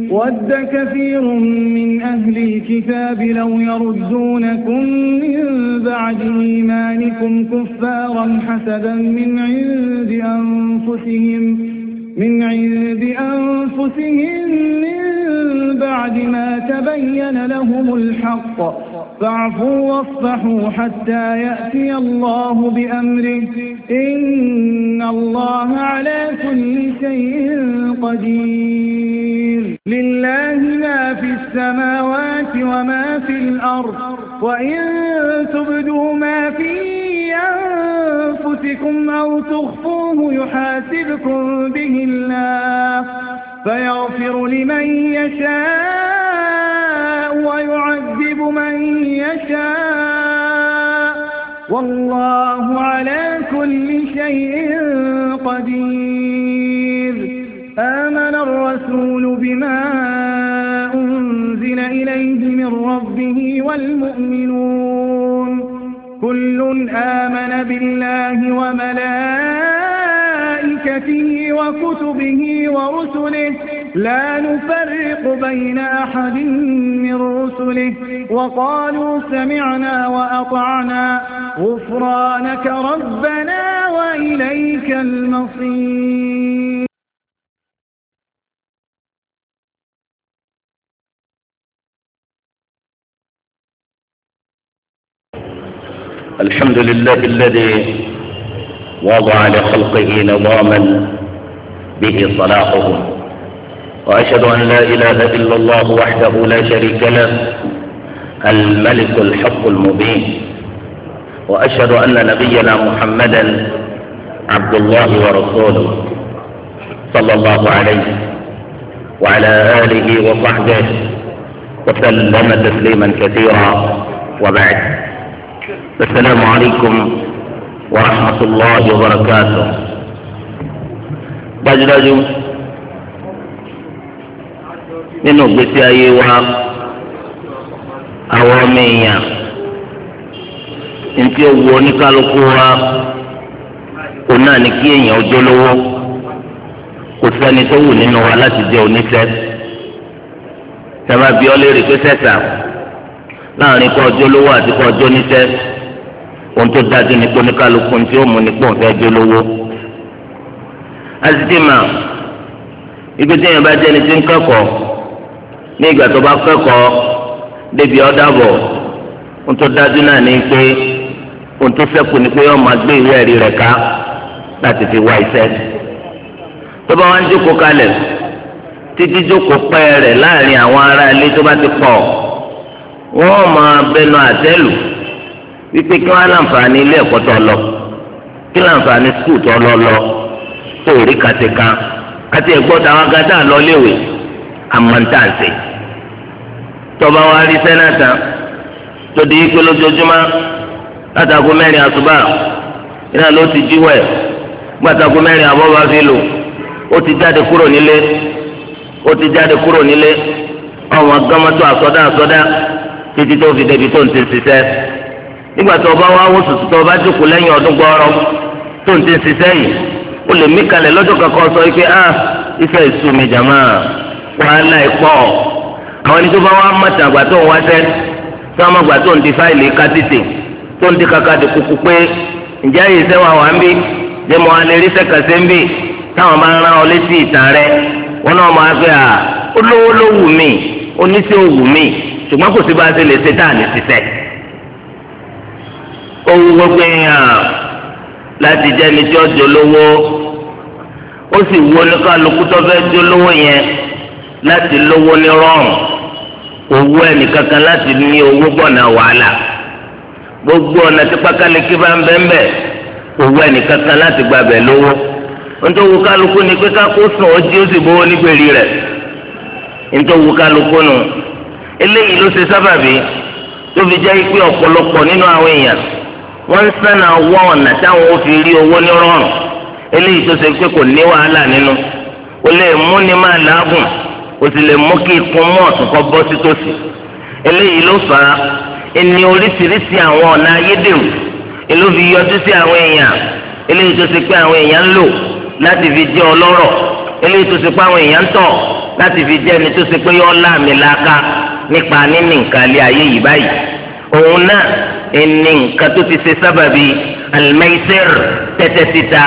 ود كثير من أهل الكتاب لو يردونكم من بعد إيمانكم كفارا حسدا من عند أنفسهم من عند أنفسهم من بعد ما تبين لهم الحق فاعفوا واصفحوا حتى يأتي الله بأمره إن الله على كل شيء قدير لله ما في السماوات وما في الأرض وإن تبدوا ما في أنفسكم أو تخفوه يحاسبكم به الله فيغفر لمن يشاء والله على كل شيء قدير آمن الرسول بما أنزل إليه من ربه والمؤمنون كل آمن بالله وملائكته ملائكته وكتبه ورسله لا نفرق بين أحد من رسله وقالوا سمعنا وأطعنا غفرانك ربنا وإليك المصير الحمد لله الذي وضع لخلقه نظاما به صلاحهم وأشهد أن لا إله إلا الله وحده لا شريك له الملك الحق المبين وأشهد أن نبينا محمدا عبد الله ورسوله صلى الله عليه وعلى آله وصحبه وسلم تسليما كثيرا وبعد السلام عليكم ورحمة الله وبركاته dájúdájú nínú ìgbésí ayé wa àwọn ọmọ èèyàn ntí ó wu oníkálukú wa òun náà ní kí èèyàn ọjọ́ lówó kò sẹ́ni tó wù nínú wa láti jẹ́ oníṣẹ́ sábà bí ọ lè rí pé sẹ́sà láàrin kọ́ ọjọ́ lówó àti kọ́ ọjọ́ oníṣẹ́ ohun tó dájú ni pé oníkálukú tí ó mú ní pọ̀ fẹ́ jó lówó. azidi ibi tí yẹn bá jẹ́ ni tí ń kẹ́kọ̀ọ́ ní ìgbà tó bá kẹ́kọ̀ọ́ débi ọ̀dàbọ̀ ohun tó dájú náà ni pé ohun tó ṣẹ́kù ni pé yọ́n máa gbé ìwé ẹ̀rí rẹ̀ ká láti fi wá iṣẹ́. tó bá wá ń jókòó kalẹ̀ títí jókòó pẹ́ rẹ̀ láàrin àwọn ará ilé tó bá ti pọ̀ wọ́n máa bẹnu àtẹ́lù. wípé kí wọn láǹfààní ilé ẹ̀kọ́ tó lọ kí láǹfààní skul tó lọ lọ ati rí àti ẹ̀gbọ́n táwọn gàdá lọ léwe àmọ́ntàǹsẹ̀ tọba wa rí tó di ikpe lójoojúmọ́ látàkó mẹ́rin àtúbà iná ló ti jíwẹ̀ gbàtàkó mẹ́rin àbọ̀bà fi lò ó ti jáde kúrò nílé ó ti jáde kúrò nílé àsọdá àsọdá títí tó fi débi tó nígbà tó o bá wá wó sùsù tó o bá jókòó lẹ́yìn ọdún gbọ́ọ́rọ́ tó ń ti ṣiṣẹ́ yìí o lè mí kalẹ̀ lọ́jọ́ kankan sọ pé ah iṣẹ́ ìṣù mi jàmá wàhálà ìpọ̀ àwọn ẹni tó bá wá mọ̀tà àgbà tó ń wáṣẹ́ tó wá mọ̀gbà tó ń di fáìlì kátìtì tó ń di kàkà di kúkú pé ǹjẹ́ àyè iṣẹ́ wà ń bí jẹ́ mọ́ alẹ́ rí sẹ́kàṣẹ́ ń bí táwọn bá ń rán ọ létí ìtàn rẹ wọn náà máa fẹ́ à olówó ló wù mí oníṣẹ́ òwù mí ṣùgbọ́n kò sí bá a ṣe lè ṣe tá ṣiṣẹ́ owó gbogbo èèyàn láti jẹ́ ẹni tí ó dolówó ó sì wo oníkàlùkù tó fẹ́ olówó yẹn láti lówó ní rọrùn owó láti ní owó wàhálà gbogbo ọ̀nà tí pákáleke bá ń bẹ́ẹ̀ bẹ́ẹ̀ owó láti lówó kálukú ni pé kákó ó jí ó sì bówó rẹ̀ kálukú eléyìí ló ṣe sábàbí tó wọ́n ń sẹ́nà wọ́ ọ̀nà táwọn ó fi rí owó ní rọrùn eléyìí tó ṣe pé kò ní wàhálà nínú o lè mú ni máa làágùn o sì lè mú kí ikun mú ọ̀tún kọ́ bọ́ sí tòsí eléyìí ló fà á ẹni oríṣiríṣi àwọn ọ̀nà ayédèrú èló fi yọjú sí àwọn èèyàn eléyìí tó ṣe pé àwọn èèyàn ń lò láti fi jẹ́ ọlọ́rọ̀ eléyìí tó ṣe pé àwọn èèyàn ń tọ̀ láti fi jẹ́ ẹni tó ṣe pé yọ ọ́ láàmì làákà nípa níní nǹkan ilé ayé yìí báyìí òun náà ẹni nǹkan tó ti ṣe sábàbí alimẹ́sẹ̀r tẹ́tẹ́ títa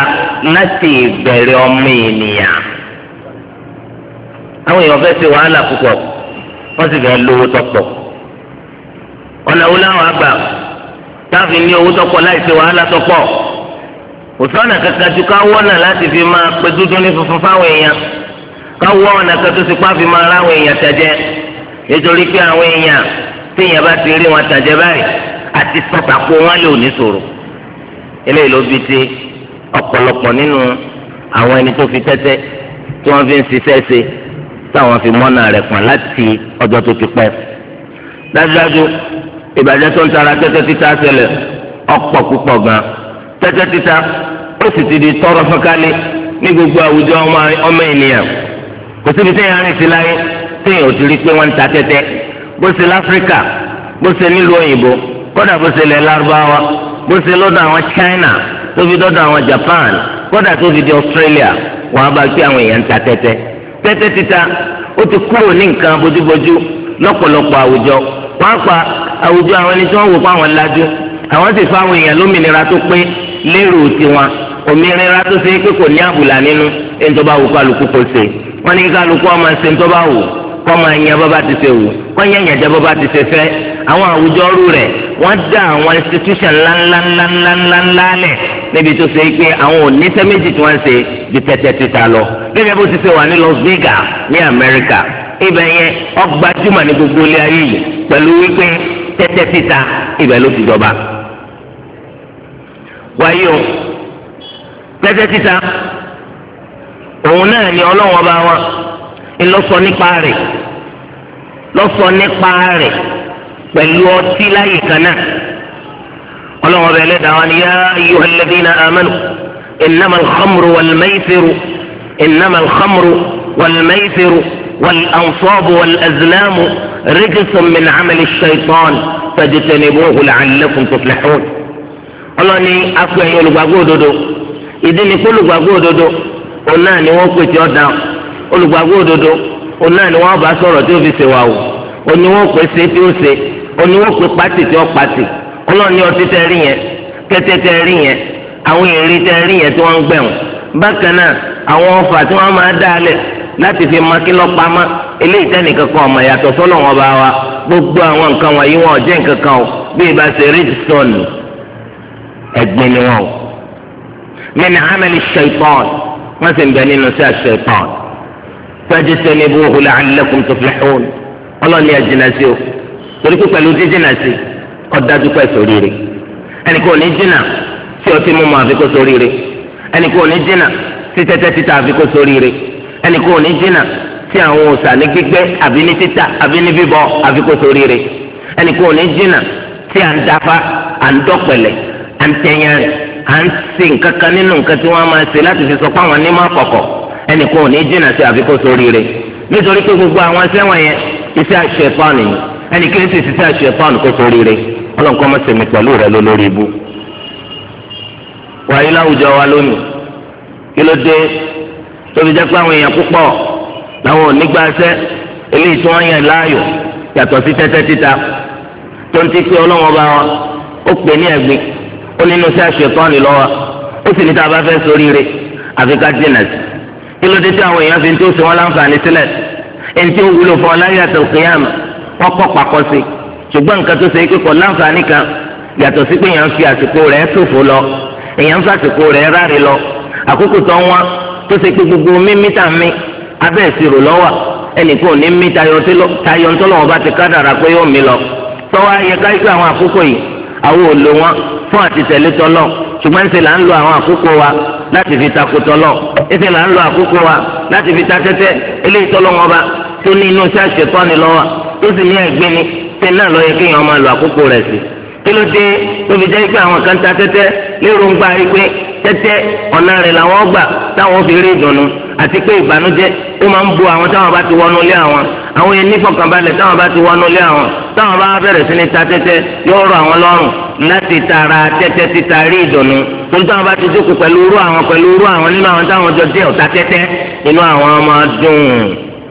láti ìbẹ̀rẹ̀ ọmọ ènìyàn. àwọn èèyàn fẹ́ ṣe wàhálà púpọ̀ wọ́n sì fẹ́ lówó tọ́pọ̀. ọ̀nà wo láwọn àgbà táàfin ní owó tọ́pọ̀ láì ṣe wàhálà tọ́pọ̀. òsánà kankan ju ká wọ́nà láti fi máa pe dúdú ní funfun fáwọn èèyàn ká wọ́nà kan tó ti pàfi máa ráwọn èèyàn tẹ̀jẹ́ nítorí pé àwọn èèyàn téèyàn bá ti rí wọn tẹ̀jẹ́ báyìí àti sọ̀tàpọ̀ wọn lè òní sòrò eléyìí ló bi ti ọ̀pọ̀lọpọ̀ nínú àwọn ẹni tó fi tẹ́tẹ́ tí wọ́n fi ń ṣiṣẹ́ ṣe táwọn fi mọ́nà rẹ̀ pọ̀n láti ọjọ́ tó ti pẹ́ dájúdájú ìbàjẹ́ tó ń tara tẹ́tẹ́ títa ṣẹlẹ̀ ọ̀pọ̀ púpọ̀ gan tẹ́tẹ́ títa ó sì ti di tọrọ fọ́nkálẹ̀ ní gbogbo àwùjọ ọmọ ènìyàn kò síbi téèyàn rìn sí láyé téèyàn ò ti rí pé wọ́n ń ta tẹ́tẹ́ bó ṣe láfíríkà bó ṣe nílùú òyìnbó kódà bó ṣe lẹ̀ lárúbáwá bó ṣe lọ́dọ̀ àwọn China tó fi àwọn Japan kódà tó di Australia wọn á bá kí àwọn èèyàn ta tẹ́tẹ́ tẹ́tẹ́ títa ó ti kúrò ní nǹkan bójúbójú lọ́pọ̀lọpọ̀ àwùjọ pàápàá àwùjọ àwọn ẹni tí wọ́n wò fáwọn lajú àwọn sì fáwọn èèyàn lómìnira tó pé lérò tiwọn òmìnira tó ṣe é pé kò ní àbùlà nínú ẹni tó bá wù kálukú kó ṣe wọ́n ní kálukú ọmọ ẹsẹ̀ tó bá wù kọ́ máa yan bọ́bá ti ṣe wù kọ́ yẹ̀yẹ̀ jẹ́ bọ́bá ti ṣe fẹ́ àwọn àwùjọ ọrú rẹ̀ wọ́n dá àwọn institution ńláńláńláńláńlá lẹ̀ níbi tó ṣe pé àwọn oníṣẹ́ méjì tí wọ́n ṣe ju tẹ́tẹ́ títa lọ gẹ́gẹ́ bó ti ṣe wà ní Las Vegas ní America. ibẹ̀ yẹn ọgbà jùmọ̀ ní gbogbo ilé ayé yìí pẹ̀lú wípé tẹ́tẹ́ títa ibẹ̀ ló ti jọba. wáyé o tẹ́tẹ́ títa òun náà ni ọlọ́wọ́n bá wọn ńlọ́sọ nípa rẹ̀ lọ́sọ nípa rẹ̀ pẹ̀lú ọtí láyè kan náà ọlọ́wọ́n bẹ̀rẹ̀ lẹ́dàá wọn yá ayé náà amánu ìnáma alhamru wàlmẹ́sẹ̀rù ìnáma alhamru wàlmẹ́sẹ̀rù wàlànsọ́ọ̀bù wàlàzìlámù rìkìsùn min amẹ́lì ṣẹ̀tọ́n tó làálẹ́kùn tuflẹ̀hún. ọlọ́ni akọ ẹ̀yin olùgbàgbọ́ òdodo ìdí ni kó olùgbàgbọ́ òdodo òun náà ni wọ́n pè tí fi ọ oníwó pé ṣe tí ó ṣe oníwó pé pàtì tí ó pàtì ọlọ́ọ̀ni ọtí tẹ rí yẹn awọn tẹ rí yẹn àwọn èrè tẹ rí yẹn tí wọ́n ń gbẹ̀wọ̀n bákan náà àwọn ọfà tí wọ́n máa dá láti fi makílọ́ pamọ́ eléyìí tẹ́nìkan kan ọmọ yàtọ̀ sọ́lọ́ gbogbo àwọn nǹkan wọ̀nyí wọn nǹkan kan o ṣe o wọ́n sì ń bẹ nínú sí fẹ́ẹ́ jẹ́ sẹ́ni alẹ́kùn tó fi hùn. ọlọ́ni ẹ̀ jìnnà sí o torí pé pẹ̀lú jíjìnnà sí ọ̀dájú pẹ̀ sóríire ẹnì kò ní jìnnà sí ọtí mímu àfi kó sóríire ẹnì kò ní jìnnà sí tẹ́tẹ́ títà àfi kó sóríire ẹnì kò ní jìnnà sí àwọn òòṣà ní gbígbẹ́ àbí ní títà àbí ní bíbọ àfi kó sóríire ẹnì kò ní jìnnà sí à ń dáfá à ń dọ́pẹ̀lẹ̀ à ń tẹ̀yẹ̀rẹ̀ à ń ṣe nǹkan kan nínú nǹkan tí wọ́n iṣẹ́ àṣetán yìí ẹnì kí n sì ṣiṣẹ́ àṣetán kó sórí rẹ ọlọ́nkọ́ mọ̀sẹ̀mí pẹ̀lú rẹ lólórí ibú. wàyí láwùjọ wa lónìí kí ló dé tóbi jẹ́ pé àwọn èèyàn púpọ̀ làwọn ò ní gbàṣẹ́ eléyìí tí wọ́n yàn láàyò yàtọ̀ sí tẹ́tẹ́ títa tó ń ti pé ọlọ́wọ́n bá wa ó pè ní ẹ̀gbin ó nínú sí àṣetán lọ́wọ́ ó sì ní tá a bá fẹ́ sórí rẹ àfi dínà sí kí ló dé tí àwọn èèyàn fi ń tó sí wọn láǹfààní sílẹ̀ ẹni tí ó wúlò fún ọláyé àtàlùkìyàmà kọ́kọ́ pàkọ́ sí ṣùgbọ́n nǹkan tó ṣe é kíkọ́ láǹfààní kan yàtọ̀ sí pé èèyàn fi àsìkò rẹ̀ ṣòfò lọ èèyàn fi àsìkò rẹ̀ ráre lọ àkókò tó ń wá tó ṣe pé gbogbo mímítà mi abẹ́ ìṣirò lọ́wọ́ ẹnìkan ò ní mí tayọ ntọ́lọ́wọ́ bá ti kádàrà pé yóò mí lọ tọ́wọ́ ayẹ káyíkọ́ àwọn àkókò yìí àwọn ò lò wọn fún àtìtẹ̀lé tọ́lọ́ ṣùgbọ́n ń là ń lo àwọn àkókò wa láti fi takò tọ́lọ́ ń ṣe là ń lo àkókò wa láti fi ta tẹ́tẹ́ eléyìí tọ́lọ́ wọn bá tó ní inú iṣẹ́ àṣetọ́ni lọ́wọ́ tó sì ní ẹ̀gbin ni tẹ náà lọ yẹ kéèyàn máa lo àkókò rẹ̀ sí kí ló dé tó fi jẹ́ pé àwọn kan ta tẹ́tẹ́ lérògbà pé tẹ́tẹ́ ọ̀nà rẹ̀ làwọn gbà táwọn fi rí ìdùnnú àti pé ìbànújẹ́ ó máa ń bu àwọn táwọn bá ti wọnú ilé àwọn àwọn yẹn nífọ̀kànbalẹ̀ táwọn bá ti wọnú ilé àwọn táwọn bá bẹ̀rẹ̀ sí ní ta tẹ́tẹ́ yóò rọ àwọn lọ́rùn láti tara tẹ́tẹ́ títa rí ìdùnnú tó táwọn bá ti dúkù pẹ̀lú irú àwọn pẹ̀lú irú àwọn nínú àwọn táwọn jọ dé ọ̀tá tẹ́tẹ́ inú àwọn máa dùn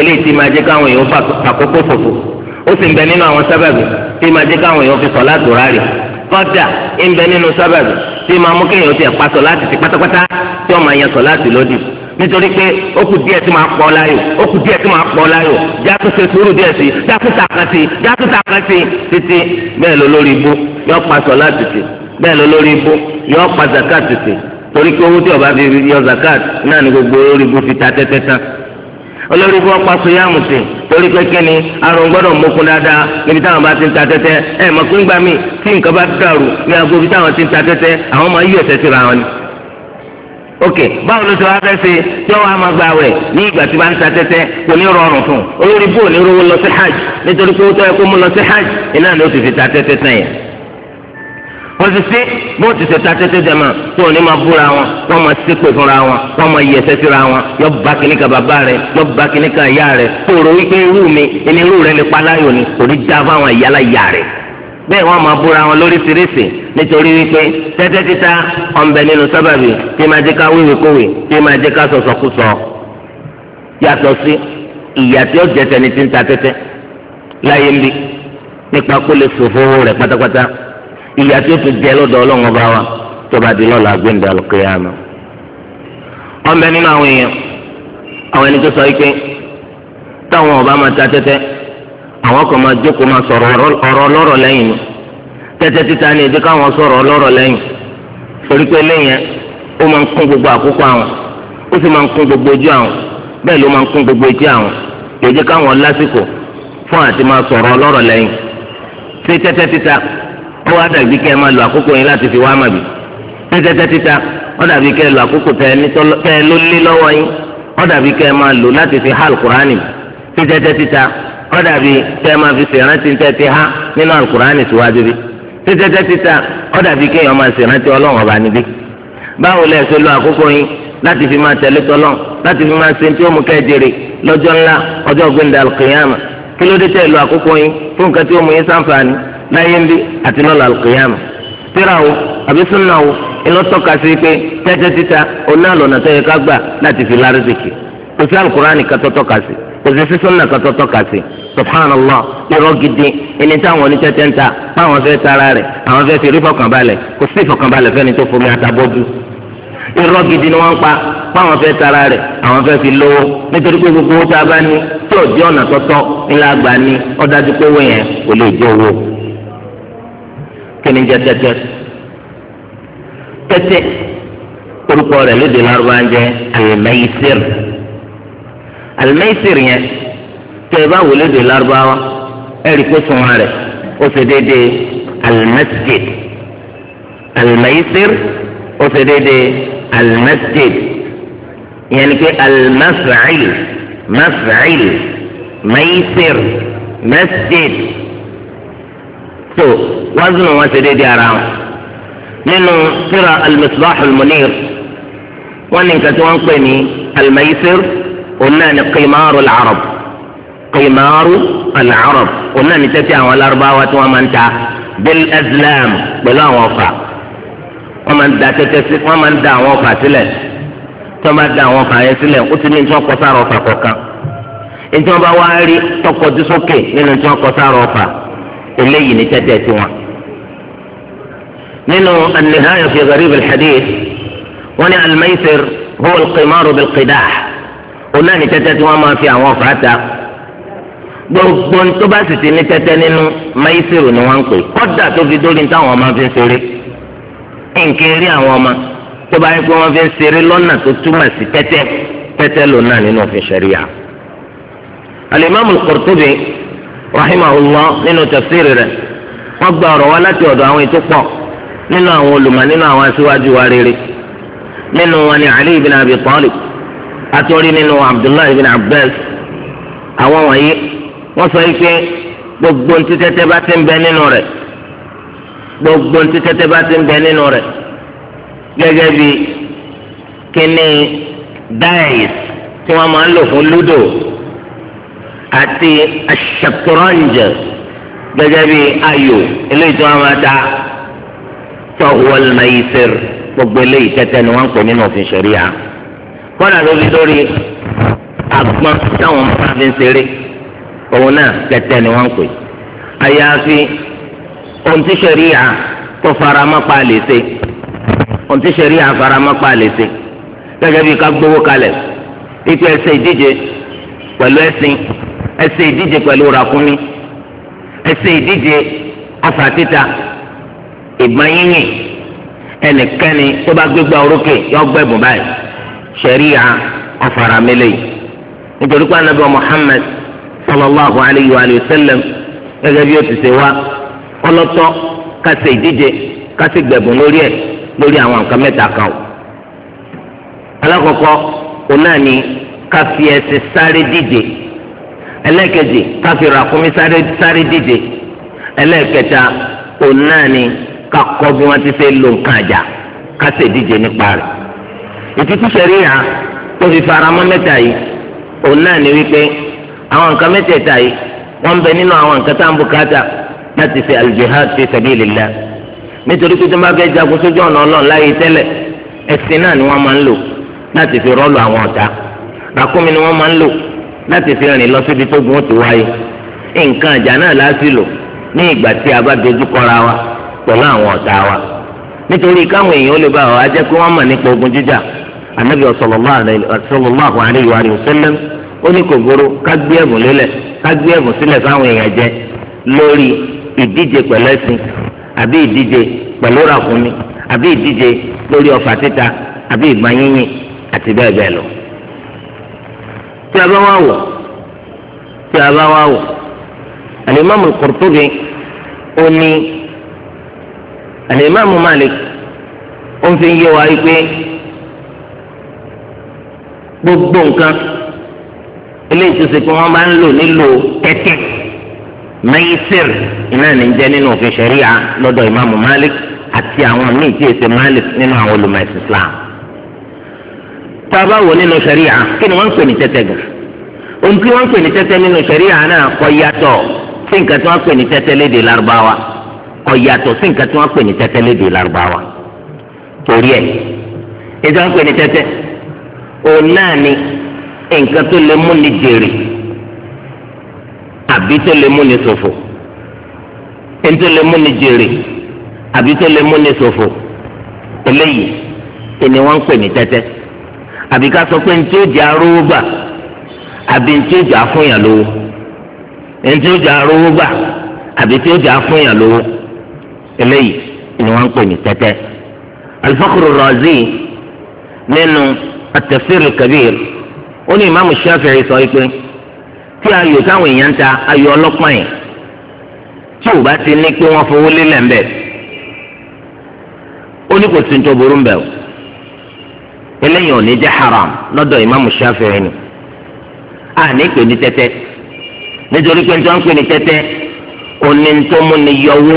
eléyìí tí máa jẹ́ káwọn èèyàn fàkókò fòfò ó sì ń bẹ nínú àwọn sábàbí tí máa jẹ́ káwọn èèyàn fi sọ̀lá dùrá rẹ̀ kọ́dà ń bẹ nínú sábàbí tí máa mú kéèyàn ti ẹ̀pá sọ̀lá ti ti pátápátá tí ó máa yan sọ̀lá ti lódì nítorí pé ó kù díẹ̀ tí máa pọ̀ láyò ó kù díẹ̀ tí máa pọ̀ láyò jákè ṣe sùúrù díẹ̀ sí jákè tàkà sí jákè tàkà sí títí bẹ́ẹ̀ lọ lórí ibú yọ pa sọ̀lá tètè bẹ́ẹ̀ lọ lórí ibú yọ pa zakat tètè torí pé owó tí ọba fi yọ zakat náà ni gbogbo lórí ibú fi ta tẹ́tẹ́ tán olórí fún ọ̀pá sọ yáàmù sí torí pé kíni àrùn gbọ́dọ̀ mokun dáadáa níbi táwọn bá ti ń ta tẹ́tẹ́ ẹ mọ̀ pé ńgbà mí tí nǹkan bá dàrú ní aago bí táwọn ti ń ta tẹ́tẹ́ àwọn máa yí ẹ̀sẹ̀ síra wọn ni. ok báwo ló ti wá fẹ́ ṣe tí wọ́n á máa gba àwẹ̀ ní ìgbà tí wọ́n ń ta tẹ́tẹ́ kò ní rọrùn fún olórí bó ní rówó lọ sí hajj nítorí pé ó tọ́ ẹ kó mú lọ sí hajj iná ni ó ti fi ta tẹ́tẹ́ sẹ́yìn bó ti sí bó ti ṣe ta tètè dẹ̀ ma tó o ní ma búra wọn wọ́n ma ṣépè fúnra wọn wọ́n ma yẹsẹ̀ síra wọn yọ ba kìíní ka bàbá rẹ yọ ba kìíní ka ìyá rẹ kóró wípé irú mi ẹni irú rẹ lè paláyò ni kò ní já fáwọn ìyálà ìyá rẹ bẹ́ẹ̀ wọ́n máa búra wọn lóríṣiríṣi nítorí wípé tẹ́tẹ́ títa ọ̀nbẹ nínú sábàbí tí máa jẹ́ ká wíwèkówè tí máa jẹ́ ká sọ̀sọ̀kúsọ yàtọ̀ sí ìyà tí ó jẹ tẹni tí ń ta tẹ́tẹ́ láyé ń bi nípa kó lè ṣòfò rẹ̀ pátápátá ìyà tí ó tún jẹ lọ́dọ̀ ọlọ́run ọba wa tó bá di lọ́la gbẹ̀ndà lọ́kẹ́yàmọ́. ọ̀nbẹ nínú àwọn èèyàn àwọn ẹni tó sọ pé táwọn ọba máa ta tẹ́tẹ́ àwọn kan máa jókòó máa sọ̀rọ̀ ọ̀rọ̀ ọlọ́rọ̀ lẹ́yìn ni tẹ́tẹ́ títa ni èdè káwọn sọ̀rọ̀ ọlọ́rọ̀ lẹ́yìn torí pé lẹ́yìn ó máa ń kún gbogbo àkókò àwọn ó sì máa ń kún gbogbo ojú àwọn bẹ́ẹ̀ ló máa ń kún gbogbo etí àwọn èdè káwọn lásìkò fún àti máa sọ̀rọ̀ ọlọ́rọ̀ lẹ́yìn ṣé tẹ́tẹ́ títa ó wá dàbí kẹ́ ẹ máa lo àkókò yín láti fi wá mà bí tẹ́tẹ́tẹ́ títa ó dàbí kẹ́ ẹ lo àkókò tẹ́ ẹ ló lé lọ́wọ́ yín ó dàbí kẹ́ ẹ máa lò láti fi ha alukurani tẹ́tẹ́tẹ́ títa ó dàbí kẹ́ ẹ máa fi ṣèrántí tẹ́ ti ha nínú alukurani síwájú bí tẹ́tẹ́tẹ́ títa ó dàbí kẹ́ ẹ máa ṣèrántí ọlọ́run ọba níbí báwo lẹ ṣe lo àkókò yín láti fi máa tẹ̀lé tọ́lọ́ láti fi máa ṣe ó mú kẹ́ jèrè lọ́jọ́ ńlá ọjọ́ gbẹ̀ndà kí ló dé tẹ̀ lo àkókò yín fún nǹkan tí ó mú yín sáǹfààní na ń ndi àti lọ́la alùkìyàmù tíra àbí o wo sí pé tẹ́tẹ́ títa oná lọ́nà tó yẹ ká gbà láti fi lárísìkì kò sí alukurani sí kò sí sísúnà sí subhanallah irọ́ gidi ẹni táwọn onítẹ́tẹ́ ń ta báwọn tara rẹ̀ àwọn fẹ́ fi rí fọkànbalẹ̀ kò sí fọkànbalẹ̀ fẹ́ni tó fomi tara rẹ̀ àwọn fi lówó nítorí pé gbogbo owó tá a bá ní tí ò jẹ́ ọ̀nà tọ́tọ́ ńlá gbà ní kíni jẹ́ tẹ́tẹ́ tẹ́tẹ́ orúkọ rẹ̀ lédè lárúbá ń jẹ́ alimẹyisir alimẹyisir yẹn tẹ́ ẹ bá wò lédè lárúbá wa ẹ rí kó sunwọ̀n rẹ̀ ó ṣe déédéé alimẹsijid alimẹyisir ó ṣe déédéé alimẹsijid yẹn ni pé alimẹsàáyì mẹsàáyì mẹyisir mẹsijid. tó wọ́n zùnú wọn ṣe déédéé ara wọn nínú tírà al-misbah al-munir wọ́n ní nǹkan tí wọ́n ń pè ní al-maysir onáni qimaru al-arab qimaru al-arab onáni àwọn alárúbáwá tí wọ́n máa ń ta bil azlam pẹ̀lú àwọn ọ̀fà wọ́n máa ń da tẹ́tẹ́ sí wọ́n máa ń da àwọn ọ̀fà sílẹ̀ tí wọ́n da àwọn ọ̀fà yẹn sílẹ̀ ó ti ní tí wọ́n kọ sára ọ̀fà kọ̀ọ̀kan ètò wa rí tọkọdúsókè nínú tí wọ́n kọ sára ọ̀fà eléyìí ní tẹ́tẹ́ النهاية في غريب الحديث، fi الميسر هو القمار wọ́n ní al ما huwa al-qimaru bil-qidah òun náà ní tẹ́tẹ́ tí wọ́n máa fi àwọn ọ̀fà ta gbogbo tó bá sì ti ní tẹ́tẹ́ nínú mayisiru ni wọ́n ń pè kọ́dà tó fi dórí táwọn ọmọ fi ń ṣeré nkiri àwọn ọmọ tó bá yẹ pé wọ́n fi ń ṣeré lọ́nà tó túmọ̀ sí tẹ́tẹ́ tẹ́tẹ́ lò nínú òfin ṣẹ̀ríyà. al-Imam al rahimahullah nínú tafsiri rẹ̀ wọ́n gba ọ̀rọ̀ wá láti ọ̀dọ̀ àwọn ètò pọ̀ nínú àwọn olùmọ̀ nínú àwọn aṣíwájú wa rere nínú wọn ni ali ibn abi talib atọ́rí nínú abdullahi ibn abbas àwọn wọ̀nyí wọ́n sọ pé gbogbo ntí tẹ́tẹ́ bá ti ń bẹ nínú rẹ̀ gbogbo ntí tẹ́tẹ́ bá ti ń bẹ nínú rẹ̀ gẹ́gẹ́ bí kíní dáìs tí wọ́n máa ń lò fún lúdò àti aṣàtúrọ̀njẹ gẹ́gẹ́ bí ayò eléyìí tí wọ́n máa ta tọ́wọ́l mayisir gbogbo eléyìí tẹ́tẹ́ ni wọ́n ń pè nínú òfin ṣẹ̀ríya kọ́nà lórí lórí agbọ́n táwọn máa fi ń ṣeré òun náà tẹ́tẹ́ ni wọ́n ń pè àyàfi ohun tí ṣẹ̀ríya tó faramọ́ pa lè ṣe ohun tí ṣẹ̀ríya faramọ́ pa lè ṣe gẹ́gẹ́ bí ká gbowó kalẹ̀ ipe ẹsẹ̀ ìdíje pẹ̀lú ẹ̀sìn ẹ ṣe ìdíje pẹ̀lú ràkúnmí ẹ ṣe ìdíje ọfà títa ìbọn yínyìn ẹnikẹ́ni tó bá gbégbá orókè yọ gbẹ̀bùn báyìí ṣẹ̀ríya afaramẹ́lẹ̀ yìí nítorí pé anabi Muhammad sallallahu alayhi wa sallam gẹ́gẹ́ bí ó ti ṣe wá ọlọ́tọ́ ká ṣe ìdíje ká sì gbẹ̀bùn lórí ẹ̀ lórí àwọn nǹkan mẹ́ta kan o. alákọ̀ọ́kọ́ òun náà sáré díje ẹlẹ́ẹ̀kejì káfí ràkúnmí sáré díje ẹlẹ́ẹ̀kẹta òun náà ni kakọ́ bí wọ́n ti fẹ́ lo nǹkan àjà kásẹ̀ díje nípa rẹ̀ ìtútù sẹ́ríyà tó fi faramọ́ mẹ́ta yìí òun náà ni wípé àwọn nǹkan mẹ́tẹ̀ẹ̀ta yìí wọ́n ń bẹ nínú àwọn nǹkan tá à ń bùkátà láti fi aljihad fi sabilillah nítorí pé tó bá fẹ́ jagun sójú ọ̀nà ọlọ́run láyé tẹ́lẹ̀ ẹ̀sìn náà ni wọ́n máa ń lò láti fi rọ́ọ̀lù àwọn ọ̀tá ràkúnmí ni wọ́n máa ń lò láti fi rìn lọ síbi tó gun ó ti wáyé nǹkan àjà náà láti lò ní ìgbà tí a bá dojú kọra wa pẹ̀lú àwọn ọ̀tá wa nítorí káwọn èèyàn ó lè bá wa jẹ́ pé wọ́n mọ̀ nípa ogun jíjà anabi sallallahu alayhi wa sallam ó ní kò gbóró ká gbé ẹ̀bùn lélẹ̀ ká gbé ẹ̀bùn sílẹ̀ fáwọn èèyàn jẹ lórí ìdíje pẹ̀lú ẹ̀sìn àbí ìdíje pẹ̀lú ràkúnmí àbí ìdíje lórí ọfà títa àbí ìgbà yínyìn àti bẹ́ẹ̀ bẹ́ẹ̀ lọ tí a bá wà wò tí a bá wà wò alimami Qurtubi ó ní alimami Malik ó ń fi yé wa yìí pé gbogbo nǹkan eléyìí tó ṣe pé wọ́n máa ń lò nílò tẹ́tẹ́ mẹ́yìísìr iná ní jẹ́ nínú òfin ṣẹ̀ríà lọ́dọ̀ ìmáàmù Malik àti àwọn míì tí èsè Malik nínú àwọn olùmọ̀ ẹ̀sìn Islam tá a bá wò nínú sẹríà kí ni wọ́n ń pè ní tẹ́tẹ́ gan ohun tí wọ́n ń pè ní tẹ́tẹ́ nínú sẹríà náà kò yàtọ̀ sí nǹkan tí wọ́n pè ní tẹ́tẹ́ lédè lárúbáwá kò yàtọ̀ sí nǹkan tí wọ́n pè ní tẹ́tẹ́ lédè torí ẹ̀ ìjọ ń pè ní òun náà ni nǹkan tó lè mú ni jèrè àbí tó lè mú ni ṣòfò ntó lè mú ni jèrè àbí tó lè mú ni ṣòfò eléyìí ni wọ́n ń pè àbí ká sọ pé ní tí ó jẹ arówó gbà àbí ní tí ó jẹ afúnyàn lówó ní tí ó jẹ arówó gbà àbí tí ó jẹ afúnyàn lówó eléyìí ni wọn ń pè ní tẹ́tẹ́ Al-Fakhru Razi nínú at kabir ó ní Imam Shafi'i sọ pé tí ayò táwọn èèyàn ń ta ayò ọlọ́pàá yẹn tí ò bá ti ní pé wọ́n fowó lélẹ̀ ń bẹ̀ ó ní kò sí ní tó burú ń bẹ̀ o eléyìí ò ní jẹ́ haram lọ́dọ̀ ìmáàmù Ṣáfi'í ni a ní pè ní tẹ́tẹ́ nítorí pé nítorí pé ní tẹ́tẹ́ oní tó mú ni yọwó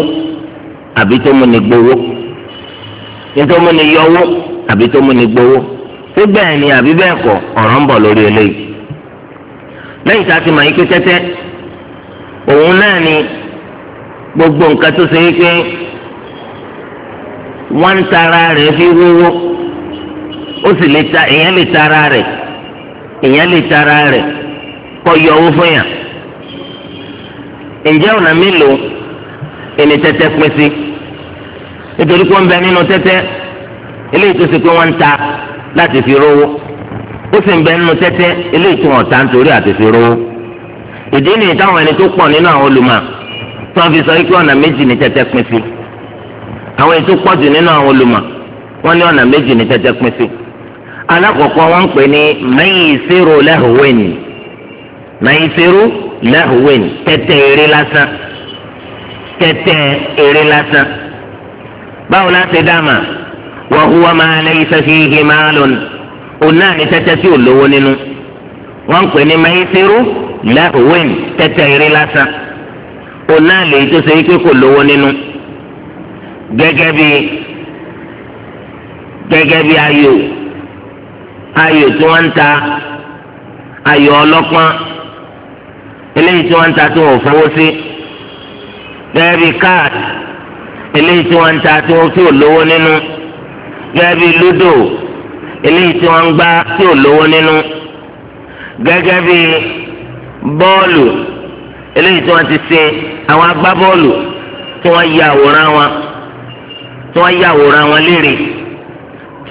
àbí tó mú ni gbowó ní tó mú ni yọwó àbí tó mú ni gbowó tó bẹ́ẹ̀ ni àbí bẹ́ẹ̀ kọ́ ọ̀rọ̀ ń bọ̀ lórí eléyìí lẹ́yìn tá a ti mọ̀ yín pé tẹ́tẹ́ òun náà ni gbogbo nǹkan tó ṣe é pé wọ́n ń tara rẹ̀ fi wúwo. ó sì lè ta èèyàn lè tara rẹ èèyàn lè ta ara rẹ̀ yọ owó fún yàn. ǹjẹ́ ọ̀nà mélòó ẹni tẹ́tẹ́ pín sí nítorí pé wọ́n bẹ nínú tẹ́tẹ́ eléyìí tó ṣe pé wọ́n ń ta láti fi rówó ó sì ń bẹ nínú tẹ́tẹ́ eléyìí tó ta nítorí àti fi rówó ìdí nìyí táwọn ẹni tó pọ̀ nínú àwọn olùmọ̀ tí wọ́n fi sọ pé ọ̀nà méjì ni tẹ́tẹ́ pín sí àwọn nínú àwọn alákọ̀ọ́kọ́ wọn ń pè ní mayisiru lahwin mayisiru lahwin tẹ́tẹ́ eré lásán tẹ́tẹ́ eré lásán báwo la ṣe dáàmà wa huwa ma laysa fihi malun òun náà ní tẹ́tẹ́ tí ò lówó nínú wọn ń pè mayisiru lahwin tẹ́tẹ́ eré lásán òun lè tó ṣe wípé kò lówó nínú gẹ́gẹ́ bí gẹ́gẹ́ bí ayò ayò tí wọ́n ń ta ayò ọlọ́pọ́n eléyìí tí wọ́n ń ta tí wọ́n fowó sí gẹ́gẹ́ bí káàdì eléyìí tí wọ́n ń ta tí wọ́n fi olówó nínú gẹ́gẹ́ bí lúdò eléyìí tí wọ́n ń gbá tí olówó nínú gẹ́gẹ́ bí bọ́ọ̀lù eléyìí tí wọ́n ti ṣe àwọn agbábọ́ọ̀lù tí wọ́n ya àwòrán wọn tí wọ́n ya àwòrán wọn léèrè.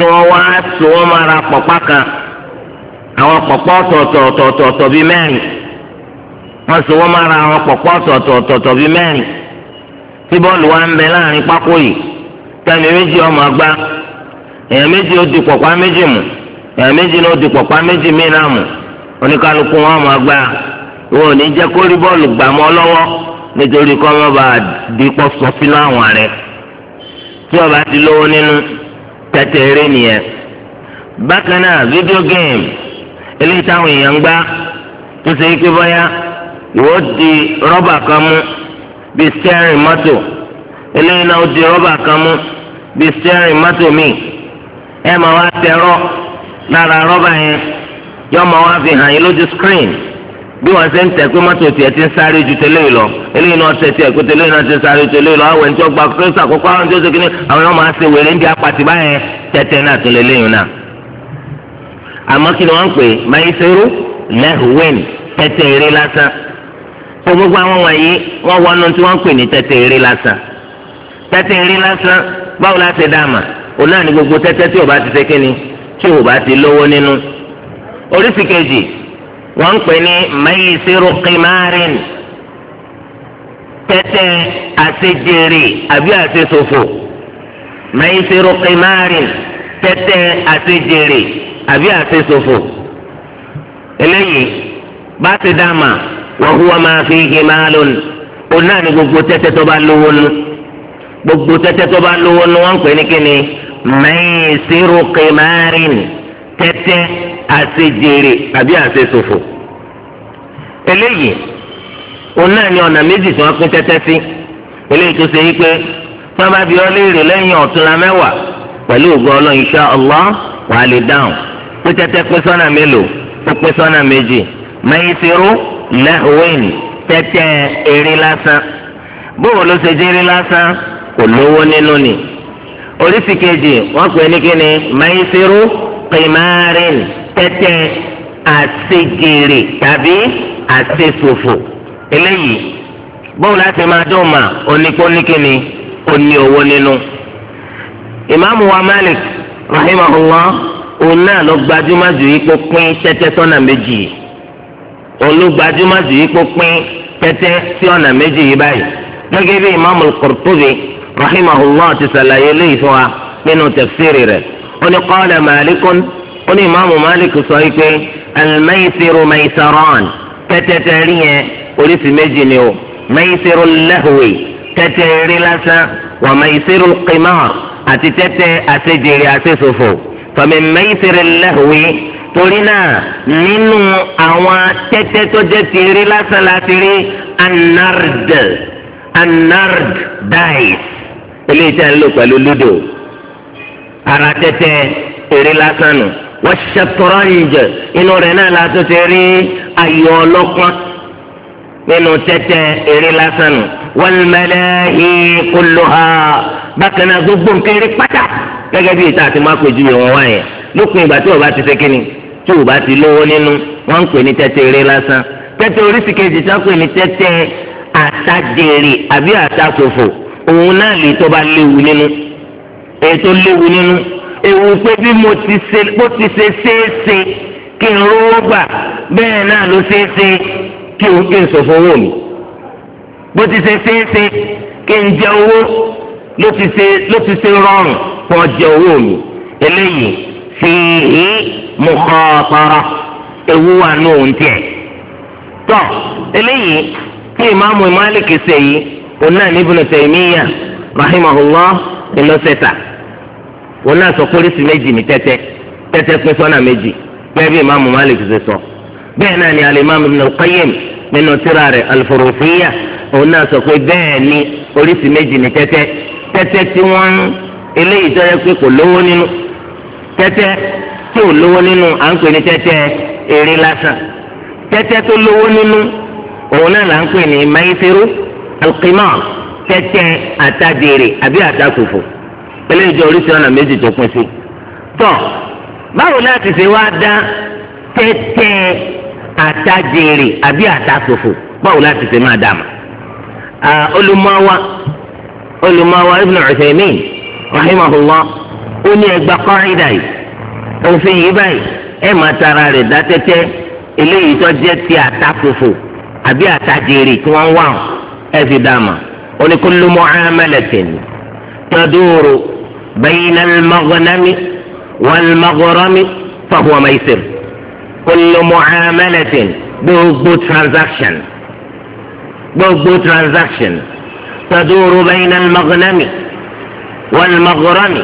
tí wọ́n wá so wọ́n máa ra pọ̀pá kan àwọn pọ̀pọ́ ọ̀tọ̀ọ̀tọ̀ọ̀tọ̀ bíi mẹ́rin wọ́n so wọ́n máa ra àwọn ọ̀tọ̀ọ̀tọ̀ọ̀tọ̀ tí bọ́ọ̀lù wa ń bẹ láàrin pákó yìí méjì ọmọ gbá èèyàn méjì ó di pọ̀pá méjì mú èèyàn méjì ló di pọ̀pá méjì náà oníkálukú wọn ọmọ gbá wọn ò ní jẹ́ kó rí bọ́ọ̀lù tẹ̀tẹ̀ eré nìyẹn bákan náà fídíò géèmù eléyìí táwọn èèyàn ń gbá tó ṣe di rọ́bà kan mú bí stẹ́rìn mọ́tò eléyìí náà ó di rọ́bà kan mú bí stẹ́rìn mọ́tò míì ẹ máa wá tẹ̀rọ lára rọ́bà yẹn yọ máa screen. bí wọn ṣe ń tẹ pé mọ́tò tiẹ̀ ti ń sáré ju tẹ́lẹ̀ yìí lọ eléyìí náà tẹ tiẹ̀ pé tẹ́lẹ̀ náà ti ń sáré ju tẹ́lẹ̀ yìí lọ àwọn ẹni tó gba kírísítà kókó àwọn tó ṣe kí ni àwọn yóò máa ṣe wèrè ń di apàtì báyẹn tẹ́tẹ́ náà tún lè léyìn náà. àmọ́ kí ni wọ́n ń pè mayiseru lehwen tẹ́tẹ́ eré lásán tó gbogbo àwọn wọ̀nyí wọ́n wọnú tí wọ́n ń pè ní tẹ́tẹ́ eré lásán tẹ́tẹ́ eré lásán báwo la ṣe dáàmà òun náà ni gbogbo tẹ́tẹ́ tí ni tí ò bá ti lówó nínú wọ́n ń pè ní mayisiru qimarin tẹ́tẹ́ àṣejèrè àbí àṣesòfò mayisiru qimarin tẹ́tẹ́ àṣejèrè àbí àṣesòfò eléyìí bá ti dá ma wọ́n hu wa máa fi hì máa òun náà ni gbogbo tẹ́tẹ́ tó bá lówó nu gbogbo tẹ́tẹ́ tó bá lówó nu wọ́n pè ní kíni mayisiru qimarin tẹ́tẹ́. àṣejèrè jere àṣesòfò eléyìí òun náà ni ọ̀nà méjì tí wọ́n pín tẹ́tẹ́ sí eléyìí tó ṣe wípé tí wọ́n bá léèrè lẹ́yìn mẹ́wàá pẹ̀lú ògùn ọlọ́run Allah wàá lè dáhùn pín tẹ́tẹ́ pín sọ́nà mélòó ó pín méjì lẹ́hùwẹ́ẹ̀nì tẹ́tẹ́ lásán bóun ló lásán kò lówó nínú ni kejì wọ́n pè tẹ́tẹ́ àṣegèrè tàbí àṣesòfò eléyìí báwo láti máa dùn mà oníkóníkíni oní owó nínú. ìmáàmù wa Malik rahimahullah òun náà ló gbajúmọ̀ jù ipò pín tẹ́tẹ́ sọ́nà méjì yìí òun ló gbajúmọ̀ jù ipò pín tẹ́tẹ́ sí ọ̀nà méjì yìí báyìí gẹ́gẹ́ bí ìmáàmù Qurtubi rahimahullah ti sàlàyé léyìí fún wa nínú tafsiri rẹ̀ ó ní qala ó ní ìmáàmù Malik sọ wípé al-maysiru maysaran tẹ́tẹ́tẹ́ rí yẹn oríṣi méjì ni o maysiru lahwi tẹ́tẹ́ rí lásán wa maysiru qimar àti tẹ́tẹ́ àṣejèrè àṣesòfò famin maysiri lahwi torí náà nínú àwọn tẹ́tẹ́ tó jẹ́ ti rí lásán láti rí anard anard dice eléyìí tẹ́ ń lò pẹ̀lú ludo ara tẹ́tẹ́ eré lásán nù wọ́n ṣàtọ̀rọ̀ ìjẹ inú rẹ̀ náà la tún ti rí ayọ̀ ọlọ́pọ́n nínú tẹ́tẹ́ eré lásán nù wal malahi kulluha bákan náà gbogbo nǹkan eré pátá gẹ́gẹ́ bí ìta àti mákòjú yẹn wọ́n wá yẹn lópin ìgbà tí o bá ti ṣe kínní tí o bá ti lówó nínú wọ́n ń pè ní tẹ́tẹ́ eré lásán tẹ́tẹ́ oríṣi kejì tá pè ní tẹ́tẹ́ àtàjèrè àbí àtàkòfò òun náà lè tó bá léwu nínú èyí tó léwu nínú ewu pé bí mo ti ṣe bó ti ṣe ṣeéṣe kí n rówó gbà bẹ́ẹ̀ náà ló ṣeéṣe kí n kí n ṣòfò owó mi bó ti ṣe ṣeéṣe kí n jẹ owó ló ti ṣe ló ti ṣe rọrùn kó jẹ owó mi eléyìí fi hí mo kọ́ ọ ewu wà ní òun tiẹ̀ tọ́ eléyìí tí ìmáàmù Málíkì ṣe yìí òun náà ní Ibn Taymiyyah ìlọsẹ̀ta wọn náà sọ pólísì méjì ní tẹ́tẹ́ tẹ́tẹ́ pín sọ́nà méjì bẹ́ẹ̀ bí imaamu malik ṣe sọ bẹ́ẹ̀ náà ni alimami ibn al-qayyim nínú tírà rẹ̀ al-furufiyya òun náà sọ pé bẹ́ẹ̀ ni oríṣi méjì ní tẹ́tẹ́ tẹ́tẹ́ tí wọ́n eléyìí tó yẹ pé kò lówó nínú tẹ́tẹ́ tí ò lówó nínú à ń pè ní tẹ́tẹ́ eré lásán tẹ́tẹ́ tó lówó nínú òun náà là ń pè ní mayisiru al-qimar tẹ́tẹ́ àbí àtàkùfò. eléyìí jẹ́ oríṣi ọ̀nà méjì tó pín sí. tọ́ báwo láti ṣe wá dá tẹ́tẹ́ àtàjèrè àbí àtàsòfò báwo láti ṣe máa dà olùmọ̀wá olùmọ̀wá ibn Uthaymin rahimahullah ó ní ẹgbà kọ́rìdà yìí òfin yìí báyìí ẹ̀ máa tara rẹ̀ dá tẹ́tẹ́ eléyìí tó jẹ́ ti àtàsòfò àbí àtàjèrè tí wọ́n wà ẹ̀ fi بين المغنم والمغرم فهو ميسر كل معاملة بوبو ترانزاكشن بوبو ترانزاكشن تدور بين المغنم والمغرم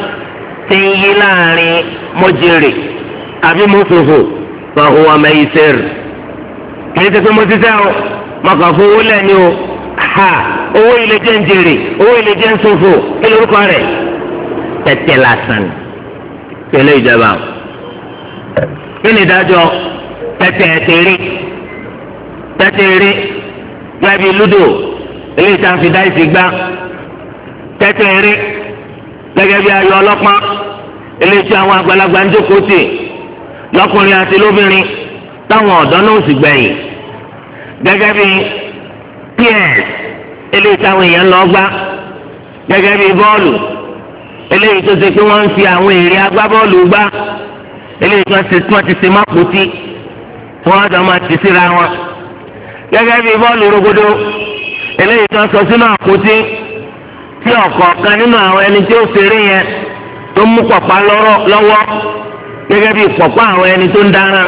تيلان مجري أبي مصفه فهو ميسر كيف تكون مجزاو مقفول أن يو ha owó ilé jẹ́ njèrè owó ilé jẹ́ nsòfò kí tẹ́tẹ́ lásán ni tẹ̀lé ìjọba kí ni ìdájọ́ tẹ́tẹ́ tẹ̀rí tẹ́tẹ́ rí gbẹ́bí lúdò eléyìí tá à ń fi dáìsì gbá tẹ́tẹ́ rí gẹ́gẹ́ bí ayò ọlọ́pàá eléyìí tí àwọn àgbàlagbà ń jókòó tì lọ́kùnrin àti lóbìnrin táwọn ọ̀dọ́ náà sì gbẹ̀yìn gẹ́gẹ́ bí píẹ̀s eléyìí táwọn èèyàn lọ gbá gẹ́gẹ́ bí bọ́ọ̀lù eléyìí tó ṣe pé wọ́n ń fi àwọn èrè agbábọ́ọ̀lù gbá eléyìí tó ṣe wọ́n ti ṣe mápòtí tí wọ́n jọ máa ti síra wọn. gẹ́gẹ́ bí bọ́ọ̀lù rogodo eléyìí tó sọ sínú àpótí tí ọ̀kọ̀ọ̀kan nínú àwọn ẹni tí ó ṣeré yẹn tó mú pọ̀pá lọ́wọ́ gẹ́gẹ́ bí pọ̀pá àwọn ẹni tó ń dáná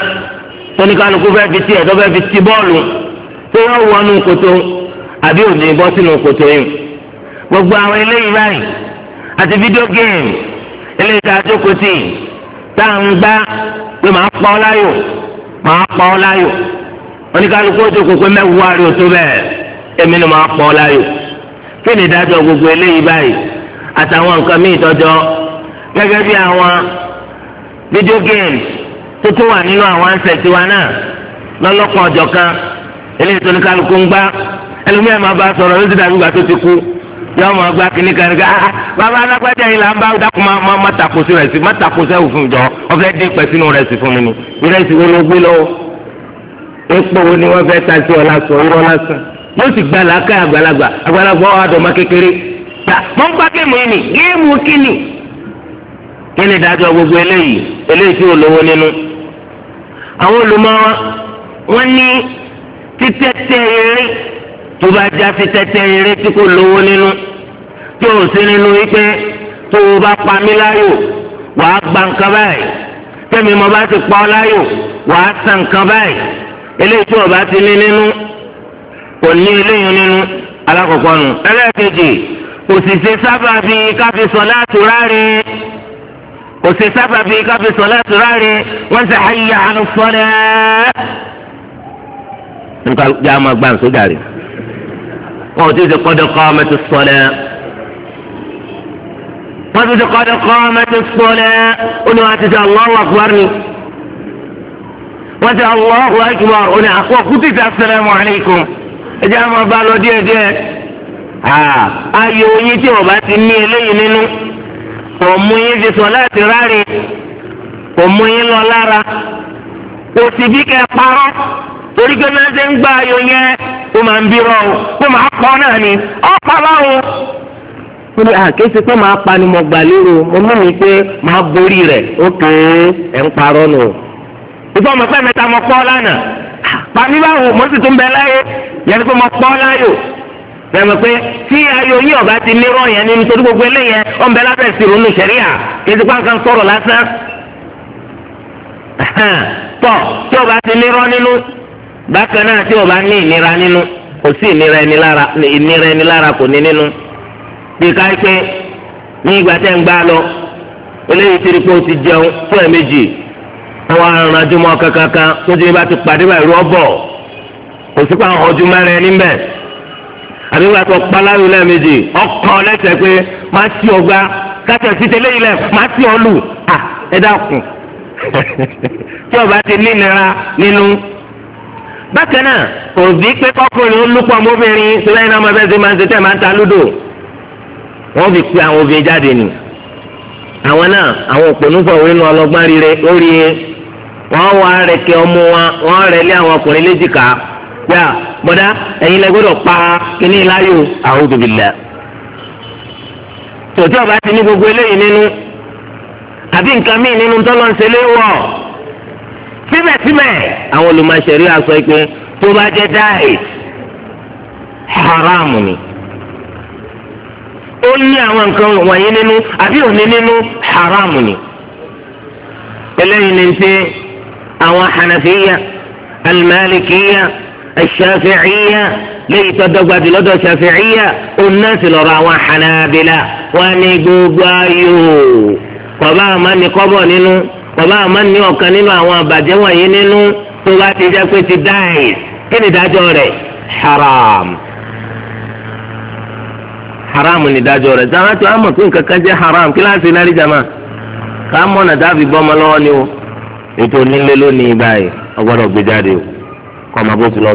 tóníkàlùkù fẹ́ fi ti ẹ̀dọ́ fẹ́ fi ti bọ́ọ̀lù tó wọ́n wọnú kòtò àbí òní bọ́ sínú yìí gbogbo àwọn eléyìí báyìí àti fídíò géèmù eléyìí tá a tó kó tá à ń gbá pé màá pa ọ́ láyò màá pa ọ́ láyò oníkálukú ó tó kó pé mẹ́wàá rí o tó bẹ́ẹ̀ èmi ni màá pa ọ́ láyò kí ni ìdájọ́ gbogbo eléyìí báyìí àtàwọn nǹkan míì tọ́jọ́ gẹ́gẹ́ bí àwọn fídíò géèmù tó tún wà nínú àwọn ànsẹ̀ tiwa náà lọ́lọ́kan ọ̀jọ̀ kan eléyìí tó oníkálukú ń gbá ẹlòmíràn máa bá sọ̀rọ̀ ló ti dàbí ìgbà tó ti kú yọọ mọ gba kínní kan ká ah, ah, bàbá alágbájá yìí là ń bá dákun má má má takosi rẹ sí má takosi ẹwù fún jọ ọfẹ dín pẹ sínú rẹ sí fún mi ni ìrẹsì wo ló gbé lọ́wọ́ epo wo ni wọn fẹ ta sí ọ lásán irọ́ lásán yóò sì gba làákà àgbàlagbà àgbàlagbà ọ àdọmọ kékeré ta mọ ń gbá géèmù yìí ni géèmù kíni kíni dájọ́ gbogbo eléyìí eléyìí tí ò lówó nínú àwọn olùmọ̀ wọn ní títẹ́tẹ́ eré tó bá já sí tẹ́tẹ́ eré tí kò lówó nínú tí ò sí nínú wípé tó o bá pa mí láyò wàá gba nǹkan báyìí tẹ́mi mo bá ti pa ọ́ láyò wàá san nǹkan báyìí eléyìí tí o bá ti ní nínú kò ní eléyìí nínú alákọ̀ọ́kọ́ nù ẹlẹ́ẹ̀kejì kò sábà bí káfí sọ láti ráre kò sábà bí káfí sọ láti ráre wọ́n ṣe hayya àánú sọ́dẹ́. nǹkan jẹ́ àmọ́ gbàǹsódà wọn ò tí ì ṣe kọ́dọ̀ kọ́ ọmọ tó sọlẹ̀ wọ́n ti ṣe kọ́dọ̀ kọ́ ọmọ tó sọlẹ̀ olùwà ti ṣe Allahu akbar ni wọ́n ti Allahu akbar òní àkọ́ kùtì tí assalamu alaikum ẹ̀jẹ̀ àwọn ọba lọ díẹ̀ díẹ̀ ayé oyin tí ọba ti ní eléyìí nínú ọmọ yín ti sọ láti ráre ọmọ yín lọ lára òsì bí kẹ parọ́ torí pé náà ṣe ń gbá ayò yẹn ó máa ń bírọ̀ o ó máa pọ̀ náà ni ó pa báwo. ó ní àkéésí pé máa pa ni mo gbà lérò mo mú mi pé máa borí rẹ̀ ó kàn án ẹ̀ ń parọ́ nù. ìfọ̀ ọmọ pẹ́ mẹ́ta mo pọ́ lánàá pàmí báwo mo sì tún bẹ láyé yẹn pé mo pọ́ láyò yàtọ̀ pé tí ayò yí ọ̀gá ti lérò yẹn ní nítorí gbogbo eléyẹn ọ̀n bẹ lábẹ́ ìṣirò nù sẹ́ríà kí pàǹkan sọ̀rọ̀ lásán. tọ́ tí ọ̀gá ti lérò nínú bákan náà tí o bá ní ìnira nínú kò sí ìnira ẹni lára ìnira ẹni lára kò ní nínú bí ká pé ní ìgbà tẹ́ ń gbá lọ eléyìí ti rí pé o ti jẹun fún ti bá ti pàdé bá ìlú ọ̀bọ̀ kò sí pé ọ̀jú mẹ́rin níbẹ̀ àbí wàá tó kpaláyò lẹ́ẹ̀mejì ọkàn lẹ́sẹ̀ pé má sí ọgbà sí tẹ́lẹ̀ yìí ọ lù ẹ dákun tí o bá ti ní nínú. bákan náà kò pé kọkùnrin olùkọ́ ọmọbìnrin sílẹ̀ iná ọmọ bẹ́ẹ̀ ṣe máa ń máa ń ta lúdò wọ́n fi pe àwọn obìnrin jáde nì àwọn náà àwọn òpònú fọwọ́ inú ọlọ́gbọ́n rire lórí wọ́n wá rẹkẹ ọmọ wọn rẹ lé àwọn ọkùnrin léjìká yá gbogbo eléyìí nínú àbí nǹkan míì nínú tọ́lọ́ ń ṣe léwọ̀ síbẹ̀síbẹ̀ àwọn olùmọ̀ṣẹ̀rí àṣọ ìpè tó bá jẹ́ dáìs haram ni ó ní àwọn nǹkan wọ̀nyí nínú àbí òní nínú haram ni eléyìí ni pé àwọn hanafiya alimalikiya asafiya léyìí tó dọ́gba jù lọ́dọ̀ safiya òun sì lọ́rọ̀ àwọn hanabila wọn ní gbogbo ayò kọ̀ọ̀bá àmọ́ ní kọ́bọ̀ nínú. bàbá àmọ́ ní ọ̀kan nínú àwọn àbàjẹ́ wọ̀nyí nínú tó bá ti jẹ́ pé ti kí ni ìdájọ́ rẹ̀ haram haram ni ìdájọ́ rẹ̀ sáwọn àti àmọ̀ pé nǹkan kan jẹ́ haram kí láti náà jama ká mọ̀nà dábì bọ́mọ lọ́wọ́ ni o ètò onílé lónìí báyìí ọgbọ́dọ̀ gbé jáde o kọ́ ọmọ bó ti lọ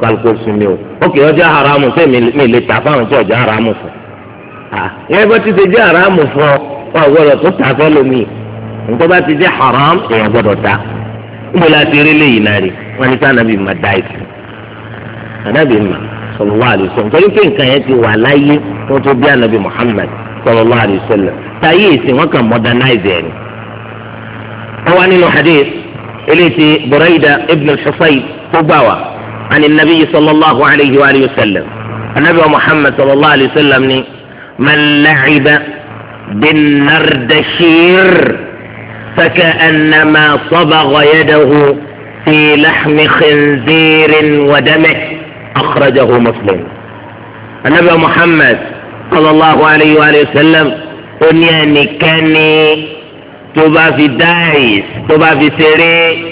kálukó o ókè ọjọ́ haram fẹ́ mi lè ta fáwọn tí ọjọ́ haram fún ẹ ti ṣe jẹ́ haram fún ọ nǹkan bá ti jẹ́ haram èèyàn gbọ́dọ̀ ta níbo la ti rí léyìí náà rí wọn ní ká nàbí ma dá ìsì ànábì ma sallallahu alaihi wasallam nítorí pé nǹkan yẹn ti wà láyé tó tó bí ànábì Muhammad sallallahu alaihi wasallam táyé ìsìn wọn kàn modernize ẹ̀ ni. nínú hadith eléyìí Burayda ibn al-Husayb tó gbà wá عن النبي صلى الله عليه وآله وسلم النبي محمد صلى الله عليه وسلم من لعب بالنردشير فكأنما صبغ يده في لحم خنزير ودمه أخرجه مسلم النبي محمد صلى الله عليه وآله وسلم قلنا نكني تبا في داعيس تبا في سري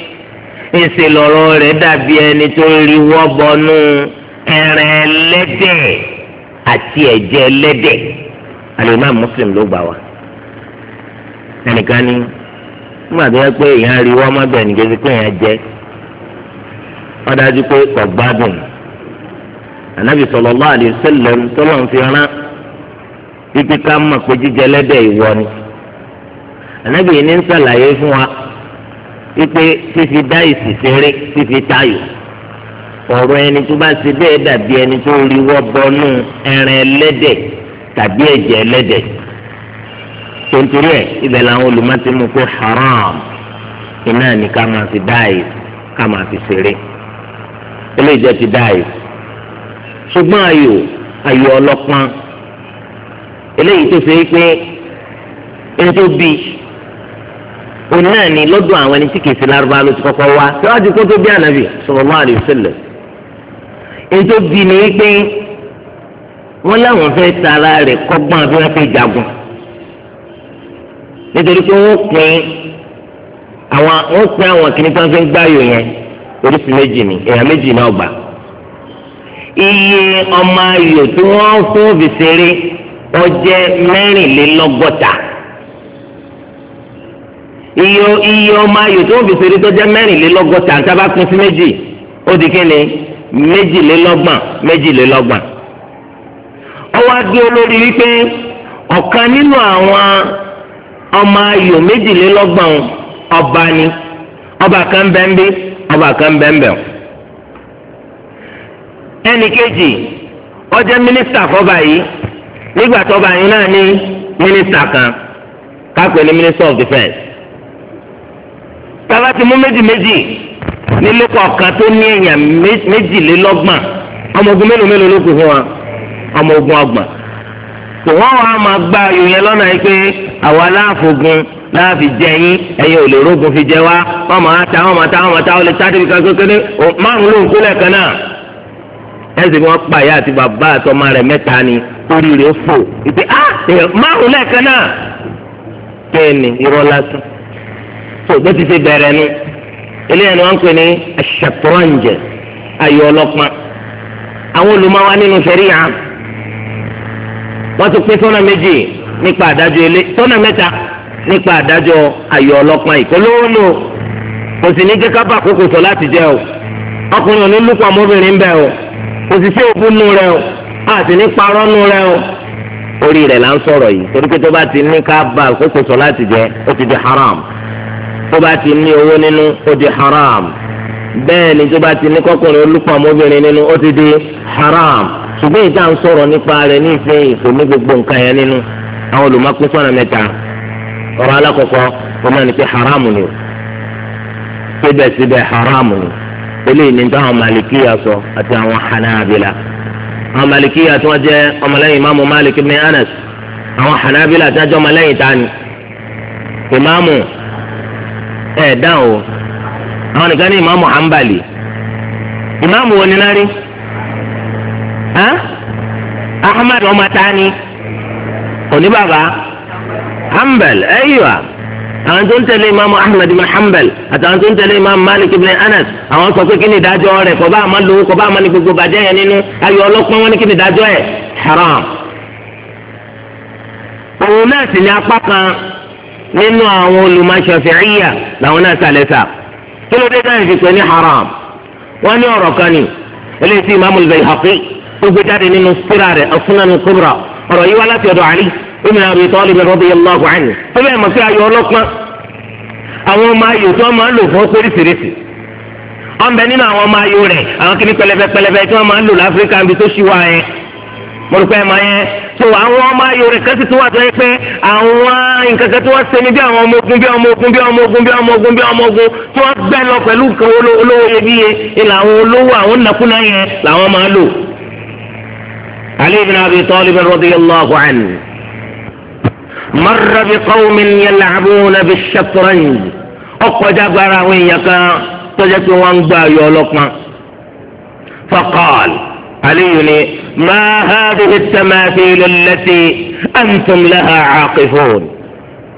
ìsè lọ́rọ̀ rẹ̀ dàbí ẹni tó rí wọ́bọnú ẹran ẹlẹ́dẹ̀ àti ẹ̀jẹ̀ ẹlẹ́dẹ̀ Al-Imam nígbà tó yẹ pé èèyàn rí wọ́n mọ́bẹ̀ ní kejì pé èèyàn jẹ́ wọ́n dájú pé kò gbádùn ànábì sallallahu alaihi wasallam tó lọ́n fi rán títí ká mọ̀ pé jíjẹ lẹ́dẹ̀ ìwọ ni ànábì yìí ní ń sàlàyé fún wa wípé fífi dá ìsì ṣeré fífi tayò ọ̀rọ̀ ẹni tó bá ṣe bẹ́ẹ̀ dàbí ẹni tó rí wọ́ bọ́nú ẹran ẹlẹ́dẹ̀ tàbí ẹ̀jẹ̀ ẹlẹ́dẹ̀ tontori ẹ ibẹ̀ làwọn olùmọtí mú haram iná ní ká máa fi dáì ká máa fi ṣeré eléyìí jẹ́ ti dáì ṣùgbọ́n ayò ayò ọlọ́pàá eléyìí tó ṣe é pé ẹni tó bí òun náà ni lọ́dọ̀ àwọn ẹni tí kìí ṣe lárúbá ló ti kọ́kọ́ wá síwájú kó tó bí ànábì sallallahu alaihi wasallam ẹni tó bí ni wípé wọ́n láwọn fẹ́ tara rẹ̀ kọ́gbọ́n bí wọ́n fẹ́ jagun nítorí pé wọ́n pín àwọn wọ́n pín àwọn kìnnì tó ń fi gbáyò yẹn oríṣi méjì ni èèyàn méjì náà gbà iye ọmọ ayò tí wọ́n fún bìsẹ̀rẹ̀ wọ́n jẹ́ mẹ́rìnlélọ́gọ́ta iye iye ọmọ ayò tí wọ́n bìsẹ̀rẹ̀ tó jẹ́ mẹ́rìnlélọ́gọ́ta tá a bá pín sí méjì ó di kí méjìlélọ́gbọ̀n méjìlélọ́gbọ̀n ọwọ́ adé olórí wípé ọ̀kan nínú àwọn ọmọ ayò méjìlélọ́gbọ̀n ọba ni ọba kan bẹ́ńbí ọba kan bẹ́ńbẹ̀. ẹnì kejì ó jẹ́ mínísítà fọba yìí nígbà tọba yìí náà ní mínísítà kan kápẹ́ ní minister of defence. tábà ti mú méjì méjì nílé kọ̀ọ̀kan tó ní èèyàn méjìlélọ́gbọ̀n ọmọ ogun mélòó mélòó ló kù fún wa ọmọ ogun ọgbọ̀n tó wọ́n wá máa gba ayò yẹn lọ́nà yìí pé àwa láàfogun láàfi jẹ yín ẹ̀yin ò lè rógun fi jẹ wá wọ́n máa ta wọ́n máa ta wọ́n máa ta ó lè ta débi kan kékeré márùn ló ń kú lẹ́ẹ̀kan náà ẹ̀sìn wọn pa ìyá àti bàbá àtọmọ rẹ̀ mẹ́ta ni orí rẹ̀ fò ìpè á márùn lẹ́ẹ̀kan náà kéènì irọ́ lásán tó bó ti ṣe bẹ̀rẹ̀ ni wọ́n ń pè ní aṣàtúrọ̀ǹjẹ̀ ayò ọlọ́pàá àwọn olùmọ̀ wa nínú ṣẹ̀ríyà wọ́n ti pín sọ́nà méjì nípa àdájọ́ ilé sọ́nà mẹ́ta nípa àdájọ́ ayọ̀ ọlọ́pàá ìkólówó lò kò sì ní jẹ́ ká bà kókò sọ láti jẹ́ o ọkùnrin ò ní lùpọ̀ ọmọbìnrin bẹ́ẹ̀ o kò sì sí òkú nu rẹ o àti ní parọ́ nu rẹ o orí rẹ̀ là ń sọ̀rọ̀ yìí torí pé tó bá ti ní ká bà kókò sọ láti jẹ́ ó ti di haram tó bá ti ní owó nínú ó di haram bẹ́ẹ̀ ni tó bá ti ní kọ́kùnrin olùpọ̀ ọmọbìnrin nínú ó ti di haram ṣùgbọ́n ìta ń sọ̀rọ̀ nípa rẹ̀ ní ìfẹ́ ìfò ní gbogbo nǹkan yẹn nínú àwọn olùmọ̀pín sọ̀nà mẹ́ta ọ̀rọ̀ alákọ̀ọ́kọ́ wọn máa ní pé haramu ni síbẹ̀síbẹ̀ haramu ni eléyìí ní táwọn malikiya sọ àti àwọn hanabila àwọn malikiya tí wọ́n jẹ́ ọmọlẹ́yìn imaamu malik ibn anas àwọn hanabila tí wọ́n jẹ́ ọmọlẹ́yìn tani imaamu ẹ̀ àwọn nìkan ní imaamu hanbali imaamu wọn ni náà rí ahmed ọmọ tani òní bàbá hanbal ayiwa àwọn tó ń tẹ̀lé imaamu ahmed ibn hanbal àtàwọn tó ń tẹ̀lé imaamu malik ibn anas àwọn sọ pé kí ni ìdájọ́ rẹ̀ kò bá àmà lówó kò bá àmà ní gbogbo bàjẹ́ yẹn nínú ayọ̀ ọlọ́pàá wọn ni kí ni ìdájọ́ ẹ̀ haram. òun náà sì ní apá kan nínú àwọn olùmọ̀ṣọ̀fẹ̀ríyà làwọn náà sàlẹ̀ sà kí ló dé dáhùn sí ní haram wọ́n ní ọ̀rọ̀ kan ni eléyìí sí imaamu al-bayhaqi ó gbé jáde nínú síra rẹ̀ As-Sunan Kubra ọ̀rọ̀ yìí wá láti ọ̀dọ̀ Ali ibn Abi Talib radiyallahu anhu tó bẹ́ẹ̀ mọ̀ sí ayò ọlọ́pọ́n àwọn ọmọ ayò tí wọ́n máa ń lò fún oríṣiríṣi ọ̀n bẹ nínú àwọn ọmọ ayò rẹ̀ àwọn kìnnì pẹlẹbẹ pẹlẹbẹ tí wọ́n máa ń lò láfíríkà níbi tó ṣíwá yẹn mo rò pé ẹ̀ máa yẹn so àwọn ọmọ ayò rẹ̀ kẹ́sì tó wà tó yẹ pé àwọn nǹkan kan wọ́n ṣe ní bí àwọn ọmọ ogun bí ọmọ ogun bí ọmọ ogun bí ọmọ ogun bí ọmọ ogun tí wọ́n gbẹ́ lọ pẹ̀lú olówó iyebíye ìlà àwọn olówó àwọn nàkúnà yẹn làwọn máa lò علي بن أبي طالب رضي الله عنه مر بقوم يلعبون بالشطرنج أقجى براوين يكا تجت وانبا يولقنا فقال علي ما هذه التماثيل التي أنتم لها عاقفون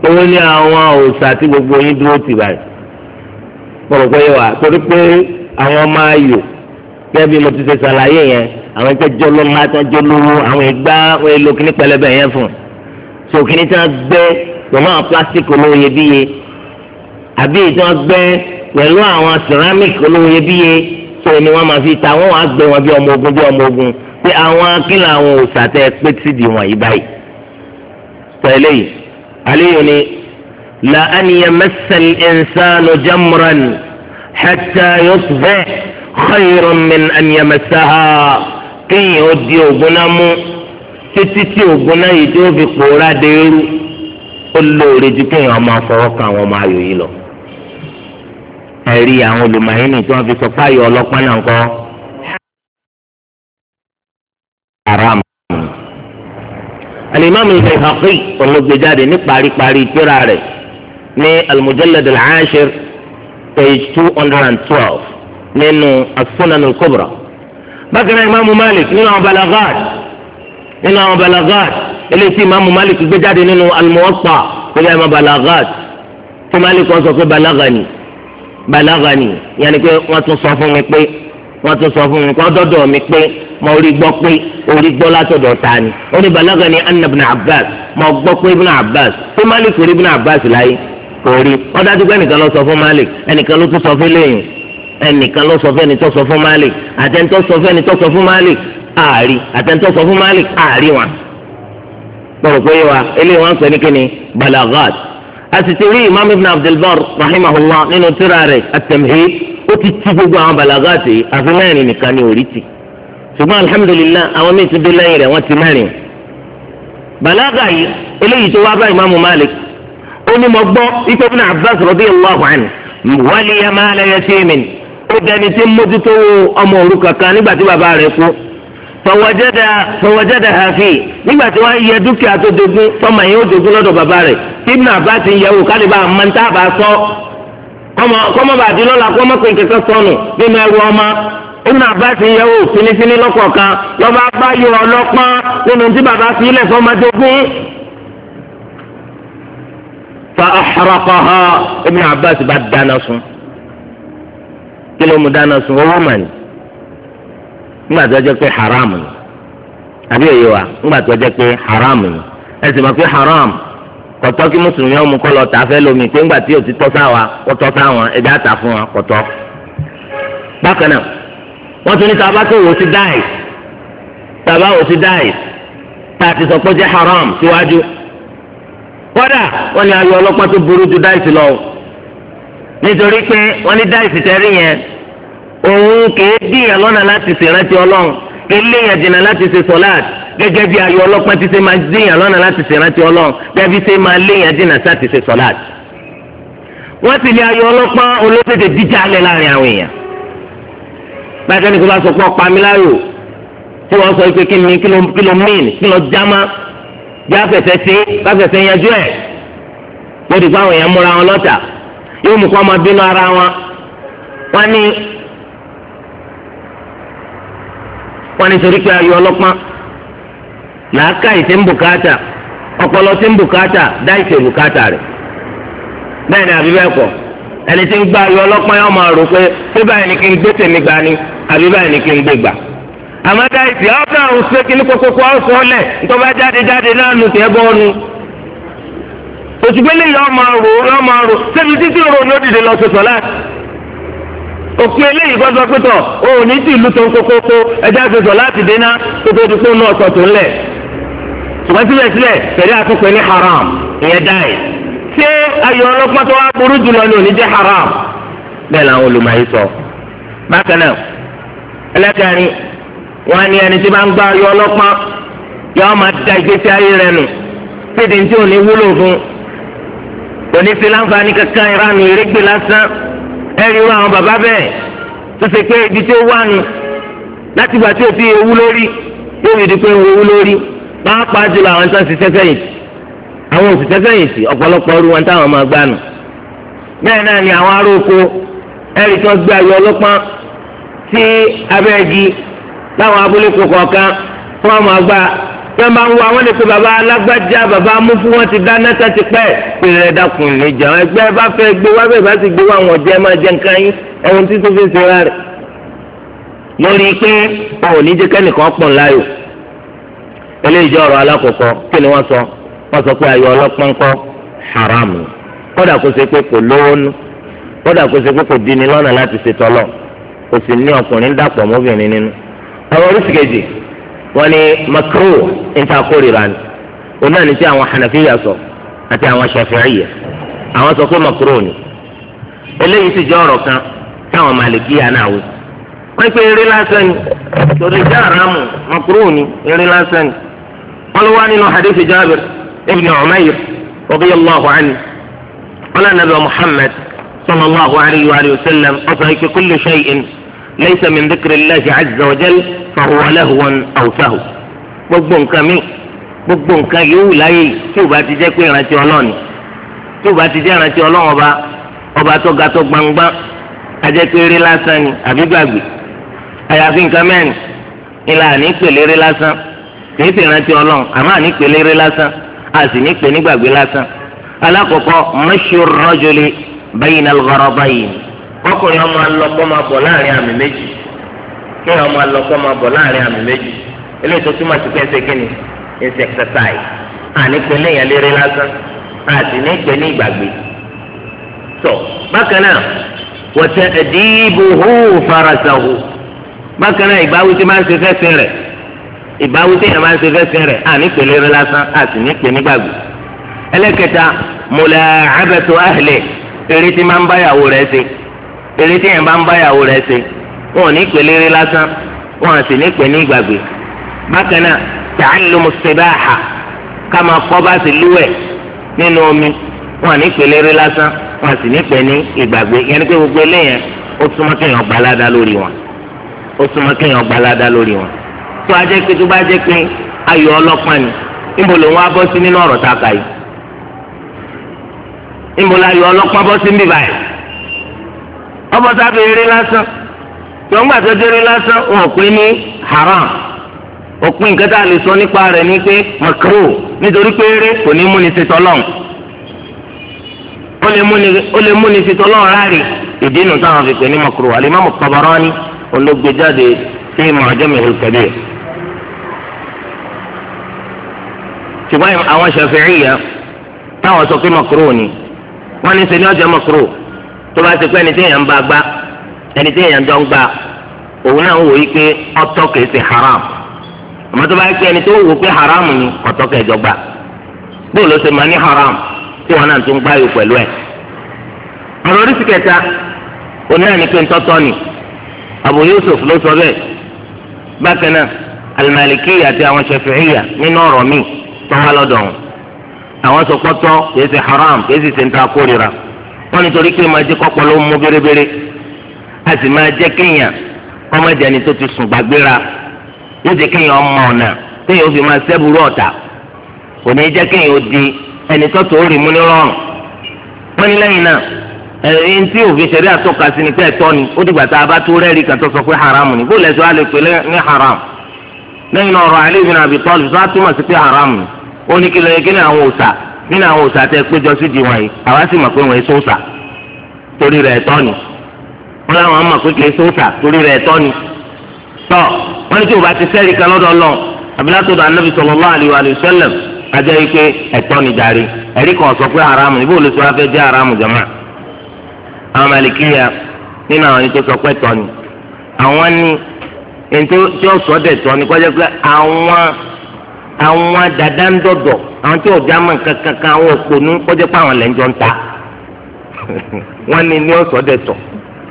òun ni àwọn òòṣà tí gbogbo yín dúró tì báyìí mo gẹ́gẹ́ bí mo ti ṣe ṣàlàyé yẹn àwọn ẹgbẹ́ jọlọ́lá tó jọlọ́wọ́ àwọn ìgbà wọn èlò kíní pẹlẹbẹ yẹn fún so kíní tí wọ́n gbẹ́ pẹ̀lú àwọn plastic olówó iyebíye àbí tí wọ́n gbẹ́ pẹ̀lú àwọn ceramic olówó iyebíye so ni wọ́n máa fi ta wọ́n wàá gbẹ́ wọn bí ọmọ ogun bí ọmọ ogun pé àwọn akínlẹ̀ àwọn òòsàtẹ́ pé sídi wọn yìí báyìí tẹ̀lé yìí àléyìn ni la an yamassal insanu jamran hatta yusbih khayrun min an yamassaha kéèyàn ó di ògùn náà mú títí tí ògùn náà yìí tí ó fi pòórá dé irú ó lóore ju kéèyàn máa fọwọ́ kan àwọn ọmọ ayò yìí lọ. ẹ̀rí àwọn olùmọ̀ọ́yìnì tí wọ́n fi sọ páyọ̀ ọlọ́pàá náà kọ́ haram. alimami Bayhaqi olùgbèjáde ní paríparí tírà rẹ̀ ní al-mujallad page two hundred and twelve nínú as-Sunan al-Kubra bákan náà imaamu malik nínú àwọn balagad nínú àwọn balagad eléyìí tí imaamu malik gbé jáde nínú al-Muwatta pẹ̀lú àwọn balagad tí malik wọn sọ pé balagani balagani yàní pé wọn tún sọ fún mi pé wọn tún sọ fún mi pé ọdọdọ mi pé mo rí gbọ́ pé orí gbọ́ látọ̀dọ̀ ta ni ó ní balagani anna abbas mo gbọ́ pé ibn abbas tí malik rí ibn abbas láyé kò rí ọdọ àti pé ẹnìkan ló sọ fún malik ẹnìkan ló tún sọ fún lẹ́yìn ẹnìkan ló sọ fẹ́ni tó sọ fún Malik àtẹnitọ́ sọ fẹ́ni tó sọ fún Malik àárí àtẹnitọ́ sọ fún Malik àárí wọn. gbọ́dọ̀ pé wa eléyìí wọ́n ń pè ní kíni balagat a sì ti rí imam ibn abdulbar rahimahullah nínú tírà rẹ̀ at-Tamhid ó ti ti gbogbo àwọn balagat yìí àfi mẹ́rin nìkan ni orí ti ṣùgbọ́n alhamdulillah àwọn míì tún dé lẹ́yìn rẹ̀ wọ́n ti mẹ́rin balaga yìí eléyìí tó wá bá imaamu malik ó ní mo gbọ́ ikú ibn abbas radiyallahu Ọ ga tí ń mójútó ọmọ òrukàn kankan nígbà tí bàbá rẹ kú fọwọ́jẹ́dà hafi nígbà tí wọ́n yẹ dúkìá tó dogun yẹn ó dogun lọ́dọ̀ bàbá rẹ̀ tí bá ti sọ kọ́mọ lọ́la kọ́mọ pé sọnù nínú ẹrù ọmọ bá ti yẹwò finifini lọ́kọ̀ọ̀kan lọ́ba bá yọ ọlọ́pọ́n nínú tí bàbá fi ilẹ̀ fa ti bá dáná sun. kí ló mú dáná sun owó mà ní ńgbà tó pé haram ni àbí òye wa ńgbà tó pé haram ni ẹ sì haram kọ̀tọ́ kí mùsùlùmí ọmọ kọ́ lọ tà fẹ́ lómi pé ńgbà tí o ti sáwa ó sáwọn ẹ̀dá fún wa bákan náà tún ní haram síwájú. kódà tó burú ju nítorí pé wọ́n ní dá ìsìtẹ́rì yẹn òun kìí dìyàn lọ́nà láti ṣèrántí ọlọ́run kìí léyàn jìnnà láti ṣe sọ́láàtì gẹ́gẹ́ bí ayọ̀ ọlọ́pàá ti ṣe máa dìyàn lọ́nà láti ṣèrántí ọlọ́run gẹ́gẹ́ ṣe máa léyàn jìnnà láti ṣe sọ́láàtì. wọ́n sì lé ayọ̀ ọlọ́pàá olóṣèlú díjà alẹ́ láàrin àwọn èèyàn. báyìí ni kò bá sọ pé ọ̀pá mi láyò tí wọ́n sọ pé kí ni kí ló mìn kí ló jámá jáfẹ̀fẹ̀ ṣe káfẹ̀fẹ̀ yanjú ẹ̀ yóò mú kó máa bínú ara wọn wọn ní wọn ní torí pé ń bùkátà ọpọlọ tí ń bùkátà dáìsì bùkátà rẹ̀ bẹ́ẹ̀ ni àbí ẹni tí ń gba ayọ̀ ọlọ́pàá yóò máa rò pé bí báyìí ni kí n gbé tèmi gbà ni àbí báyìí ni kí n gbé gbà òṣùgbọ́n lè yọ ọmọ rò yọ ọmọ rò sẹ́bi títí rò ní òdìdè lọ sọ̀sọ̀ láì. òpin eléyìí gbọ́dọ̀ pẹ́tọ̀ o ò ní tí ìlú tó ń kókókó ẹja sọ̀sọ̀ láti dènà kókó dùkú náà sọ̀ tó ń lẹ̀. ṣùgbọ́n síbẹ̀síbẹ̀ pẹ̀lú àtúnpẹ̀ ní haram ìyẹn dáì. ṣé ayọ̀ ọlọ́pàá tó wá burú jùlọ ní òní jẹ́ haram? bẹ́ẹ̀ làwọn olùmọ̀ọ́yì sọ. bákan ẹlẹ́kẹ̀rin wọn ni ẹni tí bá ń gbá ayọ̀ ọlọ́pàá yọ kò ní ṣe láǹfààní kankan ìranù ìrégbè lásán ẹ̀rí wọn àwọn bàbá bẹ́ẹ̀ tó ṣe pé ibi tí ó wà nù láti gbà tí o ti ewu lórí yóò fi di pé o ewu lórí pàápàá jùlọ àwọn tó ń ṣiṣẹ́ sẹ́yìn tì àwọn òṣìṣẹ́ sẹ́yìn tì ọ̀pọ̀lọpọ̀ ọrú wọn táwọn máa gbà nù bẹ́ẹ̀ náà ni àwọn ará oko ẹ̀rí tó gbé ayọ̀ ọlọ́pàá sí abẹ́ẹ̀gì láwọn abúlé kọ̀ọ̀kan fún àwọn àgbà yẹn máa ń wo àwọn ènìyàn pé baba alágbájá baba amúfú wọn ti dáná tá ti pẹ́ pèrè ẹ̀ dákun lè jẹ àwọn ẹgbẹ́ bá fẹ́ gbé wá bẹ́ẹ̀ bá ti gbé wá àwọn ọ̀jẹ́ máa jẹ nǹkan yín ẹ̀wọ̀n tí tó fi ṣe ra rẹ̀ lórí pé òun ò ní jẹ́ kẹ́nìkan pọ̀ láyò eléyìí jẹ́ ọ̀rọ̀ alákọ̀ọ́kọ́ kí ni wọ́n sọ wọ́n sọ pé ayọ̀ ọlọ́pàá ńkọ́ haram kódà kó ṣe pé kò lówó nù kódà kó ṣe pé kò dini lọ́nà láti ṣe tọ́lọ̀ kò sì ní ọkùnrin dàpọ̀ mọ́bìnrin nínú ọ̀rọ̀ oríṣi kejì wọ́n ní makruh níta kórìíra ni òun náà ní tí àwọn hanafiya sọ àti àwọn shafi'iya àwọn sọ pé makro ni eléyìí sì jẹ́ ọ̀rọ̀ kan táwọn malikiya náà wí wọ́n pe eré lásán ni torí jẹ́ àràmù makro ni eré lásán ni wọ́n ló wá nínú hadith Jabir ibn Umayr radiyallahu anhu wọ́n lọ́nà bí Muhammad sallallahu alayhi wa sallam ọ̀sán ike kullu shay'in laysa min dhikri Allahi azza wa jalla. fahuwa lahwan aw sahu gbogbo nǹkan mi gbogbo nǹkan yòówù láyé tí ò bá ti jẹ́ pé ìrántí ọlọ́ọ̀ni tí ò bá ti jẹ́ ìrántí ọlọ́ọ̀ ọba ọba tó ga tó gbangba ajẹ́ pé eré lásán ni àbí gbàgbé àyàfi nǹkan mẹ́rin ìlà ànípele eré lásán kìí sì rántí ọlọ́run àmọ́ ànípele eré lásán a sì nípe nígbàgbé lásán alákọ̀ọ́kọ́ mọ́ṣú rọ́jòlè bẹ́yìn alùpàrọ̀ báyìí ọkùnrin ọmọ alọ́kọ́ máa bọ̀ láàrin àmì méjì kéèyàn máa lọ kó máa bọ̀ láàrin àmì méjì eléyìí tó túmọ̀ sí kẹ́sẹ̀ kí ni ẹsẹ̀ exercise àní pé léèyàn léré lásán àti ní ìpè ní ìgbàgbé. tó bákan náà wọ́tẹ ẹ̀dínbò hó farasahu bákan náà ìgbàwí tí máa ń ṣe fẹ́sẹ̀ rẹ̀ ìgbàwí tí yẹn máa ń ṣe fẹ́sẹ̀ rẹ̀ àní pé lásán àti ní ní ìgbàgbé. ẹlẹ́kẹta mọ̀lẹ́ àbẹ̀tọ̀ wọn ò ní pè léré lásán wọn à sì ní pè ní ìgbàgbé bákan náà ta'allumu sibaha ká máa kọ́ bá sì lúwẹ̀ nínú omi wọn à ní pè léré lásán wọn à sì ní pè ní ìgbàgbé yẹn pé gbogbo eléyẹn ó súnmọ́ kéèyàn gbalada lórí wọn ó súnmọ́ kéèyàn lórí wọn tó a jẹ́ pé tó bá jẹ́ pé ayò ọlọ́pàá ni níbo ló ń wá bọ́ sí tọ́ngbà tó jẹ́rú lásán wọn pè ní haram òpin nǹkan tá a lè sọ nípa rẹ̀ ni pé makro nítorí pé eré kò ní múni ṣe tọ́lọ́n ó lè múni ṣe tọ́lọ́n ráre ìdí nu táwọn fi pè ní makro alimami Tabarani olóògbéjáde sí Mu'jamul Kabir. ṣùgbọ́n àwọn Shafi'iyya táwọn sọ pé makro ni wọ́n ní ṣe ọjọ́ makro tó bá ti pẹ́ ni téèyàn ń bá gbá ẹni tí èèyàn jọ ń gbà òun náà ń wòye pé ọtọ kìí ṣe haram àmọ́ tó bá yẹ pé ẹni tó wò pé haram ni ọtọ kẹjọ gbà bóòlù ṣe máa ní haram tí wọn náà tún gbá yòó pẹ̀lú ẹ̀. ọ̀rọ̀ oríṣi kẹta òun náà ní pé ntọ́tọ́ ni Abu Yusuf ló sọ bẹ́ẹ̀ bákan náà alimaliki àti àwọn shafi'iya nínú ọ̀rọ̀ míì tọ́wá lọ́dọ̀ wọn àwọn sọpọ́tọ́ kìí ṣe haram kìí ṣe ṣe ń ta kórira wọ́n nítorí pé máa a sì máa jẹ́ kéèyàn ọmọdé tó ti sùn gbàgbéra yóò jẹ́ kéèyàn ọmọ ọ̀nà kéèyàn ó fi máa sẹ́bùrú ọ̀tà kò ní jẹ́ kéèyàn ó di ẹni tó tó rí mú ní rọrùn wọ́n ní lẹ́yìn náà ẹ̀yìn tí òfin ṣẹ̀rí àtọ́ka sí ni pé ẹ̀tọ́ ni ó dìgbà tá a bá tó rẹ́ẹ̀rí kan tó sọ pé haram ni bóòlù ẹ̀sọ́ alẹ́ pé ní haram lẹ́yìn náà ọ̀rọ̀ Ali ibn Abi Talib sọ́ àtúmọ̀ sí pé haram ni ó ní kí lóye kí ni àwọn òòṣà nínú àwọn òòṣà tẹ́ péjọ sí di wọ̀nyí àwa sì mọ̀ pé wọ́n wọn làwọn ọmọ pé kìí sóòtà torí rẹ̀ tọ́ ni tọ́ wọn ní tí o bá ti sẹ́ẹ̀rì kan lọ́dọ̀ lọ abilátọ̀dọ̀ anabi sallallahu alaihi wa sallam ajẹ́ ike ẹ̀tọ́ ni jàre ẹ̀rí kan sọ pé haramu ibò lè sọ afẹ́ jẹ́ haramu jama àwọn malikiya nínú àwọn ẹni tó sọ pé tọ́ ni àwọn ni ẹni tí ó sọ dẹ̀ tọ́ ni kọjá pé àwọn àwọn dada ń dọ̀dọ̀ àwọn tí ọ̀gá mọ̀ kankan àwọn òpònú kọjá pé àwọn lẹ́ńjọ́ ń ta wọ́n ní ní ọ̀sọ́ dẹ̀ tọ́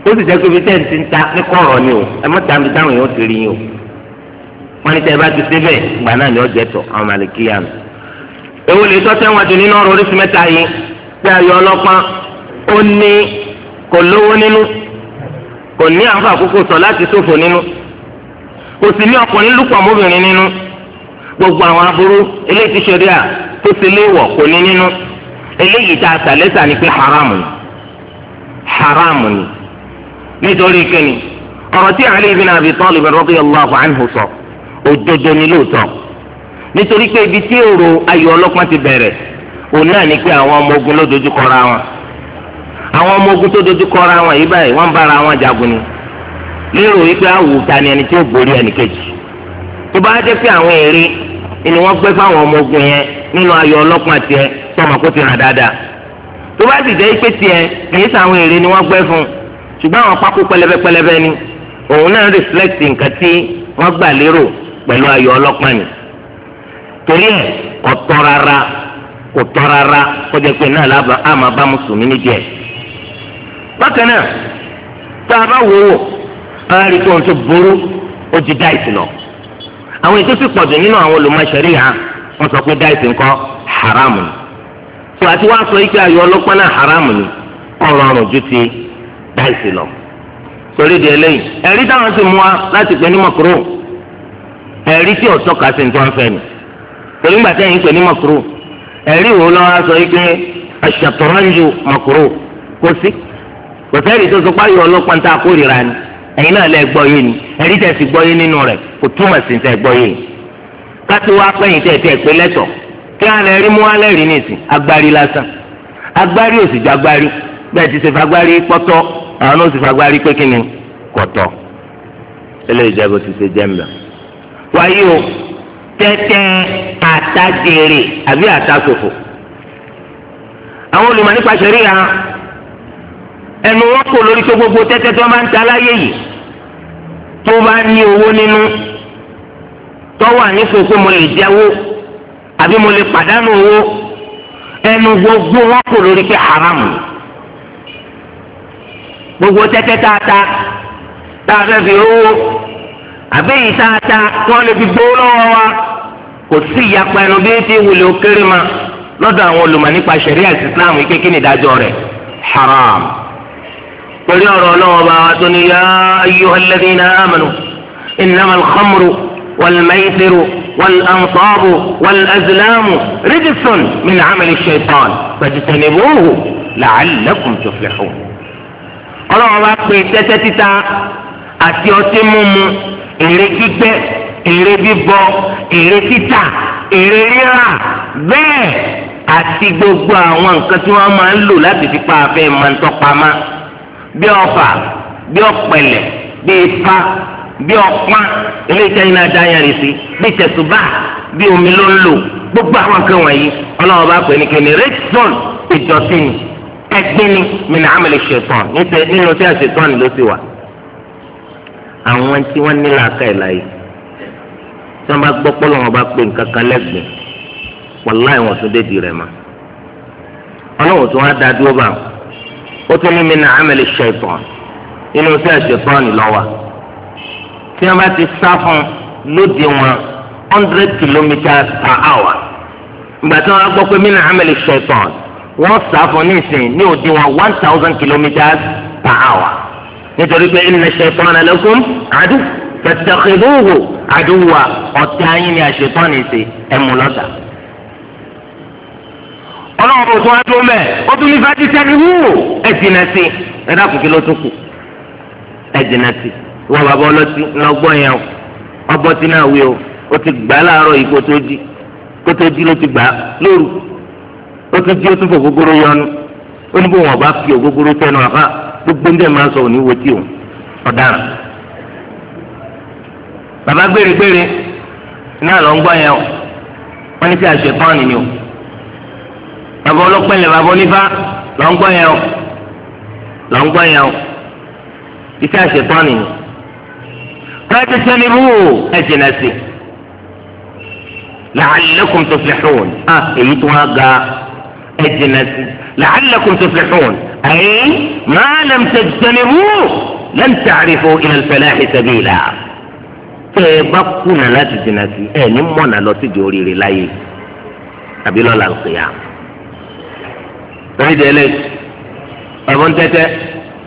ó sì jẹ́ pé fi tẹ́ǹtì ń ta ní kọ̀ọ̀rọ̀ ni o ẹ mọ̀ tàbí táwọn èèyàn ti rí yín o wọ́n ní tẹ́ bá ti débẹ̀ ìgbà náà ni ó jẹ́ tọ̀ àwọn màlìkíyà nù. èwo lè tọ́ sẹ́wọ̀n jù nínú ọ̀rọ̀ oríṣi mẹ́ta yìí pé ayọ̀ ọlọ́pàá ó ní kò lówó nínú kò ní àǹfà àkókò sọ láti ṣòfò nínú kò sì ní ọkùnrin lùpọ̀ mọ́bìnrin nínú gbogbo àwọn aburú eléyìí ti ṣeré nítorí kíni ọ̀rọ̀ tí Ali bin Abi Talib radiyallahu anhu sọ òdodo ni lóòótọ́ nítorí pé ibi tí èrò ayò ọlọ́pàá ti bẹ̀rẹ̀ òun náà ni pé àwọn ọmọ ogun ló dojú kọra wọn àwọn ọmọ ogun tó dojú kọra wọn yìí báyìí wọ́n bára wọn jagun ni lérò wípé àwùjọ ni ẹni tí ó borí ẹnì kejì tó bá jẹ́ pé àwọn èrè ni wọ́n ọmọ ogun yẹn nínú ọlọ́pàá dáadáa tó ṣùgbọ́n àwọn pákó pẹlẹbẹ pẹlẹbẹ ni òun náà reflect nǹkan tí wọ́n gbà lérò pẹ̀lú ayọ̀ ọlọ́pàá ni torí ẹ̀ kò tọ́ rárá kò tọ́ rárá kó jẹ́ pé náà lábà á máa bá mùsùlùmí nídìí ẹ̀. bákan náà tá a bá wò ó ara rí pé ohun tó burú ó ti dá ìsìn lọ àwọn ètò sì pọ̀jù nínú àwọn olùmọ̀ṣẹ́rí ha wọ́n sọ pé dá ìsìn kọ́ haramu ni. tó àti wá sọ ike ayọ̀ ọlọ́pàá náà haramu ni ọ̀rọ̀ ọ̀rùn ju ti dáìsì lọ torí di eléyìí ẹ̀rí táwọn sì mú wa láti pè ní mọ̀kúrò ẹ̀rí tí ọ̀tọ́ kà sí nǹkan fẹ́ ni torí gbà tẹ́yìn pè ní mọ̀kúrò ẹ̀rí wo lọ́wọ́ sọ yìí pé aṣàtọ̀rọ̀njù mọ̀kúrò kò sí kò sẹ́ẹ̀rí tó sọ páyọ̀ ọlọ́pàá tá a kórìíra ni ẹ̀yin náà lẹ́ gbọ́ yé ni ẹ̀rí tẹ̀sí gbọ́ yé nínú rẹ̀ kò túmọ̀ sí tẹ̀ gbọ́ yé kátó wá pẹ́yìn tẹ̀ tẹ̀ pé lẹ́tọ̀ kí á lẹ́ rí mú á lẹ́ rí nìsín agbárí lásán agbárí òsì àwọn náà sì fagbárí pé kíni kọ̀tọ̀ eléyìí jẹ́ bó ti ṣe jẹ́ mbẹ́. wáyé o tẹ́tẹ́ àtàjèrè àbí àtàsòfò àwọn olùmọ̀ nípa ṣẹ̀ríya ẹnu wọn kò lórí tó gbogbo tẹ́tẹ́ tó máa ń ta láyé yìí tó bá ní owó nínú tó wà nífòsó mo lè jẹ́wó àbí mo lè pàdánù owó ẹnu gbogbo wọn kò lórí pé haram ni. gbogbo tẹ́tẹ́ tààtà tá a fẹ́ fi owó àbẹ́yìn tààtà kí wọ́n lè fi gbowó lọ́wọ́ wa kò sí ìyapa ẹnu bí ti wulè ó kéré ma lọ́dọ̀ àwọn olùmọ̀ nípa ṣẹ̀ríà ìsìláàmù kékeré ní ìdájọ́ rẹ̀ haram pẹ̀lú ọ̀rọ̀ ọlọ́wọ́ bá wa tó ní yá ayé ayyuhal ladhina amanu innamal khamru wal maysiru wal ní wal azlamu rijsun min amali shaytan fajtanibuhu la'allakum tuflihun. ọlọ́run bá pe tẹ́tẹ́ títa àti ọtí mímu èrè gbígbẹ́ èrè bíbọ èrè títà èrè rírà bẹ́ẹ̀ àti gbogbo àwọn nǹkan tí wọ́n máa ń lò láti fi pa abẹ́ máa ń tọpamọ́ bí ọfà bí ọ̀pẹ̀lẹ̀ bí ifá bí ọpọ́n ilé iṣẹ́ iná dáyàrí sí bí tẹ̀sùbá bí omi ló ń lò gbogbo àwọn nǹkan wọ̀nyí ọlọ́run bá pè ní kíni rẹ́tọ́n ìjọsìn ẹgbẹ́ni mìíràn àmàlẹ̀ ṣẹ̀tàn nínú tí a ṣẹ̀tàn ló ti wà. àwọn tí wọ́n ní làákà ẹ̀ láàyè tí wọ́n bá gbọ́ pọ́lọ́ wọn bá pè nǹkan kan lẹ́gbẹ̀ẹ́ wàlá ìwọ̀n tún dé di rẹ̀ mọ́. ọlọ́run tí wọ́n á da dúró bá ó tún ní mìíràn àmàlẹ̀ ṣẹ̀tàn nínú tí a ṣẹ̀tàn lọ́wọ́ tí wọ́n bá ti sá fún lóde wọn hundred kilometres per hour ìgbà tí wọ́n pé mìíràn àmàlẹ̀ ṣẹ̀tàn wọ́n sá fún nísìn ní òdiwọ̀n one thousand kilometres per hour nítorí pé inna shaytana lakum adu fattakhidhuhu aduwwa ọ̀tá yín ni àṣetán ní ìsè ẹ̀mú lọ́tà. ọlọ́run kò wá tó mẹ́ ó tún ní fati sẹ́ni wú ẹ̀ jìnà sí ẹ̀ dákun ló tún kù ẹ̀ jìnà sí wọ́n bàbá ọlọ́tí lọ́gbọ́n yẹn o ọgbọ́n tí náà wí o ó ti gbà láàárọ̀ yìí kó tó di kó tó di ló ti gbà lóru ó tún tí ó tún fò gbogbooro yọnu ó ní bó wọn bá fi ògógóró tẹnu àfa gbogbo ní ẹ máa sọ òní wo tí o ọ̀daràn. bàbá gbèrègbèrè náà lọ ń gbọ́ yẹn o wọ́n ní sí àṣepọ́n ni o bàbá ọlọ́pẹ̀lẹ̀ bàbá onífá lọ ń gbọ́ yẹn o lọ ń gbọ́ yẹn o iṣẹ́ àṣepọ́n ni o. káàtì sẹ́ni bú ẹ̀ jìnà sí la'allakum tuflihun. a ah, èyí tó wá ga. الجنس لعلكم تفلحون أي ما لم تجتنبوه لن تعرفوا إلى الفلاح سبيلا تبقون لا تجنس أي نمونا لو تجوري للاي قبل الله القيام فهذا ليش أبون تتا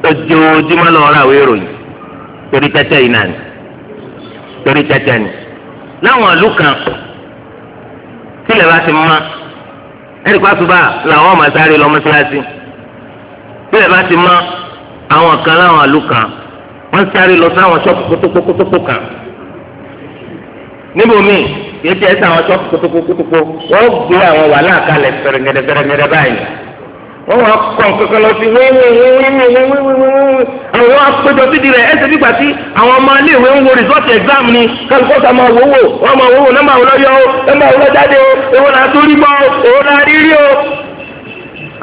تجوجي ما لورا ويروي تري تتا لا نعم، لوكا كلا باتي ẹnì kan àsùbá làwọn máa sáré lọ mọ́sálásí bílẹ̀ bá ti mọ́ àwọn kan láwọn àlù kan wọ́n sáré lọ sáwọn ṣọ́ọ̀pù kótópókótópó kan níbòmí kì í ṣe é sáwọn ṣọ́ọ̀pù kótópókótópó wọ́n gbé àwọn wàhálà kalẹ̀ fẹ̀rẹ̀gẹ̀dẹ̀fẹ̀rẹ̀gẹ̀dẹ̀ báyìí. wọ́n wá kọ́ kankan lọ sí àwọn wọn apẹjọ sí di rẹ ẹsẹ bí gbàtí àwọn ọmọ iléèwé ń wo result exam ni kálukọ́ máa wò wò wọ́n máa wò wò nọ́mbà wò lọ́yọ́ o nọ́mbà wò lọ́jáde o èwo náà tó rí mọ́ o èwo náà rí rí o.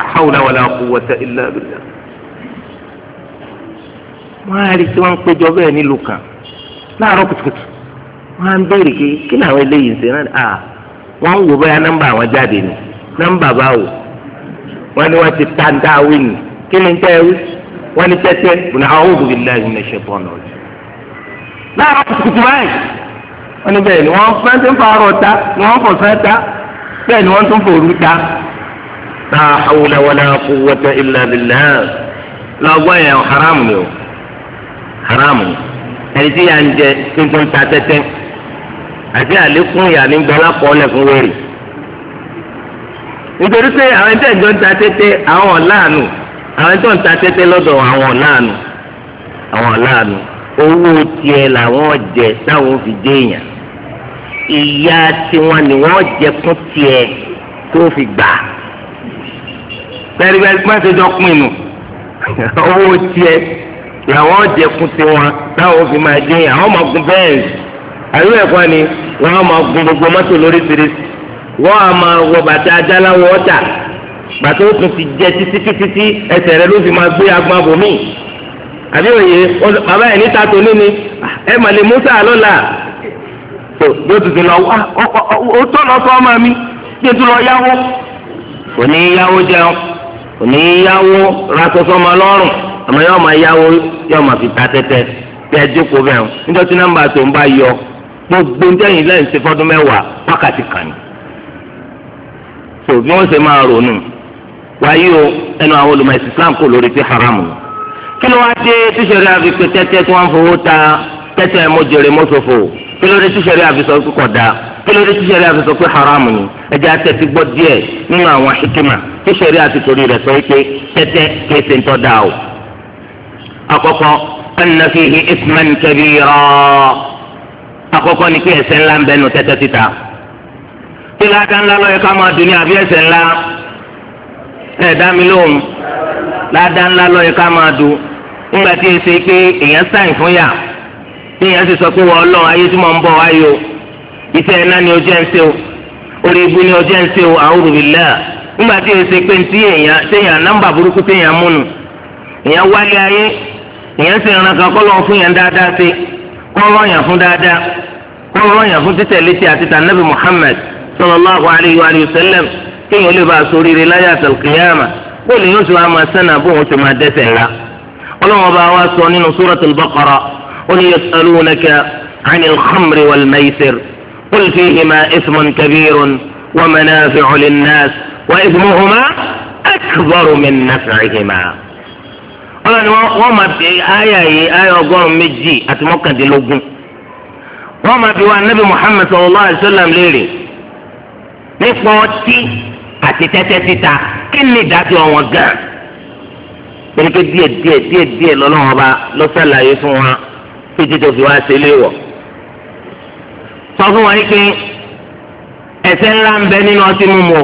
àhàwùlà wàlà kú wọ́tẹ́ ilé abìlẹ̀. wọ́n á rí tí wọ́n ń bẹ́ẹ̀ nílùú kan láàárọ̀ kùtùkùtù wọ́n á ń wọ́n ní wọ́n ti ta ń dá wíìnì kí ni tẹ́ wí wọ́n ní tẹ́tẹ́ wọn ni àwọn òbí lè ní ṣe bọ́ ọ̀nà rẹ̀. láàárọ̀ kùtùkùtù báyìí wọ́n ní bẹ́ẹ̀ ni wọ́n fẹ́ ti ń fa ọ̀rọ̀ ta ni wọ́n fọ̀ fẹ́ ta bẹ́ẹ̀ ni wọ́n tún fòrú ta. la hawla wala quwwata illa billah lọ́gbọ́n yẹn haram ẹni tí yà ń jẹ tuntun ta tẹ́tẹ́ àti àlékún yà ní gbọ́lá kọ́ọ́lẹ̀ fún wẹ́rì nítorí pé àwọn ẹni tẹ̀jọ́ ń ta tẹ́tẹ́ àwọn ọ̀làánù àwọn ẹni tó ń ta tẹ́tẹ́ lọ́dọ̀ àwọn ọ̀làánù àwọn ọ̀làánù owó tiẹ̀ làwọn jẹ táwọn fi dé èèyàn ìyá tiwọn ni wọ́n jẹ fún tiẹ̀ tó fi gbà pẹ́ẹ́rẹ́pẹ́ẹ́rẹ́ pẹ́ẹ́ tó jọ pinnu owó tiẹ̀ làwọn jẹ fún tiwọn táwọn fi máa dé èèyàn àwọn ọmọ ogun bẹ́ẹ̀ àyẹ̀wò ẹ̀kọ́ ni wọ́n máa gun gbogbo mọ́tò lóríṣiríṣi. wọ́n a máa wọ bàtà ajáláwọ̀ ọ̀tà bàtà ó tún ti jẹ títí títí ẹsẹ̀ rẹ ló fi máa gbé agbọ́n bòmí àbí òye bàbá ẹ̀ níta tó ní ni ah, ẹ mà lè mútà lọ́la yóò tuntun lọ ah, ó tọ́ lọ fọ́ ọmọ mi kí n tún lọ yáwó kò ní yáwó jẹun kò ní yáwó rasọsọmọ lọ́rùn àmọ́ fi ta tẹ́tẹ́ bí ẹ jókòó bẹ́ẹ̀ nítorí yọ gbogbo ń tó bí wọ́n ṣe máa ronú wáyé o ẹnu àwọn olùmọ̀ ẹ̀sìn Islam kò lórí pé haram ni kí ló wá dé tíṣẹ̀rí àfikún tẹ́tẹ́ tí wọ́n fowó ta tẹ́tẹ́ mọ́jèrè mọ́sọ̀fò kí ló dé tíṣẹ̀rí àfisọ́ pé kọ̀dá kí ló dé tíṣẹ̀rí àfisọ́ pé haram ni ẹja tẹ́tí gbọ́ díẹ̀ nínú àwọn hikima tíṣẹ̀rí àfitorí rẹ̀ sọ wípé tẹ́tẹ́ kìí ń tọ́ o. àkọ́kọ́ anna fihi isman kabira ni pé ẹ̀ṣẹ̀ ńlá ń bẹ́nu tẹ́tẹ́ títa kí ládàá ńlá lọ́yẹ ká máa dùn ní àbí ẹ̀ṣẹ̀ ńlá ẹ̀ dá mi lóhùn ládàá ńlá lọ́yẹ ká máa dùn ńgbà tí ẹ pé èèyàn sáìn fún yà tí èèyàn sì sọ pé wọ́n lọ ayé tí mo ń bọ̀ wáyé o iṣẹ́ iná ni ojú ẹ̀ ń ṣe o orí ibu ni ojú ẹ̀ ń ṣe o tí pé èèyàn nọ́mbà burúkú múnu èèyàn wálé ayé èèyàn sì ràn kan kọ́lọ́ fún yẹn dáadáa kọ́lọ́ Muhammad صلى الله عليه وآله وسلم كي يلبى سرير لا القيامة قل يسوى ما سنى بوه ثم دسلا قل وما باواسون سورة البقرة قل يسألونك عن الخمر والميسر قل فيهما إثم كبير ومنافع للناس وإثمهما أكبر من نفعهما قلنا وما في آية آية, آية وقال مجي أتمكن دلوقن وما في النبي محمد صلى الله عليه وسلم ليلي nípa ọtí àti tẹ́tẹ́ títa kí ni ìdájọ́ wọn gan. pẹ̀lú díẹ̀ díẹ̀ díẹ̀ díẹ̀ lọ́lọ́wọ́n bá lọ́sàlàyé fún wa títí tó fi wá sí ilé wọ̀. sọ fún wa pé ẹ̀ṣẹ̀ ńlá ń bẹ nínú ọtí mímu o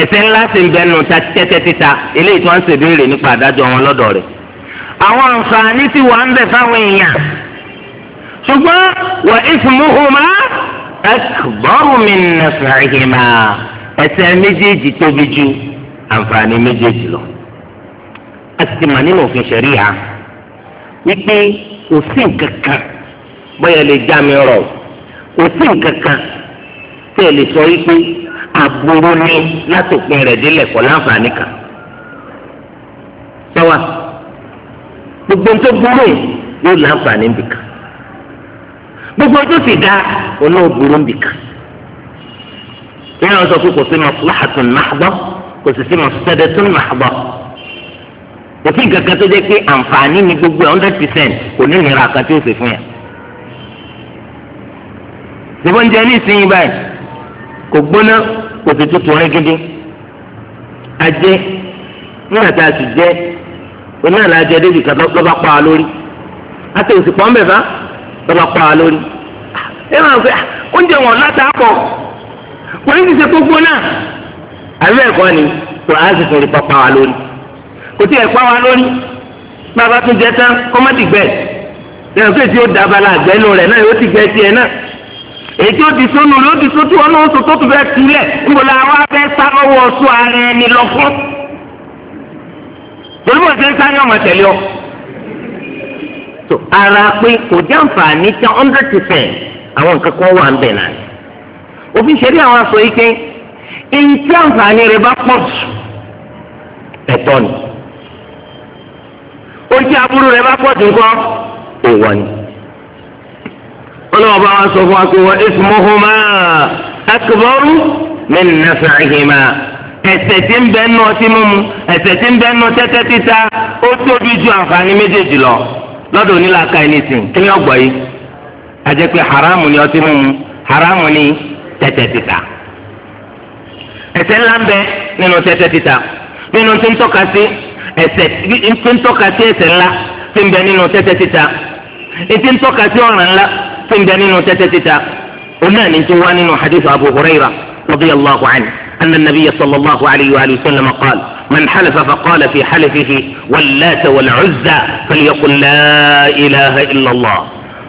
ẹ̀ṣẹ̀ ńlá sì ń bẹ nínú tẹ́tẹ́ títa eléyìí tí wọ́n ń ṣèbéèrè nípa àdájọ́ wọn lọ́dọ̀ rẹ̀. àwọn àǹfààní ti wà ń bẹ fáwọn èèyàn ṣùgbọ́n wà ìfúnmùhùn máa akbaru min naf'ihima ẹ̀ṣẹ̀ méjèèjì tóbi ju àǹfààní méjèèjì lọ a ti mà nínú òfin ṣẹ̀ríà wípé òsín kankan bóyá lè já mi rọ òsín kankan tẹ́ ẹ lè sọ wípé aburú ni látòpin rẹ̀ délẹ̀ kọ́ láǹfààní kan sẹ́wà gbogbo nítorí burú yóò láǹfààní bìkan gbogbo ojú sì dá oná òbúrú ń bìkan nínú sọ pé kò sí maslahatun mahdha kò sì sí mafsadatun mahdha kò sí kankan tó jẹ́ pé àǹfààní ni gbogbo ẹ̀ hundred percent kò ní ìnira kan tí ó sì fún yà ṣùgbọ́n jẹ́ ní ìsinyìí báyìí kò gbóná kò sì tutù rẹ́ gidi ajẹ́ nígbà tá a sì jẹ́ onáàlà ajẹ́ débi kan lọ́ba pa á lórí a òsì pọ́ńbẹ̀ bá lọ́ba pa á lórí. ẹ máa ń pẹ́ ah, oúnjẹ wọn láta pọ̀ wọ́n ní ṣe gbogbo náà. àbẹ́ ẹ̀kọ́ ni kò á sì fún ipa pa wá lórí. kò tí ẹ̀ pa wá lórí bàbá tún jẹ tán kọ́mọ́tì gbẹ̀. lẹ́yìn pé tí ó da abala àgbẹ̀nu rẹ̀ náà yóò ti gbẹ tiẹ̀ náà. èyí tí ó ti sónù ló ti sótú ọ̀nà oṣù tó tún fẹ́ tilẹ̀ níbo la wá sá lọ́wọ́ ọṣù ara ẹni lọ fún. olúmọ̀ tó ara pé kò jẹ́ àǹfààní tí hundred percent àwọn nǹkan kan wà ń bẹ̀ náà òfin ṣe rí àwọn aṣọ yìí pé èyí tí àǹfààní rẹ̀ bá pọ̀ jù ẹ̀tọ́ ni ojú bá pọ̀ jù ni wọn náà bá wa sọ fún wa pé wọn min naf'ihima ẹ̀ṣẹ̀ tí ń bẹ nù ọtí mímu tí ń nù tẹ́tẹ́ ó tóbi lọ́dọ̀ onílàáka ẹni sìn kí ni ọgbọ̀ yìí ajẹ́ pé haramu ni ọtí mímu haramu ni tẹ́tẹ́ títa ẹ̀ṣẹ̀ ńlá ń bẹ nínú tẹ́tẹ́ títa nínú tí ń tọ́ka sí ẹ̀ṣẹ̀ tí ń tọ́ka sí ẹ̀ṣẹ̀ ńlá tí ń bẹ nínú tẹ́tẹ́ títa ètí ń tọ́ka sí ọ̀ràn ńlá tí ń bẹ nínú tẹ́tẹ́ títa onáà ní tó wá nínú hadith Abu Hurairah radiyallahu anhu anna nabiyya sallallahu alayhi wa sallam qaala. من حلف فقال في حلفه واللات والعزى فليقل لا إله إلا الله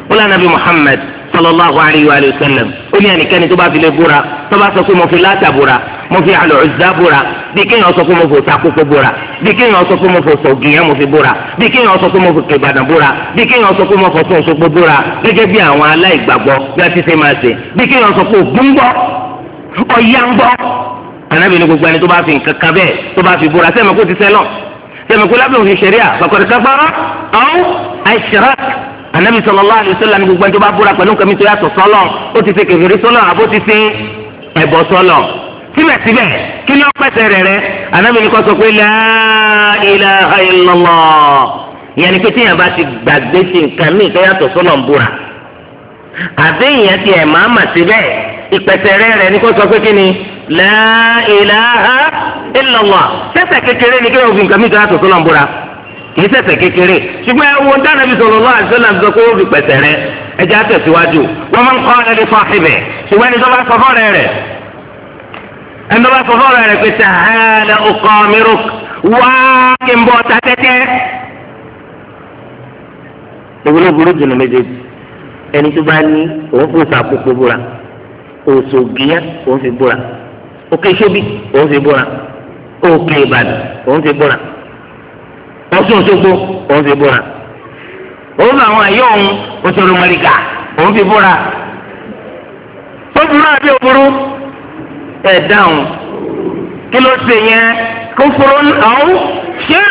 ولا نبي محمد صلى الله عليه وآله وسلم قل يعني كان تبع في البورا تبع تقول في اللات بورا mo fi àlọ́ ọ̀zá búra bí kéèyàn sọ fún mo fò sakoko búra bí kéèyàn sọ fún mo fò sọ̀gìyàn mo fi búra bí kéèyàn sọ fún mo fò kẹgbàdàn búra bí kéèyàn sọ fún mo fò sọ̀nsọ̀gbọ̀ búra gẹ́gẹ́ bí àwọn aláìgbàgbọ́ bí a ti ṣe máa ṣe bí kéèyàn sọ fún ògún gbọ́ ọ̀yá ń gbọ́ anabi ni gbogbo ẹni tó bá fi nǹkan kan bẹ́ẹ̀ tó bá fi búra sẹ́mi kó ti sẹ́lọ̀ sẹ́mi kó lábẹ́ òfin ṣẹ̀ríà faqad kafara aw ashrak anabi sallallahu alaihi wasallam ni gbogbo ẹni tó bá búra pẹ̀lú nǹkan mi tó yàtọ̀ sọ́lọ̀ ó ti ṣe kèfèrí sọ́lọ̀ àbó ti ṣe ẹ̀bọ sọ́lọ̀ síbẹ̀síbẹ̀ kí ni ó pẹ̀sẹ̀ rẹ̀ rẹ̀ anabi ni kó sọ pé la ilaha illallah la ilaha illallah ṣẹ̀ṣẹ̀ kékeré ni kéwọn fi nǹkan mi kan àtọ̀tọ̀ náà bóra kì í ṣẹ̀ṣẹ̀ kékeré ṣùgbọ́n ẹ wo dáná bí sọ̀rọ̀ lọ́wọ́ àti sọ́nà sọ pé ó fi pẹ̀sẹ̀ rẹ ẹja tẹ̀síwájú wọ́n máa ń kọ́ ẹni fún àfibẹ̀ ṣùgbọ́n ẹni tó bá sọ fọ́ọ̀rẹ́ rẹ̀ ẹni tó bá sọ fọ́ọ̀rẹ́ rẹ̀ pé sàhálà ọkọ mìíràn wá kí n bọ̀ òkè sóbì òun fi búra òkè ìbàdàn òun fi búra ọ̀ṣun òṣogbo òun fi búra òun bá àwọn àyè òun òṣèlú mọ̀lìkà òun fi búra ó burú àbí òburú ẹ̀ dáhùn kí ló ṣe yẹn kó fúró àwọn ṣé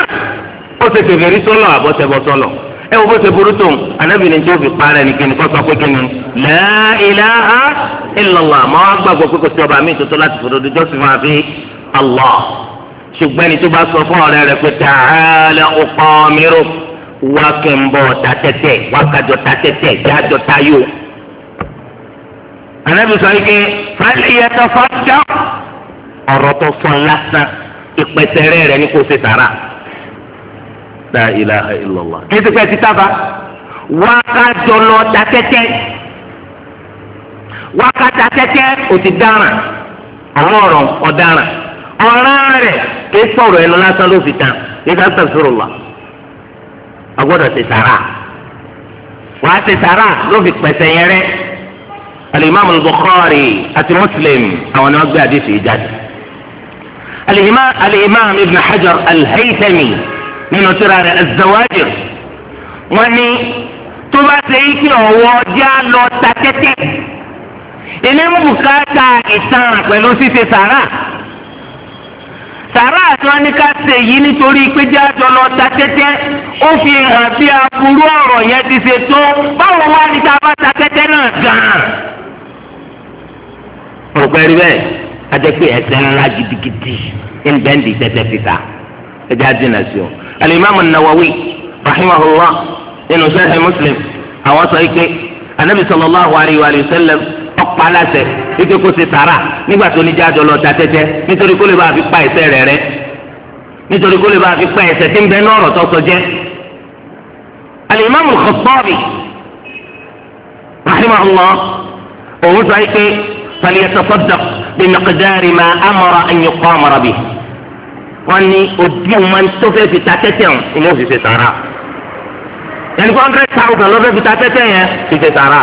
ó ṣe tètè rí sọ́lọ̀ àbọ̀tẹ̀bọ̀ sọ́lọ̀ ẹ wo bó ṣe burú tó anabi ni tí o fi parẹ́ ni kíni kó sọ pé kíni la ilaha illallah àmọ́ wá gbàgbọ́ pé kò sí ọba mi tuntun láti fòdò dojọ́ sí máa fi Allah ṣùgbọ́n ẹni tó bá sọ fún ọ̀rẹ́ rẹ pé ta'ala uqamiru wá kí n bọ̀ ta tẹ́tẹ́ wá kájọ ta tẹ́tẹ́ jájọ ta yó. anabi sọ yìí pé fàlẹ́yẹtọ̀ fàjà ọ̀rọ̀ tó sọ lásán ìpẹ̀tẹ̀rẹ̀ rẹ ni kò ṣe sàrà. la ilaha illallah kéde fẹ́ ti tábà wákàjọ lọ takẹ́tẹ́ wákàtà kẹ́tẹ́ o ti dáràn àwọn ọ̀rọ̀ ọ̀daràn ọ̀ràn rẹ̀ kí sọ̀rọ̀ ẹ lọ lásán ló fi tán yíká sọ̀rọ̀ lọ agbọ́dọ̀ ti sàrà wàá ti sàrà ló fi pẹ̀sẹ̀ yẹn rẹ́ alimami Bukhari àti Muslim àwọn ni wọ́n gbé àdéhùn ìjáde alimami Ibn Hajar al-Haythami. nínú tírà rẹ̀ az-Zawajir wọ́n ní tó bá ṣe é kí ọ̀wọ́ já lọ ta tẹ́tẹ́ ilé ń bùkátà ìtàn pẹ̀lú ṣíṣe sàrà sàrà àti wọn ní ká ṣe yìí nítorí péjá jọ lọ ta tẹ́tẹ́ ó fi hàn bí aburú ọ̀rọ̀ yẹn ti ṣe tó báwo wá ní ká bá ta tẹ́tẹ́ náà gan mo pẹ́ rí bẹ́ẹ̀ a jẹ́ pé ẹsẹ̀ ńlá gidigidi ń bẹ́ẹ̀ ń di tẹ́tẹ́ fìta ẹjẹ́ á dínà sí o. الإمام النووي رحمه الله إنه شرح مسلم أو صحيح النبي صلى الله عليه وآله وسلم ọ̀pá aláṣẹ ike kó ṣe tààrà nígbà tó ní jájọ lọ ta tẹ́tẹ́ nítorí kó lè bá a fi pa ẹ̀ṣẹ̀ rẹ̀ rẹ́ nítorí kó lè bá a fi pa ẹ̀ṣẹ̀ tí ń bẹ ní ọ̀rọ̀ tó sọ jẹ́. alimami Khattabi rahimahullah òun sọ ike falyatassaddaq bi miqdari ma amara an yuqama bihi. wọ́n ní òbí òun máa ń tó fẹ́ fi ta tẹ́tẹ́ ọ̀hún ni mo fi ṣe sàrà yẹnni fún hundred thousand lọ́fẹ́ fi ta tẹ́tẹ́ yẹn fi ṣe sàrà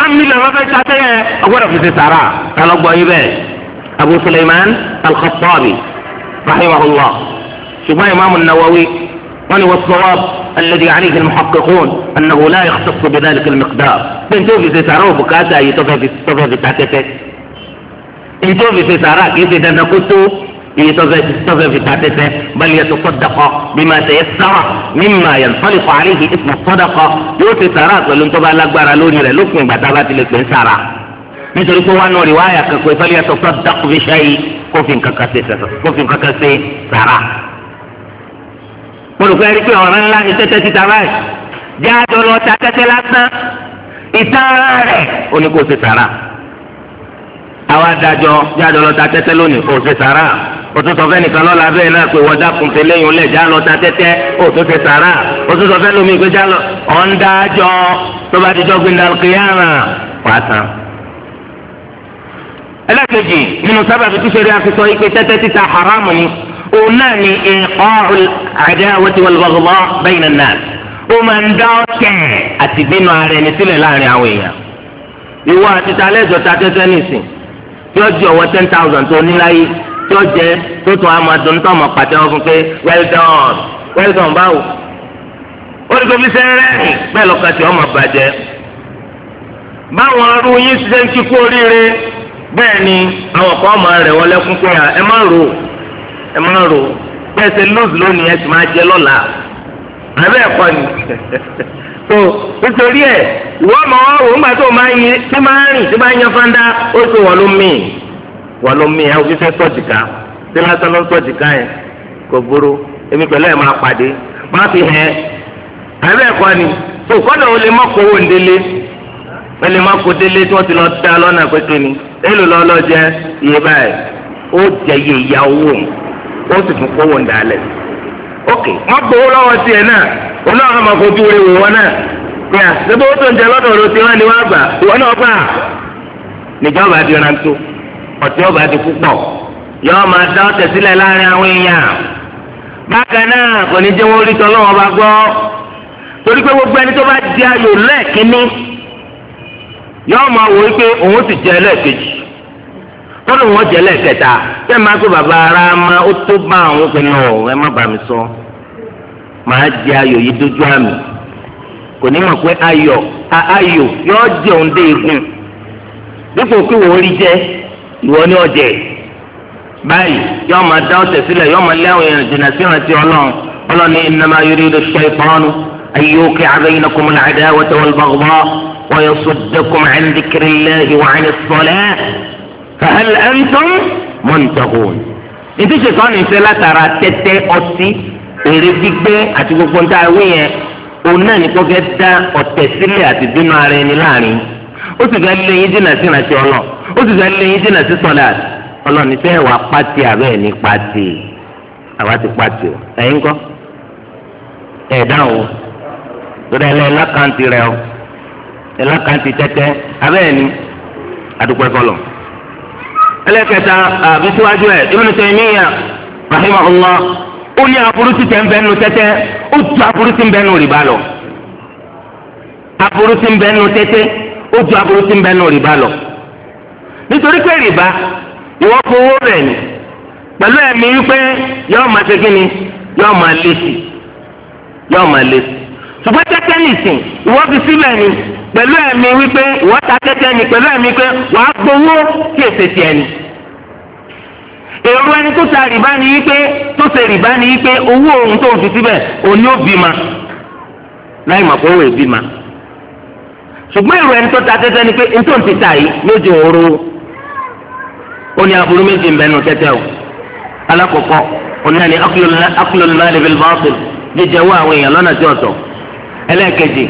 one million lọ́fẹ́ fi ta tẹ́tẹ́ yẹn ọgbọ́dọ̀ fi ṣe sàrà kálọ́gbọ́ yín bẹ́ẹ̀ Abu Sulaiman al-Khattabi rahimahullah ṣùgbọ́n imaamu Nawawi wọ́n ní was-sawab alladhi alayhi al-muhaqqiqun annahu la bẹ́ẹ̀ bi dhalika al-miqdar pé nítorí fi ṣe sàrà òbúkátà yìí tó tọ́fẹ́ fi ta tẹ́tẹ́ nítorí fi ṣe sàrà kì dandan kó iye tọ́fẹ́ fi ta tẹ́tẹ́ bali yẹtọ̀ sọ́dọ̀kọ́ bímọ ẹ̀sẹ̀ sára mímọ ẹ̀yẹ̀ntọ́lẹ̀kọ́ àríyí ìsìn sọ́dọ̀kọ́ yóò ti sàrà pẹ̀lú ntọ́ba alágbára lórí rẹ̀ lópin ìgbà tá a bá ti lè pè ń sàrà nítorí pé wọn náà rí wáyà kankan bali yẹtọ̀ sọ́dọ̀kọ́ fi ṣe yìí kófin kankan ṣe sàrà. mo rò pé ẹni pé ọ̀rẹ́ ńlá iṣẹ́ tẹ́tí ta báyìí jáde lọ ta tẹ́tẹ́ lásán ìtara rẹ̀ oníkó ṣe sàrà àwa adájọ́ jáde ọlọ́ta tẹ́tẹ́ lónìí kò ṣe sàrà òtún sọfẹ́ nìkan lọ́la bẹ́ẹ̀ náà pé wọ́n dákun tẹ́lẹ̀ yìí lẹ̀ já lọ́ta tẹ́tẹ́ òtún ṣe sàrà òtún sọfẹ́ lómi pé já lọ ọ̀n dájọ́ tó bá ti jọ́ gbẹ̀ndà kìyàrá wàá tán. ẹlẹ́kejì nínú sábàbí tí sẹ́rí àfisọ yìí pé tẹ́tẹ́ títa haramu ni òun náà ni ìkọ́ọ̀rù àdáwọ̀tì wọlọ́gbọ̀gbọ̀ bẹ́yìn náà ó máa ń dá ọ̀tẹ̀ àtìgbínú ara ẹni sílẹ̀ láàrin àwọn èèyàn ìwọ àti talẹ́jọ tẹ́tẹ́ nìsín tí ó jẹ́ ọwọ́ ten thousand tó níláyé tí ó jẹ́ tó tún á máa dùn tó ọmọ pàtẹ́ wọn fún pé well done well done báwo. ó ní kó fi sẹ́rẹ́ bẹ́ẹ̀ lọ́ka tí ọmọ bàjẹ́. báwọn arú yín ṣe ń kíkú oríire bẹ́ẹ̀ ni àwọn kan máa rẹ̀ wọ́n lẹ́kún pé ẹ má rò ẹ má rò bẹ́ẹ̀ ṣe lose lónìí ẹ sì máa jẹ lọ́la àbẹ́ ẹ̀kọ́ ni tó nítorí ẹ ìwọ ọmọ wa wò ńgbà tó máa ń yin tí máa ń rìn tí máa ń yan fanda ó sì wọ́n ló mìn wọ́n ló mìn ẹ òfin fẹ́ sọ̀jìká tí lásán ló ń sọ̀jìká yẹn kò fi hẹ́ ẹ̀kọ́ ni tó kọ́dọ̀ ó lè má kó owó ńdélé ó lè má kó délé tí wọ́n ti lọ iye báyìí ó jẹ onu máa fojú rẹ wò wọn náà pé à ṣébí tó ń jẹ lọ́dọ̀ ọ̀rọ̀ tí wọ́n ní wọ́n gbà náà gbà di ọba di púpọ̀ yọ́ọ́ máa dá ọ̀tẹ̀ láàrin àwọn èèyàn bákan náà kò ní jẹ́ bá gbọ́ torí pé gbogbo ẹni tó bá di ayò lẹ́ẹ̀kínní yọ́ọ́ wò òun sì lẹ́ẹ̀kejì bá àwọn má bàa mi sọ. màá jẹ ayò yìí dójú àmì kò ní mọ̀ pé ayò ayò yóò jẹ òun dé igun dípò kí wọ́n rí jẹ ìwọ ni ọ̀jẹ̀ báyìí yóò máa dá ọ̀tẹ̀ sílẹ̀ yóò máa lé àwọn èèyàn jìnnà sí ìrántí ọlọ́run ọlọ́ni innama yuridu ash-shaytanu an yuqi'a baynakum al-'adawata wal-baghdha'a wa yasuddakum 'an dhikrillahi wa 'ani as-salati fa hal antum muntahun. ìdíje kan ní sẹ́ látara tẹ́tẹ́ ọtí èrè gbígbé àti gbogbo ń a yẹn òun náà ní kó fẹ́ dá ọ̀tẹ̀ sílẹ̀ àti bínú ara ẹni láàrin ó sì fẹ́ lé yín dínà sí ìrántí ọlọ́ ó sì fẹ́ lé yín dínà sí ọlọ́ni fẹ́ wàá pàtì àbẹ́ ẹ̀ ní pàtì àwa ti pàtì o ẹ̀yin kọ́ ẹ̀ o lórí ẹlẹ́ lákàntì rẹ o tẹ́tẹ́ ẹ̀ ní ó ní aburú tí tẹ̀ ń bẹ́ nu tẹ́tẹ́ ó ju aburú tí ń bẹ́ nu rìbá lọ aburú tí ń bẹ́ nu tẹ́tẹ́ ó ju aburú ń bẹ́ nu rìbá lọ nítorí pé rìbá ìwọ fowó rẹ̀ ni pẹ̀lú ẹ̀mí wípé yọ́ọ́ máa ṣe kí ni yọ́ọ́ máa lé sí yọ́ọ́ máa lé sí ṣùgbọ́n tẹ́tẹ́ nìsín ìwọ fi sílẹ̀ ni pẹ̀lú ẹ̀mí wípé ìwọ ta tẹ́tẹ́ ni pẹ̀lú ẹ̀mí pé wàá gbowó kí èsè tiẹ̀ ni èrò ẹni tó ta rìbá ni yí pé tó ṣe rìbá ni yí pé owó òun tó ń fi síbẹ̀ òun yóò bímọ láì mọ̀ pé owó ìbímọ ṣùgbọ́n èrò ẹni tó ta tẹ́tẹ́ ni pé ntòun ti ta yìí lójú òru ó ní aburú méjì ń bẹnu tẹ́tẹ́ o alákọ̀ọ́kọ́ oníyà ni akulolumali bil batil jíjẹ wọ àwọn èèyàn lọ́nà tí ọ̀tọ̀ ẹlẹ́ẹ̀kejì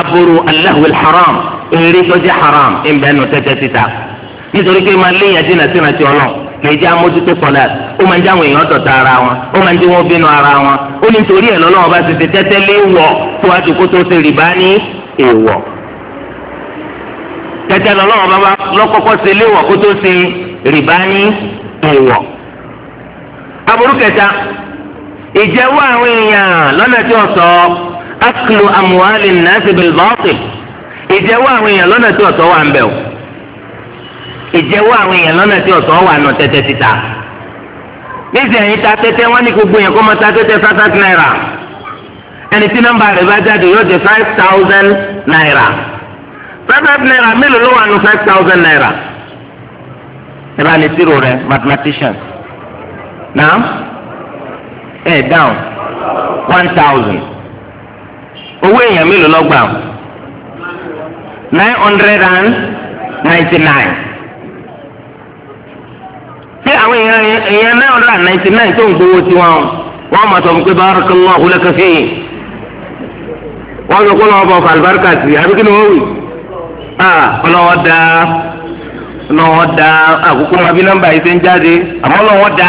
aburú alahul haram èrè tó jẹ́ haram ń bẹnu tẹ́tẹ́ kìí jẹ́ amójútó sọ̀lá ó máa ń jẹ́ àwọn èèyàn dọ̀tá ara wọn ó máa ń jẹ́ wọn bínú ara wọn ó ní torí ẹ̀ lọ́lọ́wọ́ bá ti fi tẹ́tẹ́ lé wọ̀ tó wá ju kó tó ṣe rìbá ní èèwọ̀ tẹ́tẹ́ lọ́lọ́wọ́ bá lọ́kọ́kọ́ ṣe lé wọ̀ kó tó ṣe rìbá ní èèwọ̀. aburú kẹta ìjẹ́wọ́ àwọn èèyàn lọ́nà tí wọ́n sọ aklu amwalin nas bil ìjẹ́wọ́ àwọn èèyàn lọ́nà tí wọ́n sọ wà ń bẹ̀ ìjẹ́wọ́ àwọn èèyàn lọ́nà tí ọ̀sán wà nù tẹ́tẹ́ títa níṣẹ́ ẹ̀yin ta tẹ́tẹ́ wọ́n ní gbogbo yẹn kó máa ta tẹ́tẹ́ sátát náírà ẹni tí nọ́mbà rẹ̀ bá jáde yóò jẹ́ five thousand náírà sátát náírà mélòó ló wà nù five thousand náírà ẹ bá ní tírò rẹ mathematician náà ẹ dáhùn one thousand owó èèyàn mélòó lọ́gbà nine hundred and ninety nine. pé àwọn èèyàn èèyàn nine hundred and ninety nine tó ń gbowó tiwọn wọn mọ̀ sọ fún pé barakallahu laka sọ pé lọ́wọ́ sí i ni wọ́n wì ọlọ́wọ́ da ọlọ́wọ́ da àkókò wọn bí nọ́mbà yìí ṣe ń jáde àmọ́ ọlọ́wọ́ da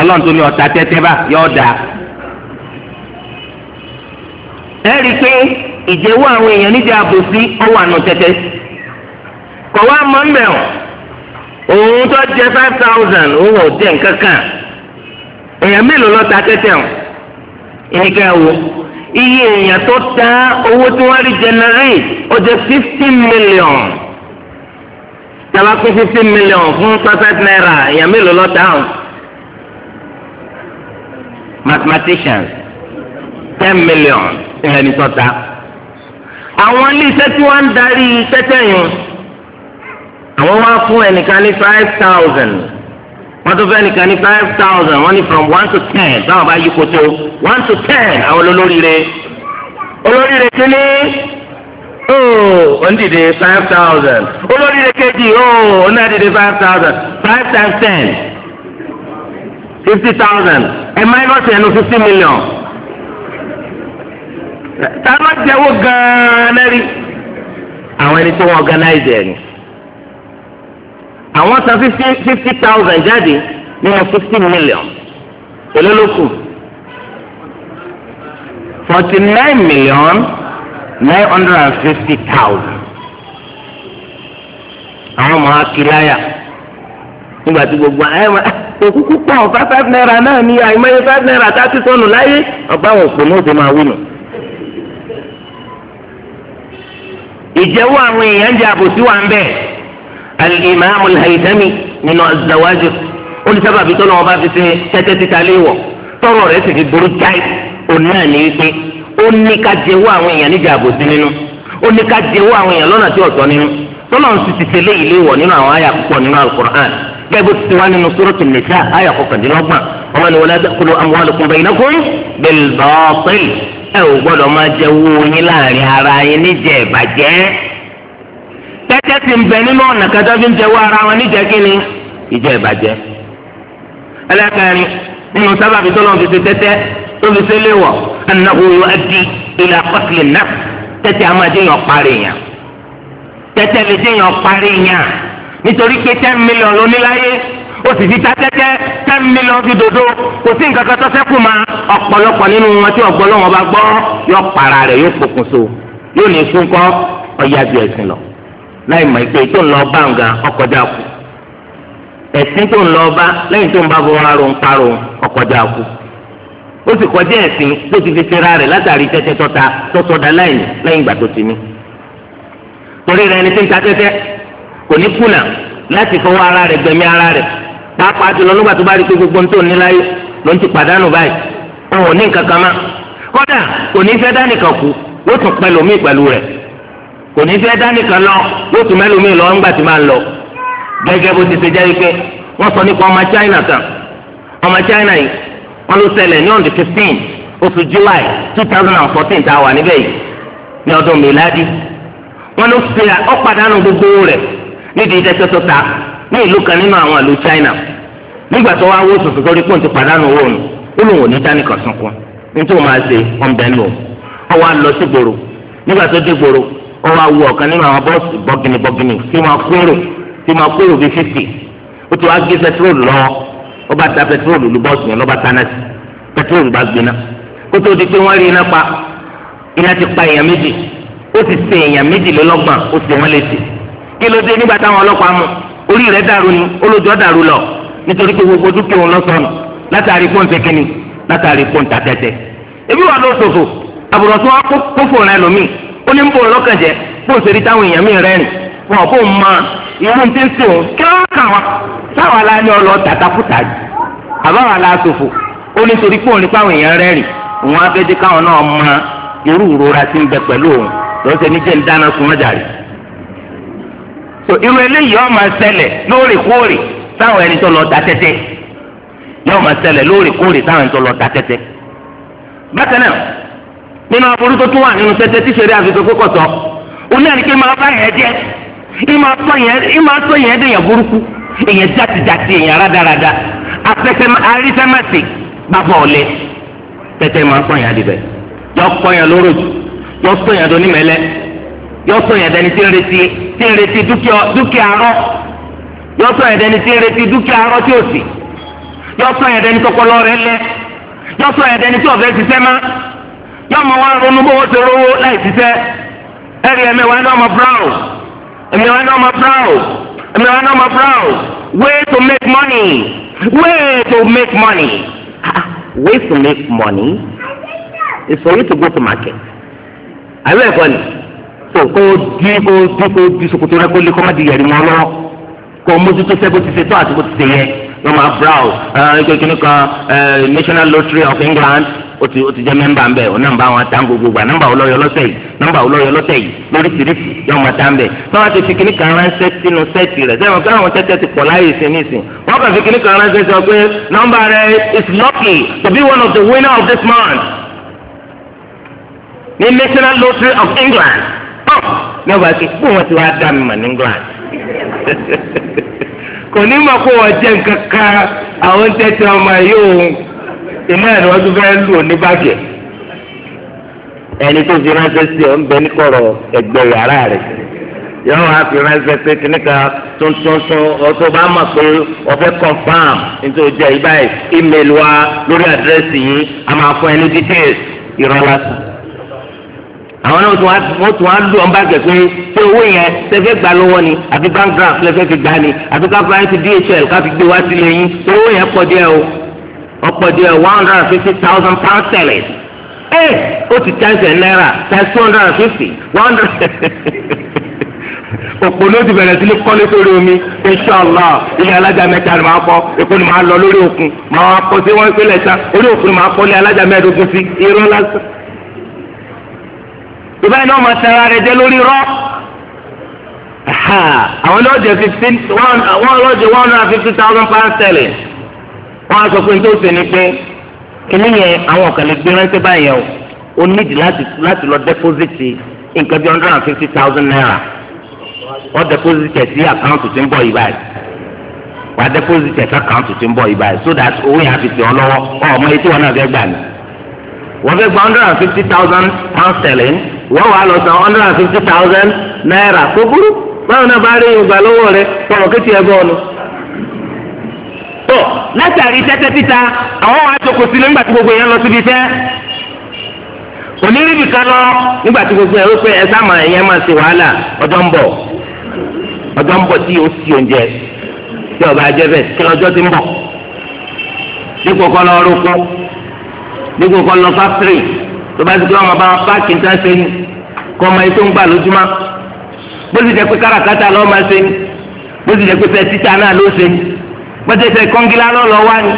ọlọ́run tó ní ọ̀tá tẹ́tẹ́ bá yọ da. ẹ rí i pé ìjẹ́wọ́ àwọn èèyàn níjà àbòsí ọwọ́ tẹ́tẹ́ kọ̀wá mọ́ òun tó jẹ five thousand òun ò jẹ nǹkan kan èèyàn mélòó ló ta tẹ́tẹ́ o ẹ̀ka wo iye èèyàn tó ta owó tí wọ́n rí generate ó jẹ fifteen million tabakun fifteen million fún perfect naira èèyàn mélòó ló ta o mathematicians ten million ẹni tó ta àwọn ilé iṣẹ́ tí wọ́n ń darí tẹ́tẹ́ yìí àwọn wá fún ẹnìkan ní five thousand wọ́n tún fẹ́ ẹnìkan ní five thousand wọ́n ní from one to ten báwọn bá yí koto one to ten àwọn olóríire olóríire kíní ooo oh, ondide five thousand olóríire kejì ooo oh, onadide five thousand five times ten fifty thousand ẹ minus ẹnu fifty million tá a bá jẹ́wọ́ gan-an lẹ́rìí àwọn ẹni tó wọ́n organize ẹ̀ ni. àwọn san fifty thousand jáde nínú fifty million èló ló forty nine million nine hundred and fifty thousand àwọn ọmọ akíláyà nígbà tí gbogbo ẹ ma òkúkú pọ̀ ọ̀fà five naira náà ní àìmọye five naira láyé ọba àwọn òpó náà ti máa wí nù. ìjẹ́wọ́ àwọn èèyàn ń jẹ alimami alhaitami nínú azawaji olùsábàbí tó lọ́wọ́ bá fi ṣe tẹ́tẹ́ títa léwọ̀ tọrọ rẹ̀ sì fi burú jáì òun náà ní wípé ó ní ká jẹ́wọ́ àwọn èèyàn níjà àbòsí nínú ó ní ká jẹ́wọ́ àwọn èèyàn lọ́nà tí ọ̀tọ̀ nínú tọ́lọ̀ ń sì ti ṣe léyìí léwọ̀ nínú àwọn àyà púpọ̀ nínú alukur'an gẹ́gẹ́ bó ti ti wá nínú sóròtù nìṣá àyà kọkàndínlọ́gbọ̀n ọmọ ni wọlé kúló amúhálùkún bẹ́ẹ̀ iná kún bẹ́ẹ̀ lọ́ọ́ pẹ́ẹ́lì ẹ ò gbọ́dọ̀ máa jẹ́wọ́ yín láàrin ara yín níjẹ̀ ìbàjẹ́ tẹ́tẹ́ sì ń bẹ nínú ọ̀nà kẹtọ́ fi ń tẹ́wọ́ ara wọn níjẹ́ kí ni ìjẹ́ ìbàjẹ́ ẹlẹ́kẹrin nínú sábàbí tó lọ́n fi ṣe tẹ́tẹ́ tó fi ṣe léwọ̀ annahu yuaddi ila qatl an-nafs tẹ́tẹ́ a máa jẹ́ yàn parí yàn tẹ́tẹ́ lè jẹ́ yàn parí yàn nítorí pé ten million ló ní láyé ó sì fi ta tẹ́tẹ́ ten million fi dodo kò sí nǹkan kan tó sẹ́kù ma ọ̀pọ̀lọpọ̀ nínú wọn tí ọ̀gbọ́n lọ́wọ́ bá gbọ́ yọ láì mọ̀ pé tó ń lọ bá nǹkan kù ẹ̀sìn tó ń lọ bá lẹ́yìn tó ń bá bọ́ wá ron parọ́ kù ó sì kọjá ẹ̀sìn tó ti fi rẹ̀ látàrí tẹ́tẹ́ tọ́ta láì láti fọwọ́ ara rẹ̀ gbẹ̀mí ara rẹ̀ pàápàá jùlọ nígbà tó gbogbo ń tó ní láyé ló ń ti pàdánù báyìí ní kò ní fẹ́ dánìkan lọ yóò tún mẹ́lòmíì lọ ńgbà tí máa ń lọ gẹ́gẹ́ bó ti ṣe jẹ́ wípé wọ́n sọ nípa ọmọ China ta ọmọ China yìí wọ́n ló ṣẹlẹ̀ ní on the fifteen oṣù July two thousand and fourteen tá a wà níbẹ̀ yìí ní ọdún wọ́n ló ọ̀pàdánù gbogbo rẹ̀ nídìí ìdẹ́sẹ̀ ta ní ìlú kan nínú àwọn ìlú China nígbà tó wá wó sòsò pé òun ti pàdánù òun ó ó wá wu ọ̀kan nínú àwọn bọ́ọ̀sì bọ́gìnì bọ́gìnì tí máa kúrò tí máa kúrò bíi fífì ó ti wá gé pẹtrólù lọ ó bá ta pẹtrólù lu bọ́ọ̀sì yẹn lọ́ba tánà sí pẹtrólù bá gbiná ó tó di pé wọ́n rí iná pa iná ti pa èèyàn méjì ó ti ṣe èèyàn méjìlélọ́gbọ̀n ó sì wọ́n létí kí ló dé nígbà táwọn ọlọ́pàá mú orí rẹ̀ dàrú ni olójọ́ dàrú lọ nítorí pé gbogbo dúkìá òun lọ́sọ̀nù látàrí pọ́ǹtẹ̀ kínní látàrí pọ́ǹtà tẹ́tẹ́ ebi wà lóṣooṣù àbùrọ̀tún wa kófò rẹ ó ní ń bò lọ́kàn jẹ́ bó ṣe rí táwọn èèyàn mi rẹ́rìn wọn ò bó ń ma irú tí ń sè wọn kí wọ́n kà wá sáwọn aláàánú ọlọ tàtàkùtà jù àbáwọn aláàtòfò ó ní torí pé òun ní páwọn èèyàn rẹ́rìn òun á fẹ́ dé káwọn náà ma irú ìrora tí ń bẹ pẹ̀lú òun lọ́sẹ̀ ní jẹ́ ń dáná sun ọjà rẹ̀ so irú eléyìí ó máa ṣẹlẹ̀ lóòrèkóòrè táwọn ẹni tó lọ nínú aburú tó tún wà nínú tẹ́tẹ́ tí sẹ́rí àfihàn pé kọ̀tọ́ òun náà ní kí máa bá yẹn jẹ́ ìmọ̀ sọ yẹn dẹ̀yàn burúkú èyàn jàtìjàtì èyàn rádaràda afẹ́fẹ́ arísẹ́mẹ́sì bàbá ọ̀lẹ́ tẹ́tẹ́ máa sọ yẹn adìbẹ́ yọ kọ́ yẹn lóró jù yọ sọ yẹn dọ́ní mẹ́lẹ́ yọ sọ yẹn dẹni tí ń retí tí ń retí dúkìá rọ yọ sọ yẹn dẹni tí ń retí dúkìá rọ tí ò sí yọ sọ yẹn dẹni tọkọlọ rẹ lẹ yọ sọ yẹn dẹni tí ọ̀fẹ́ yóò mọ wọn ronú bó wọn ti rówó láì ṣiṣẹ́ ẹ̀rí ẹ̀mẹ̀wá ní ọmọ brown ẹ̀mẹ̀wá ní ọmọ brown ẹ̀mẹ̀wá ní ọmọ brown way to make money way to make money ah, ah, way to make money is for you to go to market àbẹ̀ ẹ̀kọ́ ni so kó o di kó o di kó o di ṣòkòtò rẹ kó lè kó má di yẹ̀rì mọ́ lọ́wọ́ kó o mójútó sẹ́ bó ti ṣe tó àti bó ti ṣe yẹ lọ́mọ brown ẹ̀ ẹ́ kékeré kan eh, national lottery of England ó ti ó ti jẹ́ mẹ́mbà ń bẹ̀ ọ̀ nọ́mbà wọn ta ń gbogbo gbà nọ́mbà olóyè ọlọ́sẹ̀ yìí nọ́mbà olóyè ọlọ́sẹ̀ yìí lóríṣiríṣi yọ ọmọ ta ń bẹ̀ báwa ti fi kíní kan ránṣẹ́ sínú sẹ́ẹ̀tì rẹ̀ sẹ́wọ̀n kí àwọn tẹ́tẹ́ ti pọ̀ láyè sí nísìn wọ́n kàn fi kíní kan ránṣẹ́ sọ pé nọ́mbà rẹ̀ is lucky to be one of the winner of this month ní national lottery of England ní ọba kí kó wọn ti wá dá mi mọ̀ ní England kò ní mọ̀ kó wọ́n jẹ́ nǹkan kan àwọn tẹ́tẹ́ ọmọ yóò iná ẹ̀ ni wọ́n tún fẹ́ lù oníbàjẹ́ ẹni tó fi ránṣẹ́ sí ọ ń bẹ níkọ̀rọ̀ ẹgbẹ́ yàrá rẹ̀ yọ̀ọ́ wá fi ránṣẹ́ sí kíníkà tuntun ọtọ́ bá mọ̀ pé ọ̀fẹ́ confam nítorí jẹ́ ibáyìí email wa lórí àdírẹ́sì yìí a máa fún ẹ ní details ìrọ̀lá sùn àwọn náà wọ́n tún wá lù ọ́n bá gẹ̀ pé ṣé owó yẹn ṣẹ́fẹ́ gbà lọ́wọ́ ni àbí bank draft lẹ́fẹ́ fi gbà ni àbí káfíńtì DHL káfí gbé wá sílé yín ṣé owó yẹn pọ̀ díẹ̀ o ọ̀pọ̀ di one hundred and fifty thousand pound sterling ẹ ó ti times ẹ̀ náírà times two hundred and fifty one hundred òpó ló ti bẹ̀rẹ̀ sí ní kọ́lé sórí omi Inshallah, ilé alájà mẹ́ta ni màá kọ́ èkó ni màá lọ lórí òkun màá kọ́ sí wọ́n ìpínlẹ̀ ta orí òkun ni màá kọ́ lé alájà mẹ́ẹ̀ẹ́dógún sí irọ́ lásán. ìbá iná máa tẹ̀ra rẹ̀ jẹ́ lórí rọ́ àwọn lọ́jọ́ one hundred and fifty thousand pound sterling wọ́n á sọ pé tó ṣe ni pé kíní yẹn àwọn kan lè gbé ránṣẹ́ báyẹn o ó nídìí láti láti lọ dẹ́pọ́sìtì nǹkan bí hundred and fifty thousand naira wọ́n dẹ́pọ́sìtì ẹ̀ sí àkáǹtì tí ń bọ̀ yìí báyìí wà dẹ́pọ́sìtì ẹ̀ sí àkáǹtì tí ń bọ̀ yìí báyìí so that owó yẹn á fi tẹ̀ ọ́ lọ́wọ́ ọmọ etí wọn náà fẹ́ gbà ní wọ́n fẹ́ gba hundred and fifty thousand pound sterling wọ́n wàá lọ san hundred and fifty thousand naira kó burú báwọn náà bá rí ìgbà lọ́wọ́ rẹ tọ̀wọ̀ tó látàrí tẹ́tẹ́ títa àwọn wa jókòó sílé nígbà tí gbogbo yẹn lọ síbi fẹ́ onírìbì kan lọ nígbà tí gbogbo yẹn ló pé ẹ sáàmà ẹ̀yẹ máa ṣe wàhálà ọjọ́ ń bọ̀ ọjọ́ ń bọ̀ tí o sì oúnjẹ tí ọba jẹ bẹ́ẹ̀ kí lọ́jọ́ ti ń bọ̀ dípò kọ́ lọ rúkú dípò kọ́ lọ fáfírì tó bá ti gbé ọmọ bá wọn páàkì níta ṣe ni kọ́ ọmọ yìí tó ń gbà lójúmọ́ bó ti jẹ́ pé káràkátà lọ́ọ́ máa ṣe ni bó ti jẹ́ pé fẹ́ títà náà ló ṣe ni pẹ́tẹ́tẹ́ kọ́ngilá lọ́lọ́ wá ni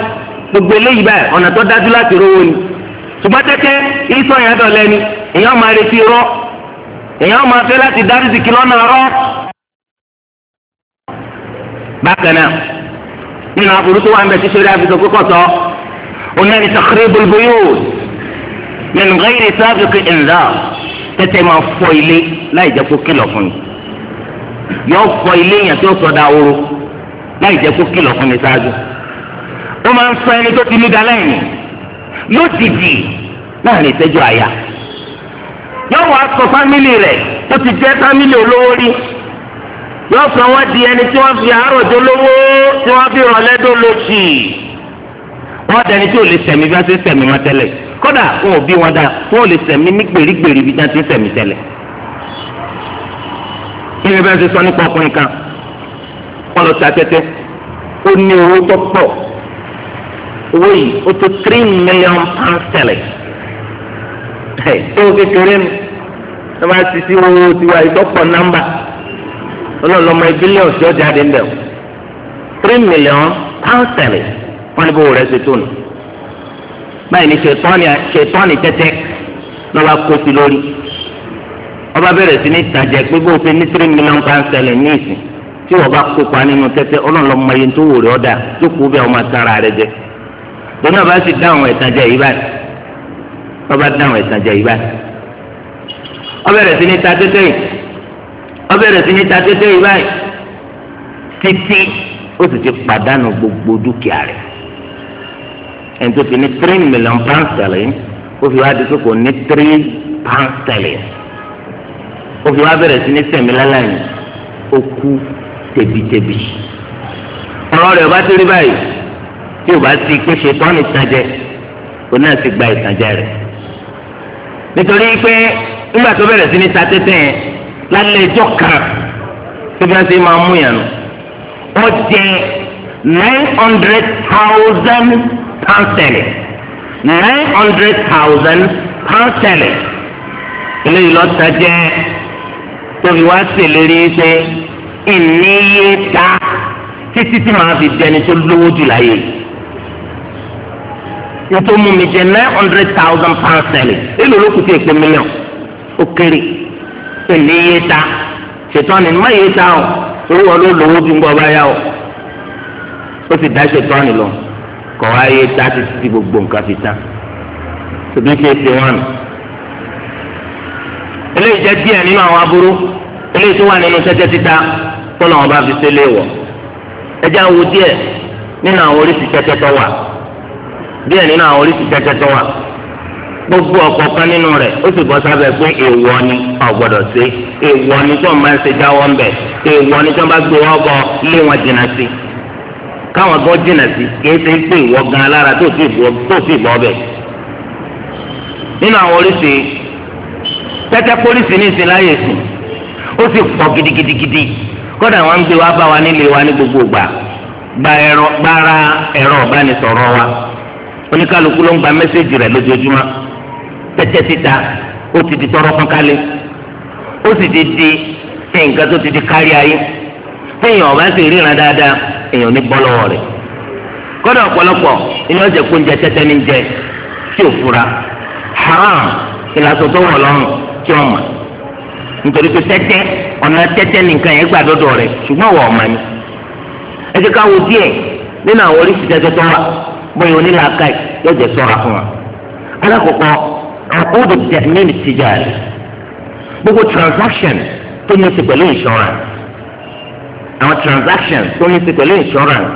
gbogbo eléyìí báyìí ọ̀nà tó dájú láti rówó ni ṣùgbọ́n tẹ́tẹ́ ìsọ̀ yẹn dọ̀lẹ́ ni èèyàn máa retí rọ́ èèyàn máa fẹ́ láti dárí sí kìlọ́nà rọ́. bákan náà nínú aburú tó wà ń bẹ tí sori àfisọ kókó sọ ọ̀nà ni takhribul buyut min ghairi sabiqi inzar tẹ́tẹ́ máa fọ́ ilé láì jẹ́ kó kìlọ̀ fún yìí yọ fọ́ ilé yẹn tó sọdá ooru láì jẹ́ kó kìlọ̀ fún mi ṣáájú ó máa ń sọ ẹni tó ti ní dalẹ́yìn lójijì láàrin ìṣẹ́jú àyà yóò wá sọ fámìlì rẹ̀ ó ti jẹ́ fámìlì olówó rí yóò sọ wọ́n di ẹni tí wọ́n fi àárọ̀ tó lówó tí wọ́n fi rọ̀lẹ́ tó lòsì wọ́n dẹni tí ò lè sẹ̀mí bí wọ́n ti sẹ̀mí wọn tẹ́lẹ̀ kódà wọn ò bí wọn dáa wọn ò lè sẹ̀mí ní gbèrígbèrí bí wọ́n ti sẹ̀mí tẹ́lẹ̀ kí ni bẹ́ẹ̀ ti sọ nípa ọkùnrin kan wọn lọ ta tẹ́tẹ́ ó ní owó tó pọ̀ owó yìí ó tó three million pound sterling ẹ̀ tó kékeré nu ẹ máa ti sí owó tiwa ìtọ́pọ̀ nọ́mbà ọlọ́lọ́mọ bílíọ̀nù tí ó jáde ń bẹ̀ o three million pound sterling wọn ní bó rẹ̀ ṣe tó nù báyìí ni ṣètọ́ni ṣètọ́ni tẹ́tẹ́ lọ́ba kó sí lórí ọba bẹ̀rẹ̀ sí ní ìtajà pé bó o ṣe ní three million pound sterling ní ìsìn tí wọn bá kópa nínú tẹ́tẹ́ ọlọ́ọ̀lọ́ mọ iye tó wò rẹ̀ ọ̀dà tó kú bẹ́ẹ̀ ọmọ sanra rẹ̀ jẹ lónà bá sì dá àwọn ẹ̀tàn jẹ yìí báyìí wọ́n bá dá àwọn ẹ̀tàn jẹ yìí báyìí ó bẹ̀rẹ̀ sí ní ta tẹ́tẹ́ yìí ó bẹ̀rẹ̀ sí ní ta tẹ́tẹ́ yìí báyìí títí ó sì ti pàdánù gbogbo dúkìá rẹ̀ ẹni tó fi ní three million pound sterling ó fi wá di sóko ní three pound sterling ó fi wá bẹ̀rẹ̀ sí ní sẹ̀mí yìí ó kú tẹ̀bítẹ̀bí ọ̀rọ̀ rẹ̀ ọba tó rí báyìí tí o bá ti pé ṣetán ìtànjẹ o náà ti gba ìtànjẹ rẹ̀ nítorí pé nígbà tó bẹ̀rẹ̀ sí ní ta tẹ́tẹ́ yẹn lálẹ́ ẹjọ́ kan tó bí ti máa mú yàn nù ó jẹ nine hundred thousand pound sterling nine hundred thousand pound sterling eléyìí lọ́ta jẹ́ tóbi wá ṣèlérí pé ìníye ta títí tí màá fi dẹni tó lówó jù láyé nítorí mú mi jẹ nine hundred thousand pounds sterling èlò ló kù sí èpè mílíọ̀n ó kéré ìníye ta ṣètò ni má yé ta o owó ọ ló lówó jù ń bọ̀ báyà o ó sì dá ṣètò ni lọ kọ̀ wá yé ta títí tí gbogbo nǹkan fi tán tòbí ṣe é ṣe wọn. eléyìí jẹ́ díẹ̀ nínú àwọn aburú eléyìí tó wà nínú tẹ́tẹ́ títa kó lọ́wọ́ bá fi sílé wọ̀ ẹjẹ́ awo díẹ̀ nínú àwọn oríṣi tẹ́tẹ́ tó wà díẹ̀ nínú àwọn oríṣi tẹ́tẹ́ tó wà gbogbo ọ̀kọ̀ọ̀kan nínú rẹ̀ ó sì bọ́ sábẹ́ pé èèwọ̀ ni ọ̀gbọ́dọ̀ sí èèwọ̀ ni tó ń bá ń ṣe jáwọ́ ń bẹ̀ èèwọ̀ ni tó ń bá gbé wọ́n bọ lé wọn jìnnà sí káwọn gan jìnnà sí kìí ṣe pé ìwọ gan alára tó sì bọ́ bẹ̀. nínú àwọn oríṣi tẹ́tẹ́ pólíṣì ní ìsìn láyè ó sì fọ gidigidigidi kódà wọn ń gbé wá bá wa nílé wa ní gbogbo ìgbà gba ẹ̀rọ gbára ẹ̀rọ ìbánisọ̀rọ̀ wa oníkàlùkù ló ń gba mẹ́sẹ̀gì rẹ lójoojúmọ́ tẹ́tẹ́ síta ó ti di tọrọ kankálẹ̀ ó sì ti di nǹkan tó ti di kárí ayé téèyàn ọba sì ríran dáadáa èèyàn ní kódà inú kó ń jẹ nítorí pé tẹ́tẹ́ ọ̀nà tẹ́tẹ́ nìkan yẹn gbà dọ́dọ̀ rẹ̀ ṣùgbọ́n wọ̀ ọ̀ma ni. ẹ jẹ́ ká wo díẹ̀ nínú àwọn oríṣi tẹ́tẹ́ tó wà bóyá onílàákà yóò jẹ́ sọ́ra fún wa. alákọ̀ọ́kọ́ àkóòdù tẹ̀mínì tìjà rẹ̀ gbogbo transaction tó ní ti pẹ̀lú insurance àwọn transaction tó ní ti pẹ̀lú insurance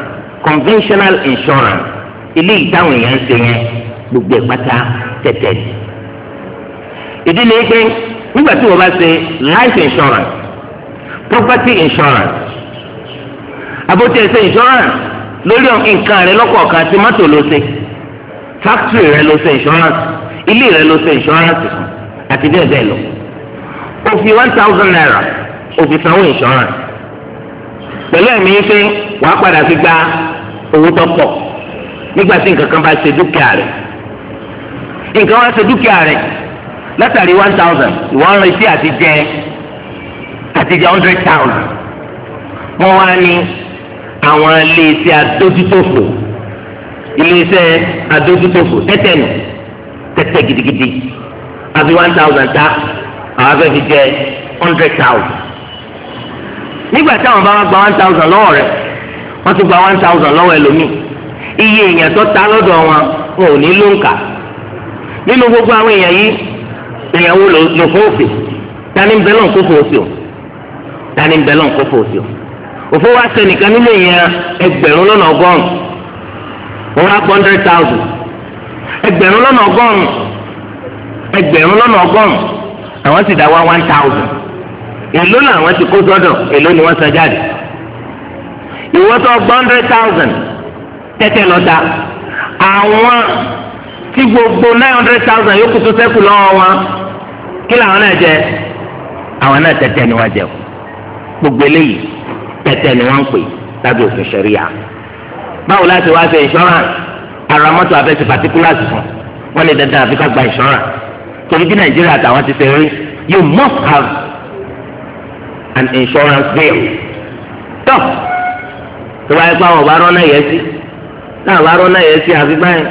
conventional insurance ilé ìtàwọn èèyàn ń ṣe yẹn gbogbo ẹ̀ pátá tẹ̀tẹ̀ ìdílé gbẹ́ngàn nígbà tí wọ́n bá ṣe life insurance property insurance àbótí ẹsẹ insurance lórí nǹkan rẹ lọ́kọ̀ọ̀kan tí mọ́tò ló ṣe factory rẹ ló ṣe insurance ilé rẹ ló ṣe insurance àti bẹ́ẹ̀ bẹ́ẹ̀ lọ o one thousand naira o fi sanwó insurance pẹ̀lú ẹ̀mí yín pé wàá padà fi gba owó tó pọ̀ nígbà tí nǹkan kan bá ṣe dúkìá rẹ̀ nǹkan wá ṣe dúkìá rẹ̀ látàrí one thousand ìwọ ń retí àti jẹ àti jẹ hundred thousand wọ́n wá ní àwọn iléeṣẹ́ adójútòfò iléeṣẹ́ adójútòfò tẹ́tẹ́ nù tẹ́tẹ́ gidigidi àfi one thousand ta àwọn afẹ́ fi jẹ hundred thousand nígbà táwọn bá wá gba one thousand lọ́wọ́ rẹ̀ wọ́n tún gba one thousand lọ́wọ́ ẹlòmíì iye èèyàn tó ta lọ́dọ̀ wọn wọn ò ní lóǹkà nínú gbogbo àwọn èèyàn yìí èèyàn wo ló fún òfin tani ń bẹ lọ́n kó fún òfin o tani ń bẹ lọ́n kó fún òfin o òfin wa ṣe nìkan nílé yẹn ẹgbẹ̀rún lọ́nà ọgọ́rùn òun á hundred thousand ẹgbẹ̀rún lọ́nà ọgọ́rùn ẹgbẹ̀rún lọ́nà ọgọ́rùn àwọn ti dá wá one thousand èló làwọn ti kó sọ́dọ̀ èló ni wọ́n san jáde ìwọ́tọ̀ hundred thousand tẹ́tẹ́ lọ́ta àwọn tí gbogbo nine hundred thousand yòókù tó ṣẹ́kù lọ́wọ́ wọn kí làwọn náà jẹ àwọn náà tẹ̀tẹ̀ ni wọ́n jẹ o gbogbo eléyìí tẹ̀tẹ̀ ni wọ́n ń pè lábẹ́ òfin ṣẹ̀ríyà báwo láti wá ṣe insurance ara mọ́tò abẹ́sẹ̀ particulars fún wọ́n ní dandan àfi ká gba insurance torí bí nàìjíríà àtàwọn ti ṣe rí you must have an insurance bill tó tó báyìí pé àwọn ọba rán náà yẹ sí náà ọba rán náà yẹ sí àfi báyìí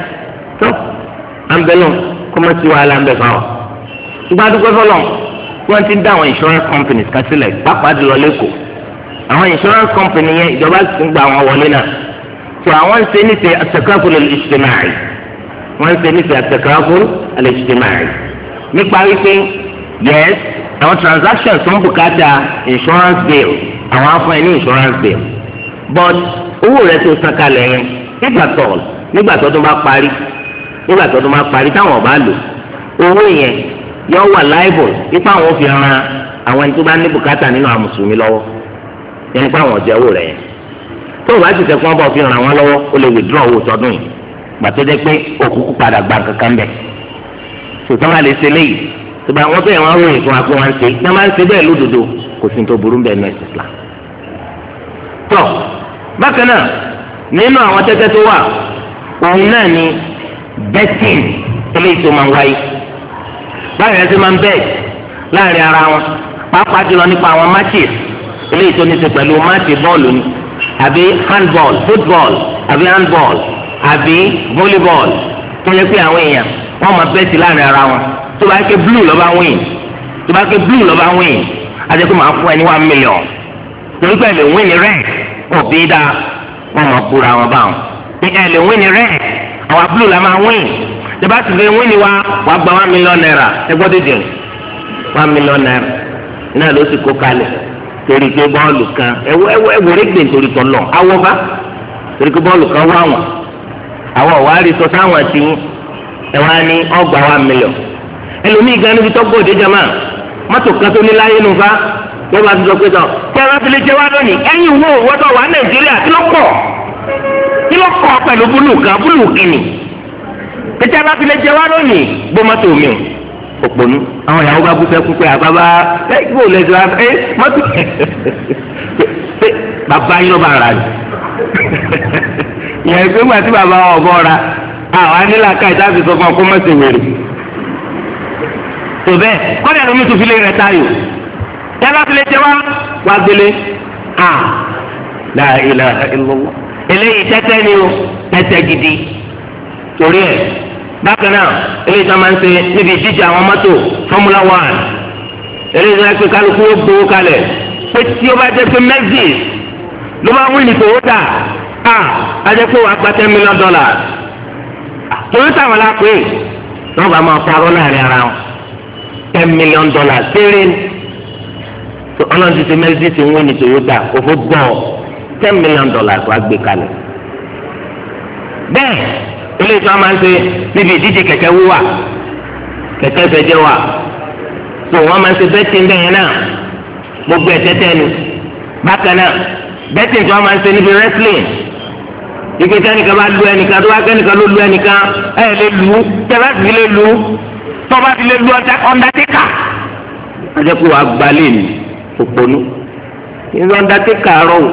àǹbẹ̀lọ̀ kọ́mọ́ sí wàhálà àǹbẹ̀ fún wa. ìgbà àdúgbò fọlọ́ wọ́n ti ń dá àwọn insurance companies kan sílẹ̀ pápá jùlọ lẹ́kọ̀ọ́ àwọn insurance company yẹn ìjọba ti ń gba àwọn wọlé náà tó àwọn ń ṣe níṣẹ́ àtẹ̀kọ́kùn al-ijtima'i wọ́n ń ṣe níṣẹ́ àtẹ̀kọ́kùn al-ijtima'i nípa wípé yes àwọn transactions ń bùkátà insurance bill àwọn afọ ẹ ní insurance bill but owó rẹ tó san kalẹ̀ yẹn nígbà tó nígbà tó tó bá parí nígbà tó tó máa parí táwọn ọba lò owó yẹn yọ wà láìbùl ipá àwọn fi ran àwọn ẹni tó bá ní bùkátà nínú àwọn mùsùlùmí lọwọ yẹn pé àwọn ọ̀jẹ̀ owó rẹ yẹn tó o bá ti sẹ́kún ọba òfin o lè withdraw owó tọdún yìí gbà tó pé òkúkú padà gba kankan bẹ̀. ṣe léyìí tó bá wọ́n wa betting eléyìí tó máa ń wáyé báyìí ẹsẹ máa ń bet láàrin ara wọn pàápàá jùlọ nípa àwọn matches eléyìí tó ní ṣe pẹ̀lú match bọ́ọ̀lù ni àbí handball football àbí handball àbí volleyball tó yẹ pé àwọn èèyàn wọ́n máa bet láàrin ara wọn tó bá ké blue lọ́ba win tó bá ké blue lọ́ba win àti pé màá fún ẹ ní one million torí pé ẹ lè win ní red kò bí dáa wọ́n máa búra wọn báwọn ẹ lè win ní red. awa blu la máa win tẹ́ bá sì ni wa wà gba one million naira ẹ gbọ́ dídì one million naira náà kan ewu ewu ẹwọrẹ gbè lọ bá torí kan wá wọn àwọn ọ̀wárí sọ sáwọn ti ń ẹwà ní ọgbà wa mílíọ̀n ẹlòmíì gan níbi jama mọ́tò kan tó ní láyé sọ pé kí ẹ bá lè jẹ kí ló kọ́ pẹ̀lú búlù kan búlù kìnnì pété abáfilẹ̀ jẹ wá lónìí gbọmọtò mi ò òpònú àwọn ìyàwó bá búṣẹ kú pé àbábá ẹ kúrò lẹsẹ wá ẹ mọtò pé bàbá yín ló bá ra ni ìyàwó ìgbégbà tí bàbá ọ̀bọ ra àwọn anílàkà ìtàfi sọ fún ọkọ mọ́sẹ̀ wẹ̀rẹ̀ tó bẹ́ẹ̀ kọ́dà lómi tó fi lé rẹ̀ táyò tẹ́lá fi jẹ wá wá gbélé à la ilaha illallah eléyìí tẹ́tẹ́ ni o tẹ́tẹ́ gidi torí ẹ̀ bákan náà eléyìí tó máa ń ṣe níbi ìdíje àwọn mọ́tò fọ́múlà one eléyìí tó máa ń pè kálukú ó gbowó kalẹ̀ pé tí ó bá jẹ́ pé Mercedes ló máa ń wí ní Toyota a ajẹ́ pé wàá gba ten million dollars Toyota wọn la pè é wọ́n bá máa parọ́ láàrin ara wọn ten million dollars péré ọlọ́run ti ṣe Mercedes ń wí ní Toyota òfò gbọ́ ọ ten million dollars wàá gbé kalẹ̀ bẹ́ẹ̀ eléyìí tó a máa ń ṣe níbi ìdíje kẹ̀kẹ́ wíwà kẹ̀kẹ́ fẹ̀jẹ̀ wà tó wọ́n máa ń ṣe bẹ́tìn bẹ́ẹ̀ náà gbogbo ẹ̀tẹ́tẹ́ ni bákan náà bẹ́tìn tó a máa ń ṣe níbi wrestling ike tẹnika bá lu ẹnìkan tó bá kẹnìkan ló lu ẹnìkan ẹ lè lu tẹbá fi lè lu tọba fi lè lu ọ̀ndàtẹ́kà ajẹ́pẹ́ wàá gbalẹ̀ mi òpònú ìlú ọ̀ndàtẹ́kà rọ̀ wò.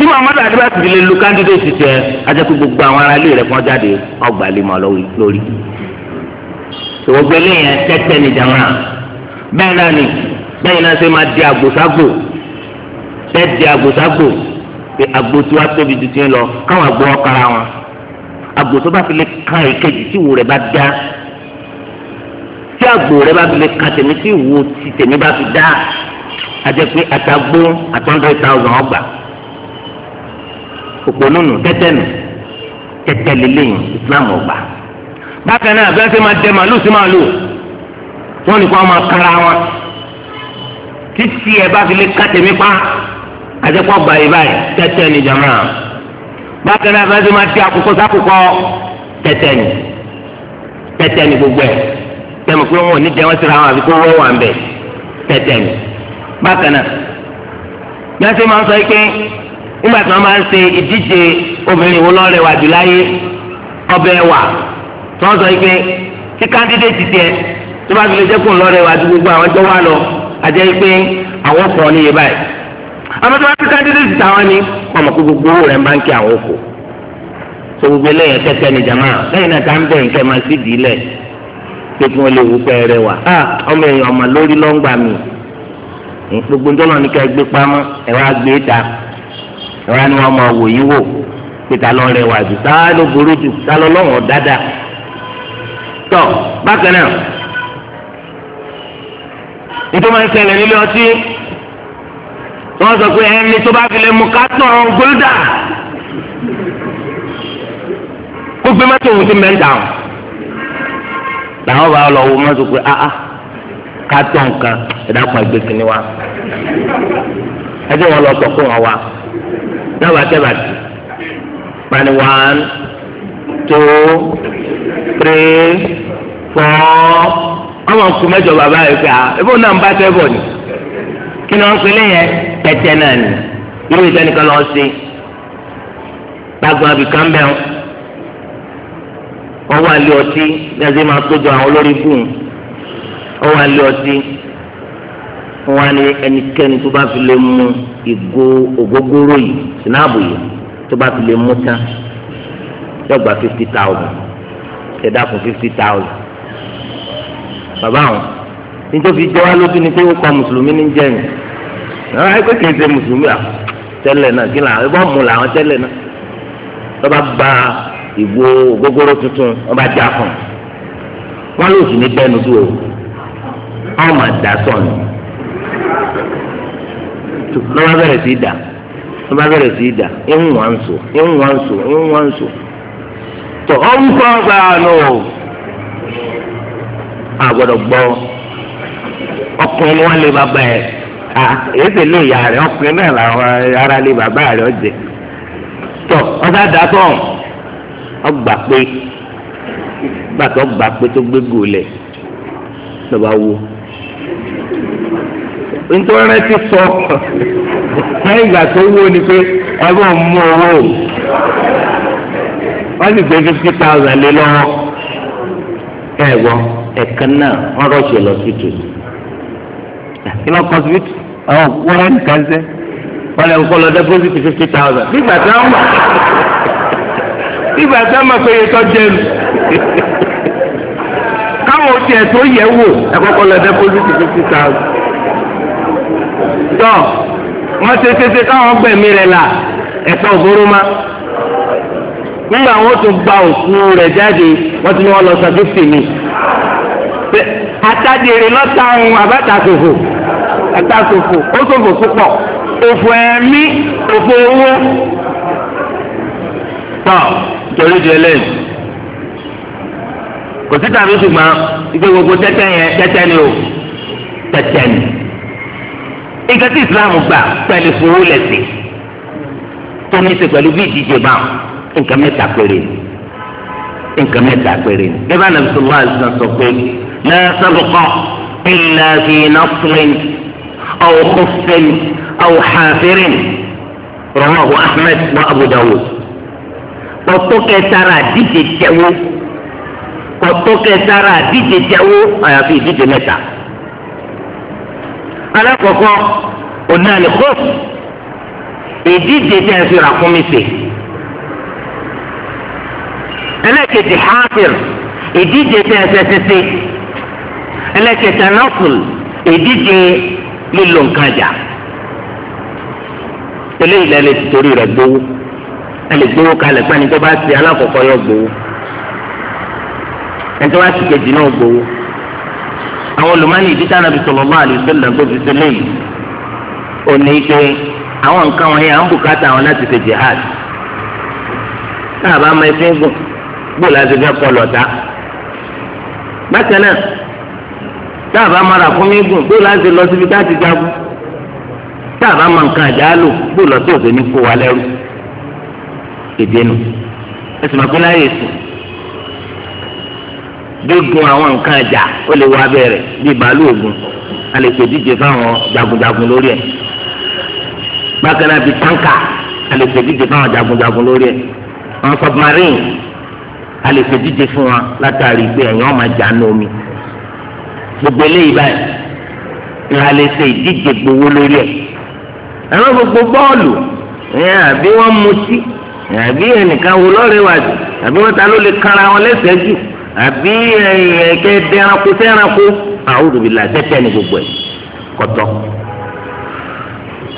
tí muhammad adébá ti lè lu candidate tẹ ajẹ́kú gbogbo àwọn ará ilé rẹ̀ kàn jáde ọgbà limọ̀ lórí. ìwọ́gbẹ́ lẹ́yìn tẹ́tẹ́ ni jàmá bẹ́ẹ̀ náà ni bẹ́ẹ̀ náà ṣe máa di àgbòságbò tẹ́ di àgbòságbò pé àgbò tí wàá tóbi ju tiẹ̀ lọ káwọn àgbò ọkara wọn àgbò tó bá fi lè kan ìkejì tí ìwò rẹ̀ bá dá tí àgbò rẹ̀ bá fi lè kan tèmi tí ìwò tèmi bá fi dá ajẹ́ pé àtàgbò àtọ́ndọ̀ ìta ọ̀gbọ̀n ọgbà òpònúnù tẹ́tẹ́nù tẹ́tẹ́lélẹ́yìn islam ọgbà bákan náà abẹ́rẹ́ sẹ́ máa dẹ màálù sí màálù wọ́n ní kó wọ́n máa kára wọn títí ẹ bá fi lè ká tèmi pa àtẹ́kọ́ gbà yìí báyìí tẹ́tẹ́ ni jàmá bákan náà abẹ́rẹ́ sẹ́ máa di àkókò sákòkò tẹ́tẹ́ ni tẹ́tẹ́ ni gbogbo ẹ̀ tẹ́mu pé wọn ò ní jẹun síra wọn àbí kó wọ́n wà ń bẹ̀ tẹ́tẹ́ bákan náà bí wọ́n sẹ́ máa sọ yìí pé nígbà tí wọ́n máa ń ṣe ìdíje obìnrin wo lọ́ọ́ rẹwà jù láyé ọbẹ̀ wà tí wọ́n sọ pé kí kándídéètì tiẹ̀ tó bá fi lè jẹ́ kó lọ́ọ́ rẹwà ju gbogbo àwọn tó wà lọ àjẹ́ pé àwọn kọ̀ níye báyìí àwọn tó bá fi kándídéètì táwọn ni wọ́n mọ̀ pé gbogbo owó rẹ̀ máa ń kí àwọn kò tó gbogbo eléyẹ tẹ́tẹ́ ni jàmá lẹ́yìn náà tá ń bẹ̀ nǹkan máa sì dì í lẹ̀ pé kí wọ́n lè wú pẹ́ rẹ wà ọmọ èèyàn ọmọ lórí lọ́ngbà mi gbogbo ńdọ́nà ní ká gbé pamọ́ ẹ̀rọ wọn á ní wọn máa wò yín wò pé ta ló ń rẹwà jù ta ló burú jù ta ló lọ́wọ́ dáadáa. tọ́ bákan náà nítorí wọn ń ṣẹlẹ̀ nílé ọtí wọ́n sọ pé ẹni tó bá fi lè mú kátàn gólúdà kó gbé mọ́tò òun ti mẹ́ta o làwọn bá lọ wo mọ́tò pé ah ah kátàn kan ẹ̀dá kan gbé kínní wa ẹjọ́ wọn lọ sọ fún wọn wa náà bá tẹ́ pani one two three four ọmọ nkú mẹ́jọ bàbá yìí pé ah ebó náà ń bá tẹ́ bọ̀ ni kí ni wọ́n pe léyìn ẹ̀tẹ̀ náà ni irú ìtẹ́nìkan lọ́ọ́ sí gbàgbọ́n abìkan bẹ́ẹ̀ wọ́n wà lé ọtí bí wọ́n ṣe máa tó jọ àwọn olórí bùn wọ́n wà lé ọtí wọ́n wà ní ẹnikẹ́ni tó bá fi lè mú un ìgò ògógóró yìí sinabu yìí tó bá fi lè mú tán yóò gba fifty thousand ẹ dákun fifty thousand bàbá àwọn nítorí jẹ́ wá lójú ni pé ó kọ́ mùsùlùmí ní jẹ́yìn náà ẹ kékeré ṣe mùsùlùmí à tẹ́lẹ̀ náà kí làwọn ẹ bá mú làwọn tẹ́lẹ̀ náà lọ́ba gba ìgò ògógóró tuntun wọ́n bá fún un wọ́n lóṣù ní bẹ́ẹ̀ nù dúró wọ́n máa dá tú ló bá bẹ̀rẹ̀ sí dà ló bá bẹ̀rẹ̀ sí dà ń wà ń sò ń wà ń ń wà ń tó ọ ń kọ́ ọgbà nù o àgbọ̀dọ̀ gbọ́ ọkùnrin ni lé bàbá ẹ̀ à èsè lé ìyá rẹ̀ ọkùnrin náà làwọn ará lé bàbá tó dà tó ọgbà pé gbàtọ́ gbà pé nítorí ti sọ lẹ́yìn ìgbà tó wó ni pé ẹ bá ń mú owó wọ́n sì gbé fifty thousand lé lọ́wọ́ ẹ gbọ́ ẹ̀kan náà wọ́n rọ̀ṣì lọ sí tù kí lọ́ kọ́ sí tù àwọn wọ́n rẹ̀ nìkan sẹ́ wọ́n lè kọ́ lọ deposit fifty thousand bí ìgbà tí wọ́n mọ̀ bí ìgbà tí wọ́n mọ̀ pé iye tó jẹ́ káwọn oṣù ẹ̀ tó yẹ wò ẹ̀ kọ́kọ́ lọ deposit fifty thousand tọ́ wọ́n ṣe ṣeṣe káwọn gbẹ̀mí rẹ̀ là ẹ̀fọ́ òfurufú ma nígbà wọn tún gba òkú rẹ̀ jáde wọ́n ti ní wọn lọ sọ fífi mi atadere lọ́tà ń abátasòfò atasòfò ó sòfò púpọ̀ òfò ẹ̀mí òfò owó tọ́ torí di eléyìí kò sí tàbí ṣùgbọ́n ìgbé gbogbo tẹ́tẹ́ yẹn tẹ́tẹ́ ni o tẹ́tẹ́ ni nǹkan tí islam gbà pẹ̀lú fowó lẹ̀sìn tó ní í ṣe pẹ̀lú bí ìdíje bá nǹkan mẹ́ta péré ni nǹkan mẹ́ta péré ni. bí báyìí nàbí sọlá àti sàn sọ pé lẹ́sọ̀rọ̀kọ́ ìlà fi nọ́ọ̀sìrìn ọ̀hófin ọ̀hàfẹ́rìn rọ̀hùn ahmed wa abu dawud. kọ̀tọ́ kẹsàrà díje jẹ́wọ́ kọ̀tọ́ kẹsàrà díje jẹ́wọ́ àyàfi ìdíje mẹ́ta alákọ̀ọ́kọ́ ọ̀nà àlẹ́kọ́ ìdíje tí a fi rà fún mi sè ẹlẹ́kẹ̀tì hafir ìdíje tí a fẹ́ sese ẹlẹ́kẹ̀tì anáfùl ìdíje lílo nǹkan jà eléyìí lẹ́lẹ́ ti torí rẹ̀ gbowó ẹlẹ́ gbowó kalẹ̀ pẹ́ni tó bá ti alákọ̀ọ́kọ́ yọ gbowó ẹni tó bá ti kejì náà gbowó àwọn olùmọ́ni ìdíjà nàbì sallallahu alaihi wasallam tó fi ṣe léyìí ò ní pé àwọn nǹkan wọn yẹn à ń bùkátà àwọn láti ṣe jihad káàbá máa fi ń gùn gbò láti fẹ́ kọ lọ́tà bákan náà káàbá máa rà fún mi gùn gbò láti lọ síbi káàtì jagun káàbá máa nǹkan àjálù gbò lọ́tà òde ní kó wa lẹ́rú ìdénú ẹ̀sìn màkúláyè sùn gbígun àwọn nǹkan ẹja ó lè wá bẹ̀rẹ̀ bíi bàálù ògùn a lè pè díje fáwọn jagunjagun lórí ẹ̀ bákan náà bíi táǹkà a lè pè díje fáwọn jagunjagun lórí ẹ̀ àwọn submarine a lè pè díje fún wa látàrí pé ẹ̀yìn ọmọ ajá ní omi gbogbo eléyìí báyìí ni a lè ṣe ìdíje gbowó lórí ẹ̀ àwọn gbogbo bọ́ọ̀lù ẹ̀ àbí wọ́n mutí àbí ẹnìkan wo lọ́rẹ̀ẹ́ wájú àbí wọ́n ta ló lè kára wọn lẹ́sẹ̀ẹ́ jù àbí ẹ̀kẹ́ dẹranko sẹ́ranko a'udhu billahi tẹ́tẹ́ ni gbogbo ẹ̀ kọ́tọ́.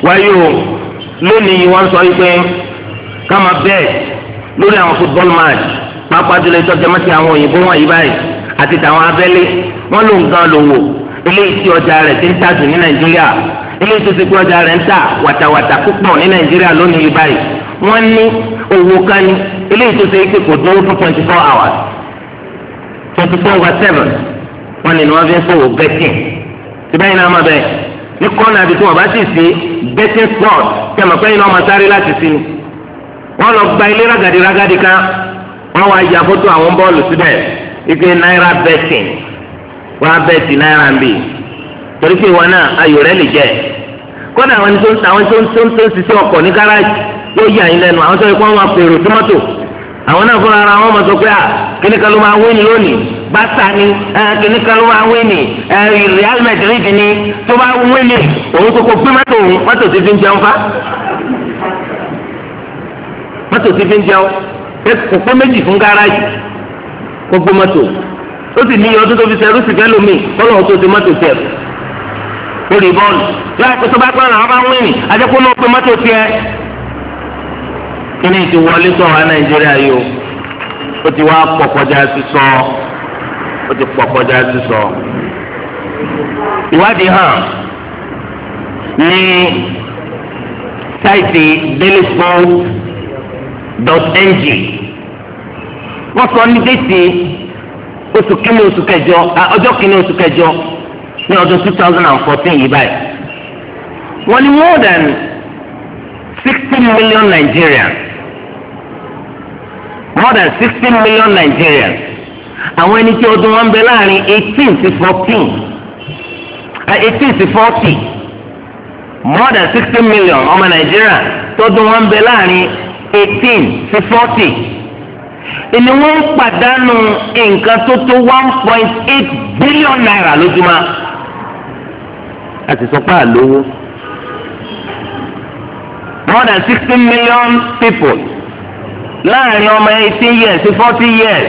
wáyé o lónìí wọ́n sọ wípé ká máa bẹ́ẹ̀ lórí àwọn football match pápá jùlọ ìtọ́jú ẹmọ́tì àwọn òyìnbó wọ̀nyí báyìí àti tàwọn abẹ́lé wọ́n lòun gan lòun wò eléyìí tí ọjà rẹ̀ ti ń tà jù ní nàìjíríà eléyìí tó ti pé ọjà rẹ̀ ń tà wàtàwàtà púpọ̀ ní nàìjíríà lónìí báyìí wọ́n ní owó kan ní eléyìí tó ti pé kò dúró fún twenty four hours twenty four over seven wọ́n ní wọ́n fi ń sọ̀wọ́ betting síbẹ̀yìn náà máa bẹ̀ ní kọ́nà àbí tí wọ́n bá sì sí betting sport kí ẹ̀mọ̀ pẹ́yìn náà máa sáré láti sí ni wọ́n lọ gba ilé ragadi ragadi kan wọ́n wá ya fótó àwọn bọ́ọ̀lù síbẹ̀ ike náírà betting wọ́n á bẹ́ẹ̀tì náírà ń bì torí pé ìwọ náà ayò rẹ̀ lè jẹ́ kọ́nà àwọn tó ń ṣiṣẹ́ ọkọ̀ ní gáràjì yóò yà yín lẹ́nu àwọn tó yẹ kó wọ́n máa pèrò tómátò àwọn náà fúnra ara wọn mọ̀ sọ pé à ah, kíní kan ló máa wé ni lónìí bàtà ni eh, kíní kan ló máa wé ni eh, Real Madrid ni tó bá wé ni òun kókó pé mọ́tò òun mọ́tò ti fi ń jẹun fa mọ́tò ti fi ń jẹun kò pé méjì fún gáràjì kó gbé mọ́tò ó sì ní ọdún tó fi sẹ́rú sì fẹ́ lómi kọ́lọ́hún tó ti mọ́tò sẹ́rù lórí bọ́ọ̀lù yóò àkóso bá pẹ́ ọ̀nà àwọn bá wé ni àjẹkùn náà pé mọ́tò tiẹ̀ kíní ti wọlé tó wà nàìjíríà yìí o ó ti wá pọ̀ kọjá sísọ ó ti pọ̀ kọjá sísọ. ìwádìí hàn ní sáìtì dailysport.ng wọ́n sọ ní déètì oṣù kínní oṣù kẹjọ ọjọ́ kínní oṣù kẹjọ ní ọdún two thousand and fourteen yìí báyìí wọ́n ní more than 60 million Nigerians more than sixteen million Nigerians àwọn ẹni tí ọdún wọn ń bẹ láàrin eighteen sí fourteen eighteen sí forty more than sixteen million ọmọ Nàìjíríà tọdún wọn ń bẹ láàrin eighteen sí forty ìní wọn ń pàdánù nǹkan tó tó one point eight billion naira lójúmọ́ a ti sọ pé àlówó more than sixteen million people láàrin ọmọ eighteen years sí forty years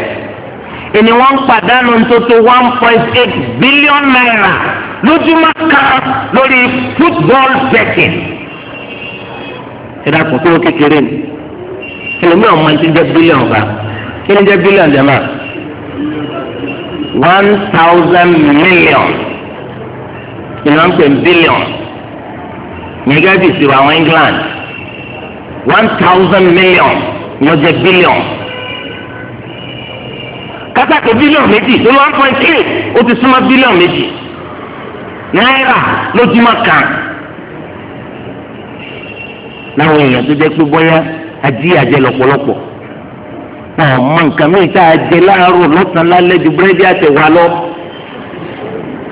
ìní wọ́n ń pàdánù tó one point eight billion naira lójúmọ́ kan lórí football betting. ìdàkùn tó kékeré ni ẹlòmíì ọmọ ẹni tí ń jẹ bílíọ̀nù bá kí ni jẹ bílíọ̀nù jẹ máa one thousand million ìnáwó pè ní bílíọ̀nù ní gẹ́gẹ́ bí ìṣirò àwọn England one thousand million yọ jẹ bílíọ̀n kátàkì bílíọ̀n méjì ní one point eight ó ti súnmọ́ bílíọ̀n méjì náírà lójúmọ́ kan láwọn èèyàn tó jẹ́ pé bóyá ajíyàjẹ lọ́pọ̀lọpọ̀ náà mọ nǹkan mìíràn tá a jẹ láàárọ̀ lọ́sàn-án lálẹ́ ju búrẹ́dì àtẹ̀wá lọ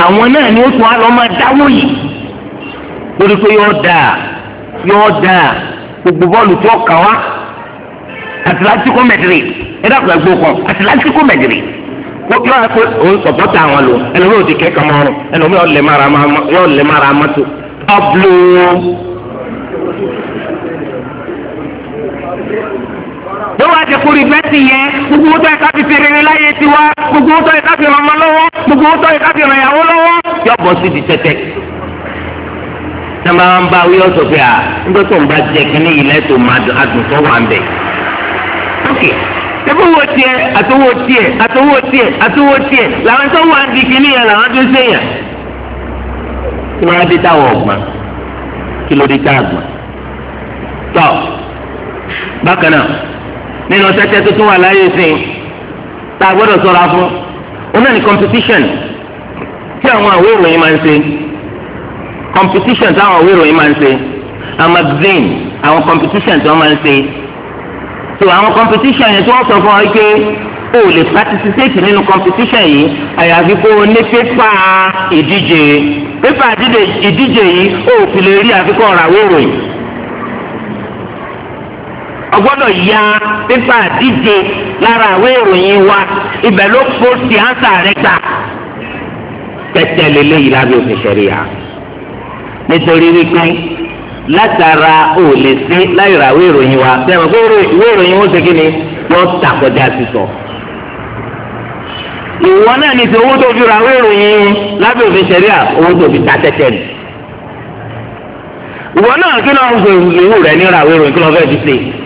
àwọn náà ni ó tún á lọ máa dáwọ́ yìí lórí pé yọ dáa yọ dáa gbogbo bọ́ọ̀lù tó kà wá Atlantico Madrid ẹ dàgbà gbó kan Atlantico Madrid yọ ẹkọ o sọpọtà àwọn lò ẹlòmíì ò ti kẹkọọ mọ ọrùn ẹlòmíì yọ lẹ mara mọtò ọbùlù. ló wá ti kúrì bẹ́ẹ̀ ti yẹ gbogbo wótò ẹ̀ka ti fi rere láyé tiwa gbogbo wótò ẹ̀ka ti ràn ọmọ lọ́wọ́ gbogbo wótò ẹ̀ka ti ràn ìyàwó lọ́wọ́ yọ bọ̀ sí di tẹ́tẹ́ sábà ń bá wíyọ́ sọ pé à ń gbé tó ń bá jẹ kínní ilẹ̀ tó máa dùn àdùn tó wà ń bẹ̀ ókè ebi owó tiẹ̀ àtowó tiẹ̀ àtowó tiẹ̀ àtowó tiẹ̀ làwọn tó wà ní kìíní yẹn làwọn tó ń sèyàn kí ló dé táwọn ọgbà kí ló dé tá àgbà tọ bákan náà nínú tẹ́tẹ́ tuntun wà láyé sí tá a gbọ́dọ̀ ṣọ́ra fún òun náà ní competition tí àwọn àwé ìròyìn máa ń ṣe competition táwọn àwé ìròyìn máa ń ṣe àwọn magazine àwọn competition tí wọ́n máa ń ṣe so àwọn competition yẹn tí wọ́n sọ fún ọ pé o lè participate nínú competition yìí àyàfi kó o ní pépà ìdíje pépà ìdíje yìí o ò fi lè rí àfikún ọ̀rọ̀ àwòrò yìí ọgbọ́dọ̀ ya pépà ìdíje lára àwé ìròyìn wa ibẹ̀ ló pòsì ánsà rẹ̀ ta tẹ̀tẹ̀ lélẹ́yìí lábẹ́ òfin ṣẹ̀ríya nítorí wípé. látara ò sí láì ràwé ìròyìn wa sẹ́wọ̀n pé ìwé ìròyìn wọn ṣe ni wọ́n tàkọjá sísọ. ìwọ náà ní ti owó tó fi ràwé ìròyìn lábẹ́ òfin ṣẹ̀ríà owó tó fi ta tẹ́tẹ́ nù. ìwọ náà kí ló ń gbèrú rẹ̀ ìròyìn kí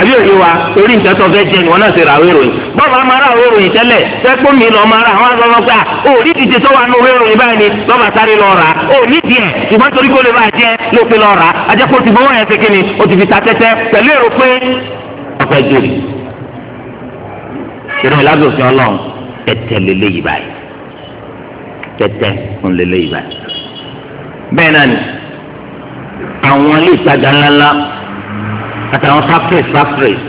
àbí òye wa torí nǹkan tó fẹ́ jẹ ìwọ náà ti ràwé ròyìn bọ́ọ̀bù amára òwe ròyìn tẹ́lẹ̀ sẹ́kpó mi lọ máa ra àwọn àgbọ̀ngàn gbà ó ní ìdíje tó wà ní òwe ròyìn báyìí ni lọ́ba sáré lọ rà ó ní díẹ̀ ṣùgbọ́n torí kó lè bá jẹ́ ló pe lọ rà ajẹ́pọ̀ ti fọwọ́ yẹn kékeré o ti fi ta tẹ́tẹ́ pẹ̀lú èrò pé ọ̀fẹ́ jòrè ṣẹlẹ̀ lábẹ́òfin ọlọ́run tẹ́tẹ́ lélẹ́ yìí báyìí tẹ́tẹ́ ń lélẹ́ yìí báyìí bẹ́ẹ̀ náà ni àwọn ilé ìtajà ńláńlá àtàwọn factories factories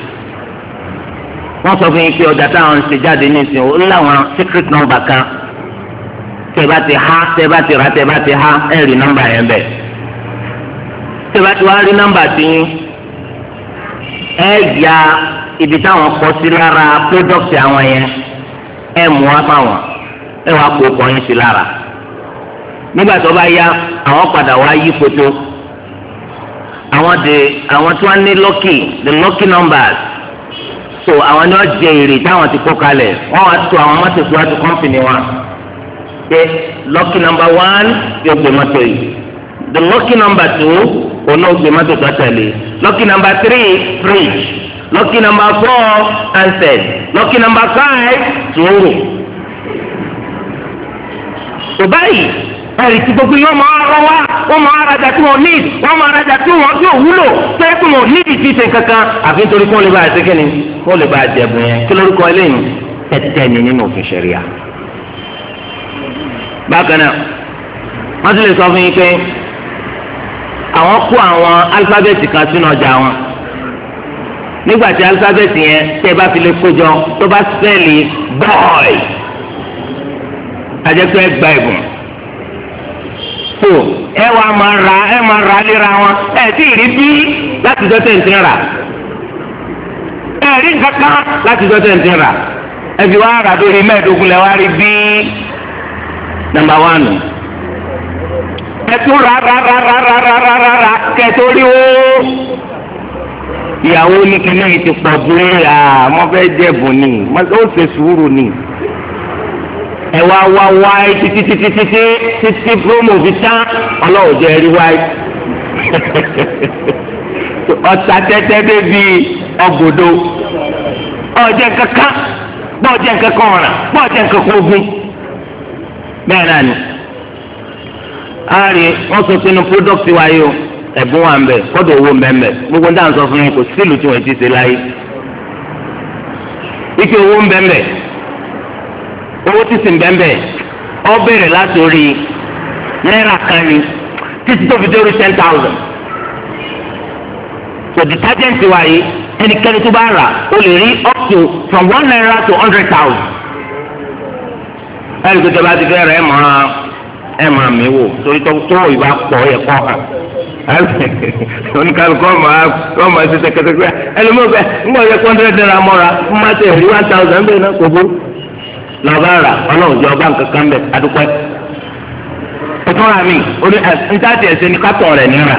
wọ́n sọ fún yín pé ọjà táwọn ń ṣe jáde ní ìsìn ó láwọn secret number kan tẹ́ bá ti há tẹ́ bá ti rà tẹ́ bá ti há ẹ rí nọ́mbà yẹn bẹ̀ tẹ́ bá ti wá rí nọ́mbà ti yín ẹ ya ibi táwọn kọ sí lára product àwọn yẹn ẹ mú wá fáwọn ẹ wá kó kọyìn sí lára nígbà tó bá yá àwọn padà wá yí koto àwọn de àwọn tí wọn ní lọkì the lucky numbers so àwọn ni wọn jẹ èrè táwọn ti kó kalẹ̀ wọn wá tó àwọn mọ́tò síwájú kọmpìnì wọn pé lucky number one yóò gbé mọ́tò yìí the lucky number two òun náà gbé mọ́tò tó tẹ̀lé lucky number three fridge lucky number four handset lucky number five sùúrù. tó ẹ̀rì tí gbogbo yẹn máa rọ wá wọ́n máa rajà tí wọ́n ní wọ́n máa rajà tí wọ́n yóò wúlò pé tí wọ́n ní ìdí ṣe kankan àfi nítorí kí wọ́n lè bá àṣẹ kẹ́ni wọ́n lè bá àjẹ̀bùn yẹn kí lórúkọ eléyìí tẹ̀tẹ̀ ni nínú òfin ṣẹ̀ríà. bákan náà wọ́n ti lè sọ fún yín pé àwọn kó àwọn alifábẹ́ẹ̀tì kan sínú ọjà wọn nígbà tí alifábẹ́ẹ̀tì yẹn tẹ́ bá fi lè kójọ tó bá sẹ́ẹ̀lì bọ́ọ̀ì so ẹ wà máa ra ẹ máa ra léra wọn ẹ tí ì rí bí láti jọ tẹ̀ ń tẹ̀ rà ẹ rí nǹkan kan láti jọ tẹ̀ ń tẹ̀ rà ẹ fi wá rà lórí mẹ́ẹ̀ẹ́dógún lẹ wá rí bí nàmbà wánù ẹtú rárárárárárárá kẹtó rí o ìyàwó ní kíní yìí ti pọ̀ bí rà mọ́fẹ́ jẹ̀bù ni ó ṣe sùúrù ni ẹ wá wá wáyé títí títí títí títí promo fi tán ọlọ́run jẹ́ rí wáyé ọ̀tá tẹ́tẹ́ débi ọ̀gbọ̀dọ̀ ọ̀jẹ̀ kankan bọ́ọ̀jẹ̀ kankan ọ̀ràn bọ́ọ̀jẹ̀ kankan ogun bẹ́ẹ̀ náà ni ari wọn sọ sínú product wa o ẹ̀bùn wa ń bẹ kọ́dọ̀ owó ń bẹ ń bẹ gbogbo dáhùn sọ fún yín kò sílùú tí wọ́n ti ṣe láyé ike owó ń bẹ ń bẹ owó tí sì ń bẹ́ńbẹ́ ọ bẹ̀rẹ̀ láti orí náírà kan ni títí tó fi dórí ten thousand so detergent wa yìí ẹnikẹ́ni tó bá rà ó lè rí up to from one naira to hundred thousand ẹni tó tẹ bá ti fẹ́ rẹ̀ ẹ̀ máa ẹ̀ máa mi wò torí tó tó ìbá pọ̀ yẹ kọ́ hàn oníkàlùkọ́ máa wọ́n máa ṣe tẹ̀kẹ́tẹ̀kẹ́ ẹlòmíràn fẹ́ ń bọ̀ yẹ kọ́ńtẹ́rẹ́dẹ́ra mọ́ra fún máa tẹ̀ rí one thousand bẹ́ẹ̀ náà kò burú lọ́ba rà ọlọ́run jọ ọba nǹkan kan bẹ̀ adúpẹ́. ìfúnra mi orí ntaati ẹ̀sìn ni kátọ̀ rẹ̀ nira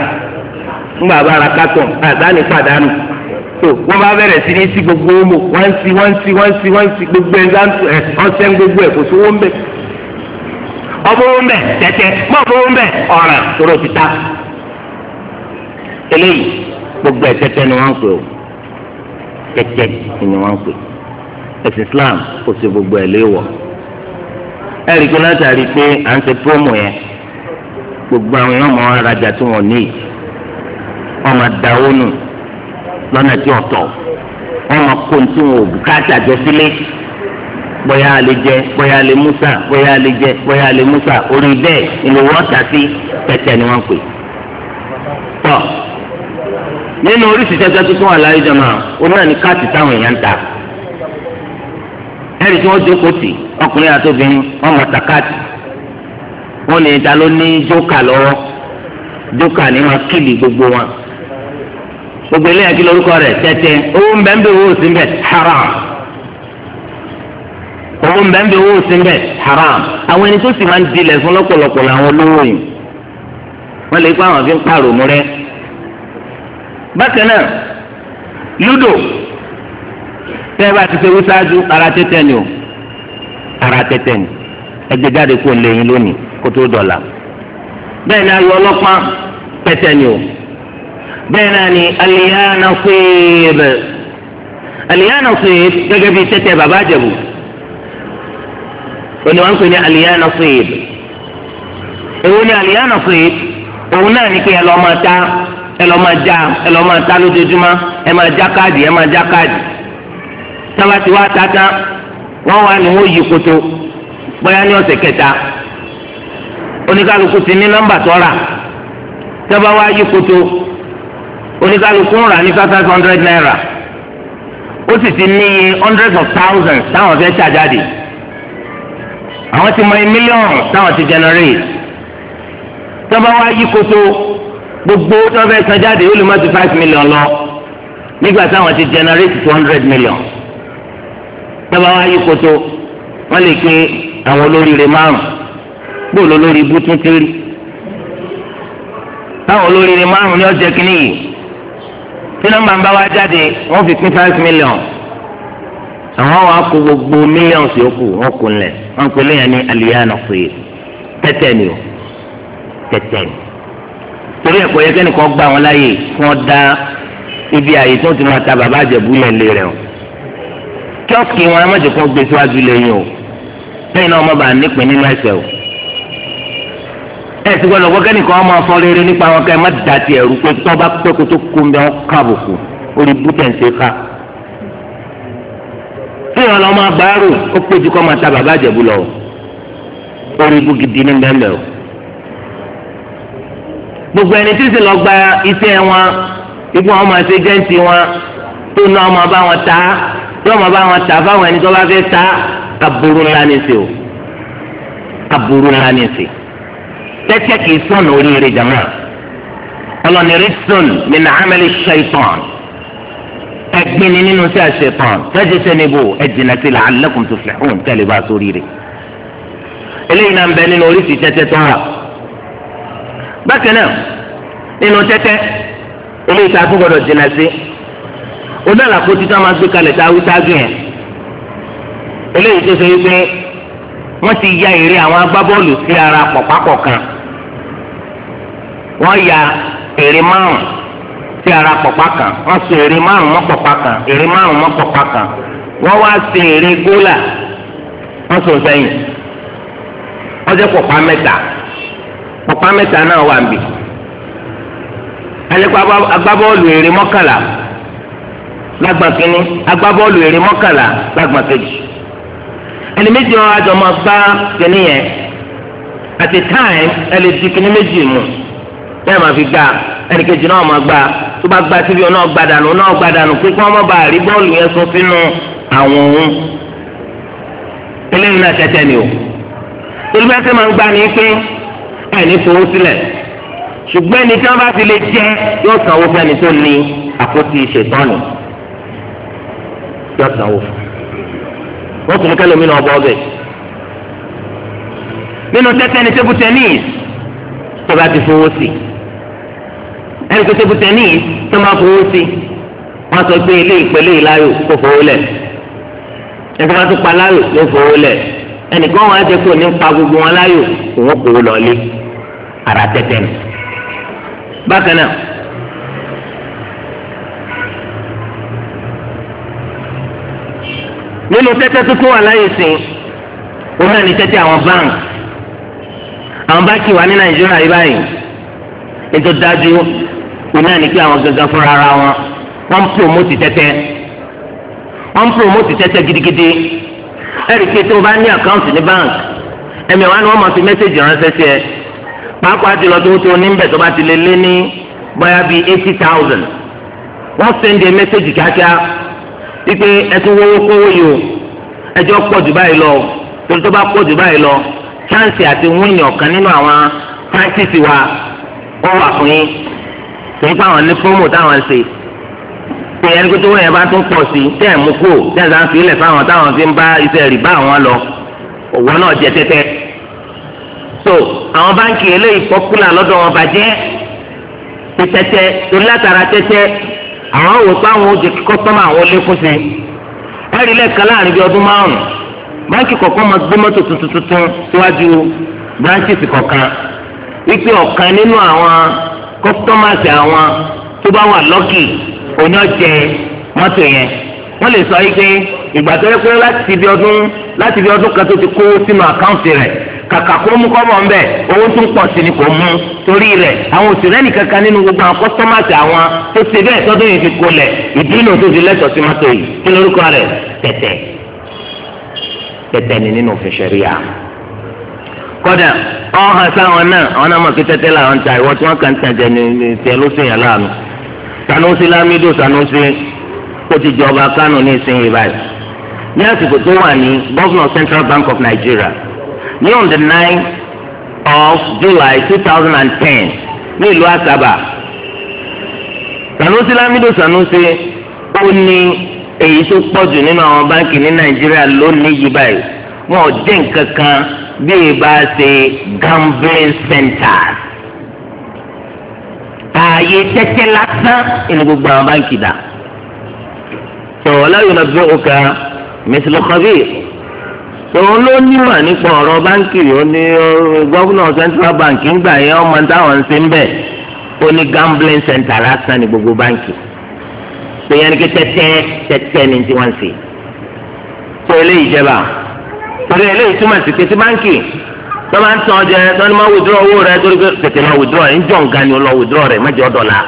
ńgbà bá ra kátọ̀ àdáni pàdánù tó wọ́n bá bẹ̀rẹ̀ sí ní sí gbogbo ọmọ wọ́n sí wọ́n sí wọ́n sí wọ́n sí gbogbo ẹ̀ ọ̀sẹ̀ gbogbo ẹ̀ kò sówó ń bẹ̀ ọbọwọ mbẹ tẹtẹ mọbọwọ mbẹ ọ̀ràn tóró títà eléyìí gbogbo ẹ tẹtẹ ni wọn pè o tẹtẹ ni wọn pè ẹ̀sìn Islam kò sí gbogbo ẹ̀ léèwọ̀ ẹ rí i pé látàrí pé à ń ṣe promo yẹn gbogbo àwọn èèyàn máa ń rajà tí wọ́n ní wọ́n máa dáwó nù lọ́nà tí wọ́n tọ̀ wọ́n máa kó tí wọ́n ò bùkátà jọ bóyá a lè jẹ bóyá a lè musa bóyá a lè jẹ bóyá a lè musa orí bẹ́ẹ̀ ìlú wọ́ọ̀tà sí tẹ̀tẹ̀ ni wọ́n pè tọ́ nínú oríṣi tẹ́tẹ́ tuntun àlàyé jọ̀mọ́ ọ náà ní káàtì táwọn èèyàn ń ta ẹ̀rí tí wọ́n jókòó tì ọkùnrin àti obìnrin wọ́n mọ̀ takati wọ́n lè ta ló ní jókà lọ́wọ́ jókà ní wọn kílì gbogbo wọn gbogbo eléyà kí lórúkọ rẹ̀ tẹ́tẹ́ owó ń bẹ ń bẹ owó sí ń haram owó ń bẹ ń bẹ owó sí ń haram àwọn ẹni tó sì máa ń dilẹ̀ fún lọ́pọ̀lọpọ̀ làwọn olówó yìí wọ́n lè kó àwọn fi ń pààrọ̀ mú rẹ́ bákan náà lúdò tẹ́ bá ti ṣe wí ṣáájú ara tẹ́tẹ́ ni o ara tẹ́tẹ́ ni ẹgbẹ́ jáde kó lẹ́yìn lónìí kó tó dọ̀là bẹ́ẹ̀ ni ayọ̀ ọlọ́pàá tẹ́tẹ́ ni o bẹ́ẹ̀ náà ni aliyana fèèrè aliyana fèèrè gẹ́gẹ́ bíi tẹ́tẹ́ bàbá àjẹbù òní wọn ń ní aliyana fèèrè èwo ni aliyana fèèrè òun náà ni kí ẹ lọ́ọ́ máa ta ẹ lọ́ọ́ máa já ẹ lọ́ọ́ máa ta lójoojúmọ́ ẹ máa já káàdì ẹ máa já káàdì tába ti wá tata wọ́n wá ní wọ́n yí koto bóyá ní ọ̀sẹ̀ kẹta oníkálukú ti ní nọ́mbà tó rà wá yí koto oníkálukú ń rà ní five hundred naira ó sì ti ní hundreds of thousands táwọn fẹ́ ṣàjáde àwọn ti mọ mílíọ̀nù táwọn ti generate tọ́ba wá yí koto gbogbo tọ́ba ẹ̀sán jáde ó lè má ju five million lọ nígbà táwọn ti generate two hundred million dábàá wá yí koto wọ́n lè pé àwọn olóríire márùn bóòlù olórí ibú tún ti rí táwọn olóríire márùn ní ọjọ́ kìíní yìí tí nọ́mbà ń bá wá jáde wọ́n fi pín five million àwọn wa kó gbogbo millions yòókù wọ́n kó lẹ̀ wọ́n pè léyìn ní aliyah nàkúyè tẹ́tẹ́ ni o tẹ́tẹ́ ni torí ẹ̀kọ́ yẹ kẹ́nìkan gbà wọn láàyè kí wọ́n dá ibi àyè tí ti máa ta bàbá àjẹbù yẹn lé rẹ̀ o kíọ́ọ̀kì wọn ẹ má jẹ́ kó gbé síwájú lẹ́yìn o lẹ́yìn náà ọmọ bá nípìn nínú ẹ̀ṣẹ̀ o ẹ ti gbọ́dọ̀ gbọ́ kẹ́nìkan ọmọ afọ rere nípa wọn kẹ́ ẹ má da ti ẹ̀rú pé tọ́ bá pẹ́ kó tó kó ń bẹ wọn káàbùkù orí bútẹ̀ǹsẹ̀ ká fíwọn lọ́mọ agbárò ó péjú kọ́ máa ta bàbá àjẹ̀bù lọ orí ibú gidi ní bẹ́ẹ̀ lẹ́wọ̀ gbogbo ẹni tí sì lọ gba iṣẹ́ wọn ikú wọn máa ṣe ọmọ bá yóò máa bá wọn tà fáwọn ẹni tó bá fẹ́ ta aburú ńlá ní sí o aburú ńlá ní sí tẹ́tẹ́ kì í sọ̀nù oríire jàmá ọlọ́ni rísùn min amali shaitan ẹgbin ni nínú sí àṣetàn tẹ́jẹ́ sẹ́ni bò ẹ̀jìnà sí la'allakum tuflihun tẹ́lẹ̀ bá sórí eléyìí náà ń bẹ nínú oríṣi tẹ́tẹ́ tó wà bákan náà nínú tẹ́tẹ́ eléyìí tá a tún gbọdọ̀ jìnà sí onáàlà kó títí wọn máa gbé kalẹ̀ tá a wí tágùn yẹn eléyìí tó ṣe wípé wọ́n ti ya èrè àwọn agbábọ́ọ̀lù sí ara pọ̀pápọ̀ kan wọ́n ya èrè márùn sí ara pọ̀pá kan wọ́n so èrè márùn mọ́ pọ̀pá kan èrè márùn mọ́ pọ̀pá kan wọ́n wá ṣe èrè gólà wọ́n so sẹ́yìn wọ́n jẹ́ pọ̀pá mẹ́ta pọ̀pá mẹ́ta náà wà ń alẹ́ kó agbábọ́ọ̀lù èrè mọ́kànlá lágbà kínní agbábọ́ọ̀lù èrè mọ́kànlá lágbà kejì ẹni méjì wọn àjọ máa gbá kínní yẹn at a time ẹni ti kínní méjì mu bẹ́ẹ̀ máa fi gbà ẹni kejì náà máa gbà tó bá gbà síbi náà gbà dànù náà gbà dànù pé kí wọ́n má bàa rí bọ́ọ̀lù yẹn sọ sínú àwọn òun eléyìí náà tẹ́tẹ́ ni o olùbẹ́ sẹ́ máa ń gbà ní pé ẹni fowó sílẹ̀ ṣùgbọ́n ẹni tí wọ́n bá fi lè jẹ́ yóò sanwó fẹ́ni tó ní àkótí ṣètọ́nù yóò sanwó wọ́n tún kẹ́lẹ́ mi náà bọ́ ọbẹ̀ nínú tẹ́tẹ́ ni tébù tẹ́níìs tó bá ti fowó sí ẹni tó tébù tẹ́níìs tó máa fowó sí wọ́n sọ pé ilé ìpẹ́lẹ́ ìláyò kò fowó lẹ̀ ẹni tó bá tún pa láyò ló fowó lẹ̀ ẹnìkan wọn á jẹ kó ní pa gbogbo wọn láyò kò wọ́n kò wọ́n lọ́ọ́lé ara tẹ́tẹ́ ni bákan náà. nínú tẹ́tẹ́ tuntun wà láyé sìn òun náà ní tẹ́tẹ́ àwọn bank àwọn báńkì wà ní nàìjíríà yìí báyìí nítorí dájú òun náà ní pé àwọn gangan fúnra ara wọn wọ́n ń promote tẹ́tẹ́ wọ́n ń promote tẹ́tẹ́ gidigidi ẹ̀rí pé tó o bá ní àkáǹtì ní bank ẹ̀mí wa ni wọ́n máa fi mẹ́sẹ̀gì ránṣẹ́ sí ẹ pàápàá jùlọ tó tó níbẹ̀ tó bá ti lé lé ní bóyá bíi eighty thousand wọ́n send a message kíákíá wípé ẹtún wọ́wọ́ kówó yìí o ẹjọ́ pọ̀ jù báyìí lọ torí tó bá pọ̀ jù báyìí lọ chance àti wíìnì ọ̀kan nínú àwọn practice wa ó wà fún yín torí pé àwọn ní promo táwọn ṣe pé ẹni pé tó wọ́n yẹn bá tún pọ̀ sí tẹ́ ẹ̀ mú kó tẹ́ ẹ̀ sá ń fi ilẹ̀ fáwọn táwọn fi ń bá iṣẹ́ rìbá àwọn lọ òwò náà jẹ tẹ́tẹ́ so àwọn báńkì eléyìí pọ́kúlà lọ́dọ̀ wọn bàjẹ́ tẹ́tẹ́ torí látara tẹ́tẹ́ àwọn wò pé àwọn ojú kọ́sọ́mà àwọn lékún sí ẹ̀rí lẹ́ẹ̀kan láàrin bíi ọdún márùn-ún báńkì kọ̀ọ̀kan máa gbé mọ́tò tuntun tuntun síwájú báńkì kọ̀ọ̀kan wípé ọ̀kan nínú àwọn kọ́sọ́màsì àwọn tó bá wà lọ́kì òní ọ̀jẹ̀ mọ́tò yẹn wọ́n lè sọ yìí pé ìgbà tó yẹ pé láti bí ọdún láti bí ọdún kan tó ti kó sínú àkáǹtì rẹ̀ kàkà kó mú kọ́bọ̀ ńbẹ owó tún pọ̀ sí ni kò mú torí rẹ̀ àwọn òsì rẹ̀ nìkankan nínú gbogbo àwọn kọ́sítọ́màsì àwọn tó ṣe bẹ́ẹ̀ tọ́dún yìí fi kolẹ̀ ìdílé tó fi lẹ́tọ̀ọ́ sí mọ́tò yìí kí lórúkọ rẹ̀ tẹ̀tẹ̀ tẹ̀tẹ̀ ni nínú òfin ṣẹ̀ríà kọ́dà ọ̀hún sáwọn náà àwọn náà mọ̀ kí tẹ́tẹ́ làwọn ń ta ìwọ tí wọ́n kàn ń tajà ní tiẹ̀ ló sèyàn láàánú ti jọba Kánò Central Bank of Nigeria ní on the nine of July two thousand and ten ní ìlú Asaba Sanusi Lamido Sanusi ó ní èyí tó pọ̀jù nínú àwọn báńkì ní Nàìjíríà lónìí yìí báyìí wọn ò jẹ́ nǹkan kan bí e bá ṣe gambling centers ààyè tẹ́tẹ́ lásán ìní gbogbo àwọn báńkì dà. sọ̀rọ̀ láyò náà bí òkà mẹsìlẹ̀ kọ́bí òun ló nímọ̀ nípa ọ̀rọ̀ báńkì ó ní gọ́vùnà central bank ńgbà yẹn ọmọ táwọn ń ṣe ń bẹ̀ ó ní gambling center lásán ní gbogbo báńkì pé yẹn ni kí tẹ́tẹ́ tẹ́tẹ́ ni tí wọ́n ń ṣe tó eléyìí jẹba torí eléyìí túmọ̀ sí pé tí báńkì tó máa ń tàn jẹ tó ní máa wùdúrọ̀ owó rẹ torí pé tètè máa wùdúrọ̀ ẹ̀ ń jọ̀ nǹkan ni ó lọ wùdúrọ̀ rẹ̀ mẹ́jọ dọ́là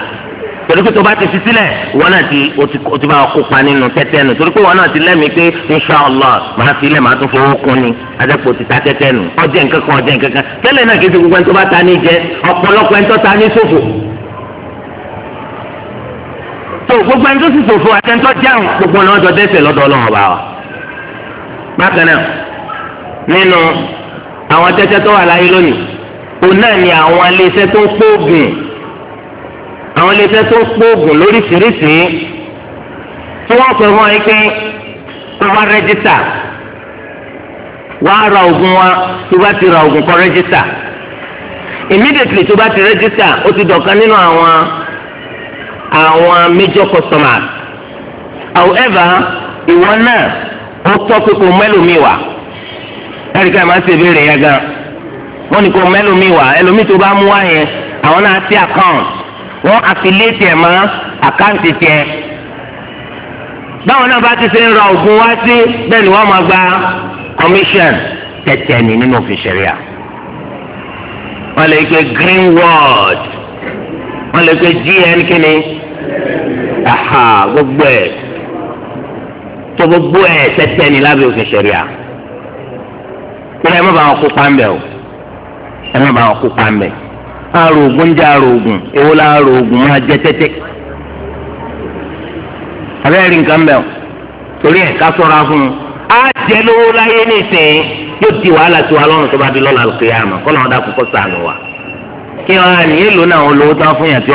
pẹ̀lú pé tó bá ti fi sílẹ̀ wọn náà ti o ti bá kópa nínú tẹ́tẹ́ nù torí pé wọn náà ti lẹ́mìí pé inshàlá màá fi ilẹ̀ màá tún fowó kún ni adẹ́pọ̀ ti ta tẹ́tẹ́ nù ọjẹ́ nǹkan kan ọjẹ́ nǹkan kan tẹ́lẹ̀ náà kì í ṣe gbogbo ẹni tó bá ta ní jẹ ọ̀pọ̀lọpọ̀ ẹni tó ta ní ṣòfò tó gbogbo ẹni tó sì ṣòfò àtẹnitọ́ jáun gbogbo náà jọ dẹ́ṣẹ̀ lọ́dọ̀ Ọlọ́run ọba wa bákan náà nínú àwọn tẹ́tẹ́ tó àwọn iléeṣẹ́ tó ń gbóògùn lóríṣiríṣi tí wọ́n sọ fún ẹ pé kó wá rẹ́jísítà wá ra oògùn wa tó bá ti ra oògùn kó rẹ́jísítà immediately tó bá ti rẹ́jísítà ó ti dọ̀kan nínú àwọn àwọn major customers however ìwọ náà ó tọ́ pé kò mẹ́lòmíì wá ẹ̀rí ká máa ń ṣe ìbéèrè yẹn gan wọ́n ní kò mẹ́lòmíì wá ẹlòmíì tó bá mú wá yẹn àwọn náà ti account wọ́n àfiléètì ẹ̀ mọ́ àkáǹtì tiẹ̀. báwọn náà bá ti ṣe ń ra òògùn wá sí bẹ́ẹ̀ ni wọ́n máa gba commission tẹ̀tẹ̀ ní nínú òfin ṣẹ̀ríà. wọ́n lè pe greenwood wọ́n lè pe gn kíni gbogbo ẹ̀ tó gbogbo ẹ̀ tẹ̀tẹ̀ ní lábẹ́ òfin ṣẹ̀ríà. kúrẹ́ ẹ má bàa kópa ń bẹ̀ o ẹ má bàa kópa ń bẹ̀ arogun ń jẹ arógun èwo la arógun máa jẹ a abẹ́rẹ́ rí nǹkan bẹ́ẹ̀ torí ẹ̀ ká sọ̀rọ̀ afún un á jẹ lówó láyé nísìnyí yóò di wàhálà tó bá di lọ́la kọ́ kọ́ sànù wa kí wọn á èlò náà wọn lówó tán fún yàn tí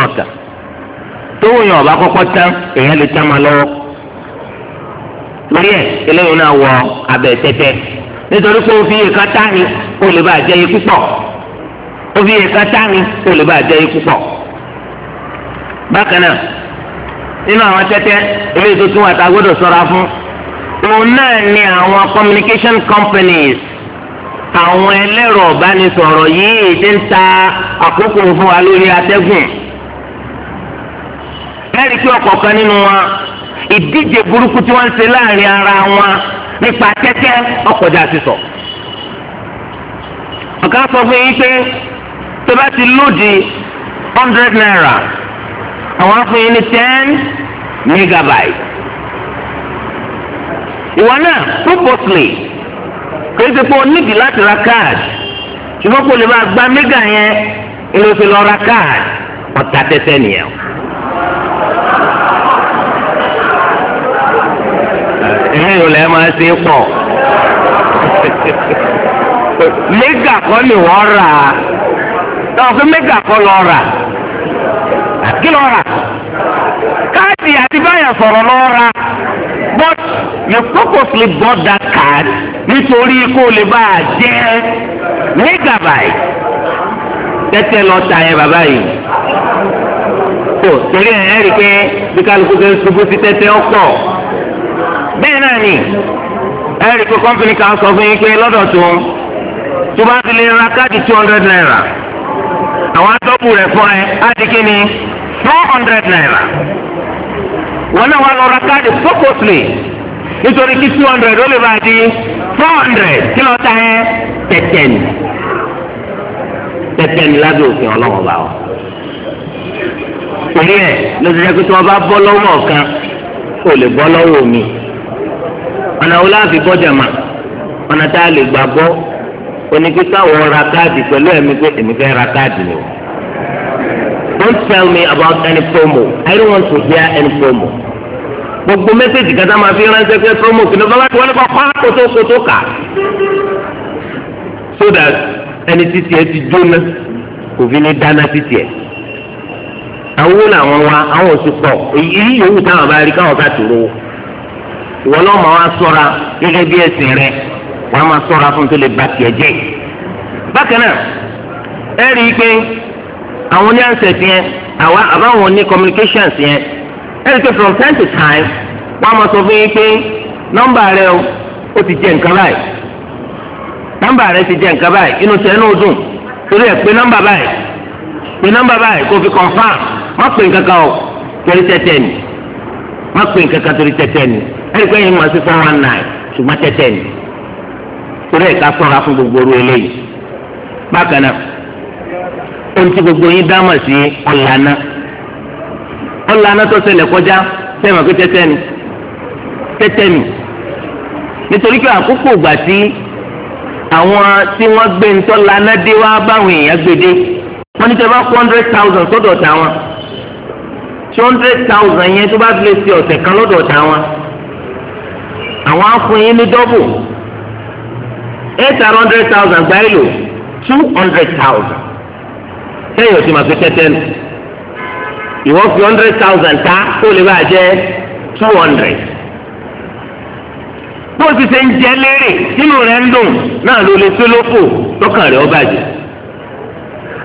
tówó yàn kọ́kọ́ tán èèyàn lè tán lọ́wọ́ torí ẹ̀ eléyìí náà wọ abẹ́ tẹ́tẹ́ nítorí pé ni lè bá jẹ́ púpọ̀ òbí ẹ̀ka tání kó lè bá jẹ́ ikú pọ̀. bákan náà nínú àwọn tẹ́tẹ́ eléyìí tó tún wà fún òun náà ni àwọn communication companies àwọn ẹlẹ́rọ ọ̀bánisọ̀rọ̀ yìí ti ń ta àkókò fún wa lórí atẹ́gùn. lẹ́rìí tí ọ̀kọ̀ọ̀kan nínú wọn ìdíje burúkú tí wọ́n ń ṣe láàrin ara wọn nípa tẹ́tẹ́ ọkọ̀jà ti sọ. ọ̀gá sọ fún yín pé tó bá ti lòdì hundred naira àwọn fún yín ní ten megabyte ìwọ náà purposely kì í ṣe pé o nídìí láti ra card ṣùgbọ́n kò lè bá gba mega yẹn ìlú ti lọ ra card ọ̀tá tẹ́tẹ́ nìyẹn. ẹ̀hìn ìrọ̀lẹ́ máa ṣe é pọ̀ mega kọ́ ni wọ́n rà á lọ́wọ́ fún mẹ́gà kọ́ lọ rà kí lọ rà káàdì àti báyà sọ̀rọ̀ lọ rà but you purposely bought that card nítorí kó o lè bá a jẹ́ mẹ́gà báyìí tẹ́tẹ́ lọ ta yẹn bàbá yìí tó torí ẹ̀ ẹ́ rí i pé bí kálukú ṣe ń ṣubú sí tẹ́tẹ́ ọ̀pọ̀ bẹ́ẹ̀ náà ni ẹ̀ rí i pé kọ́mpìnì kan sọ fún yín pé lọ́dọ̀ tó tó bá ti lè ra káàdì two hundred naira àwọn atọ́kù rẹ̀ fún ẹ á di ni four hundred naira wọn náà wà lọ ra káàdì purposely nítorí kí two hundred ó lè bá a di four hundred kí lọ́ọ́ ta ẹ tẹ̀tẹ̀ ni tẹ̀tẹ̀ ni lábẹ́ òfin ọlọ́wọ́ bá wa torí ẹ ló ti jẹ́ pé tí wọ́n bá bọ́ lọ́wọ́ kan kò lè bọ́ lọ́wọ́ mi ọ̀nà wo láàfin bọ́jà mà ọ̀nà tá a lè gbà bọ́ oní pé káwọn ra káàdì pẹ̀lú ẹ̀mí pé èmi fẹ́ ra káàdì ni don't tell me about any promo I don't want to hear any promo. gbogbo mẹ́sẹ̀gì kata máa fi ránṣẹ́ pé promo kìnnìún bá wà tí wọ́n lè kọ́ kọ́ kà. so that ẹni títí ẹ ti jóná kò fi ní dáná títí ẹ. àwọn wo làwọn wa àwọn oṣù pọ̀ èyí yòówù táwọn bá rí káwọn bá tòrò. ìwọ náà máa wá sọ́ra gẹ́gẹ́ bí ẹ̀sìn rẹ̀. wọ́n á máa sọ́ra fún tó lè ba tiẹ̀ jẹ́ bákan náà ẹ rí i pé àwọn ní answers yẹn àwa àbáwọn ní communications yẹn ẹ from time time máa sọ fún yín pé rẹ o ti jẹ nǹkan báyìí ti jẹ nǹkan báyìí inú tiẹ̀ náà dùn torí ẹ pé nọ́mbà báyìí pé báyìí kò fi confam má pè nǹkan o torí tẹ́tẹ́ ni má pè nǹkan torí ni ẹ rí i pé one nine ṣùgbọ́n torí ẹ̀ka sọ̀ra fún gbogbo oru eléyìí bákan náà ohun tí gbogbo yín dá mọ̀ sí ọ̀làna ọ̀làna tó ṣẹlẹ̀ kọjá sẹ́wọ̀n pé tẹ́tẹ́ ni tẹ́tẹ́ ni nítorí pé àkókò ìgbà tí àwọn tí wọ́n gbé ń tọ́ lana dé wá báwọn èèyàn gbèdé wọ́n ní tẹ́ bá kó hundred thousand sọ́dọ̀ táwọn tí hundred thousand yẹn tó bá fi lè ṣe ọ̀sẹ̀ kan lọ́dọ̀ táwọn àwọn á fún ní dọ́bù eight hundred thousand gba èlò two hundred thousand sẹ́yìn òsì máa fi tẹ́tẹ́ nù ìwọ fi hundred thousand ta kó lè bá jẹ́ two hundred bó ti ṣe ń jẹ lérè nínú rẹ̀ ń dùn náà ló lè tó lóko lọ́kàn rẹ̀ ó bàjẹ́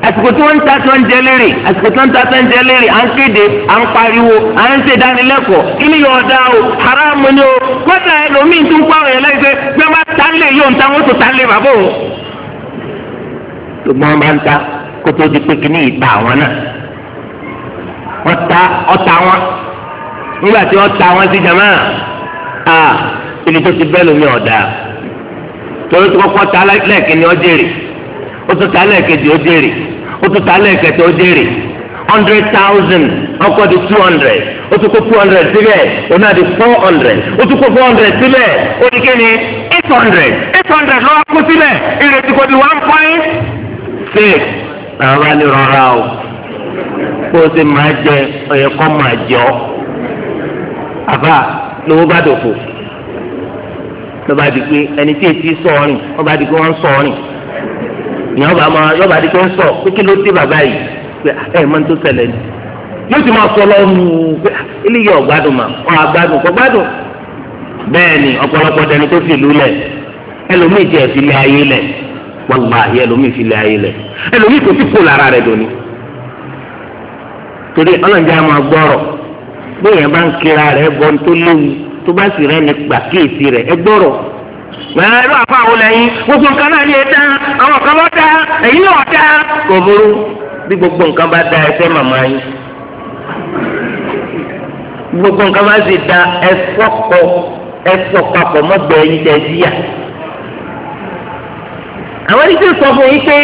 àsìkò tí wọ́n ń ta tó ń jẹ lérè àsìkò tí wọ́n ń ta tó ń jẹ lérè à ń kéde à ń pariwo à ń ṣe ìdánilẹ́kọ̀ọ́ kíni yóò da o haramu ni o kọ́tà ẹlòmíín tún kọ́ àwọn ẹlẹ́yìn pé bí wọ́n bá ta ń lè yóò ń ta wọ́n tó ta ń lè bàbá o. ṣùgbọ́n wọ́n máa ń ta kó tó di pé kíní ìta àwọn náà wọ́n ta ọ̀tá wọn nígbà tí wọ́n ta wọn sí jama a ibi tó ti bẹ́ẹ̀ lómi ọ̀dà torí tí kọ́ ta lẹ́ẹ̀kì ni ó ó tún ta lẹ́ẹ̀kẹta ó dèrè hundred thousand ọkọ di two hundred ó tún kó two hundred síbẹ̀ ó náà di four hundred ó tún kó four hundred síbẹ̀ ó di kí ni eight hundred eight hundred lọ́wọ́ kó síbẹ̀ ìrètí kò di one point six rárá ni rárá o kó o sì máa jẹ ọyẹ kọ́ máa jẹ ọ́ àbá lówó bá dòfò lọ́ba di pé ẹni tí etí sọ̀ọ́rìn ọba di pé wọ́n ń ni ọba ma yọba di sọ pé kí ló dé bàbá yìí pé ah, ẹ tó sẹlẹ ni yóò ti máa sọ lọ́nu pé ah, eléyìí ọ̀gbádùn mà ọ̀ àgbádùn kò gbádùn dẹni tó fi ìlú ẹlòmíì ẹlòmíì ayé ẹlòmíì kó torí ọlọ́njẹ́ a máa gbọ́rọ̀ bóyá bá ń rẹ̀ tó léwu tó bá sì rẹ́ mẹ́rin irú àfa àwọn lẹ́yìn gbogbo nǹkan náà ní ẹ̀dá àwọn kan bá dá èyí náà dá kò burú bí gbogbo nǹkan bá dá ẹsẹ̀ màmá yín gbogbo nǹkan bá sì dá ẹfọkọ ẹfọkapọ mọgbẹ yín tẹ síyà àwọn ẹni tí ń sọ fún yín pé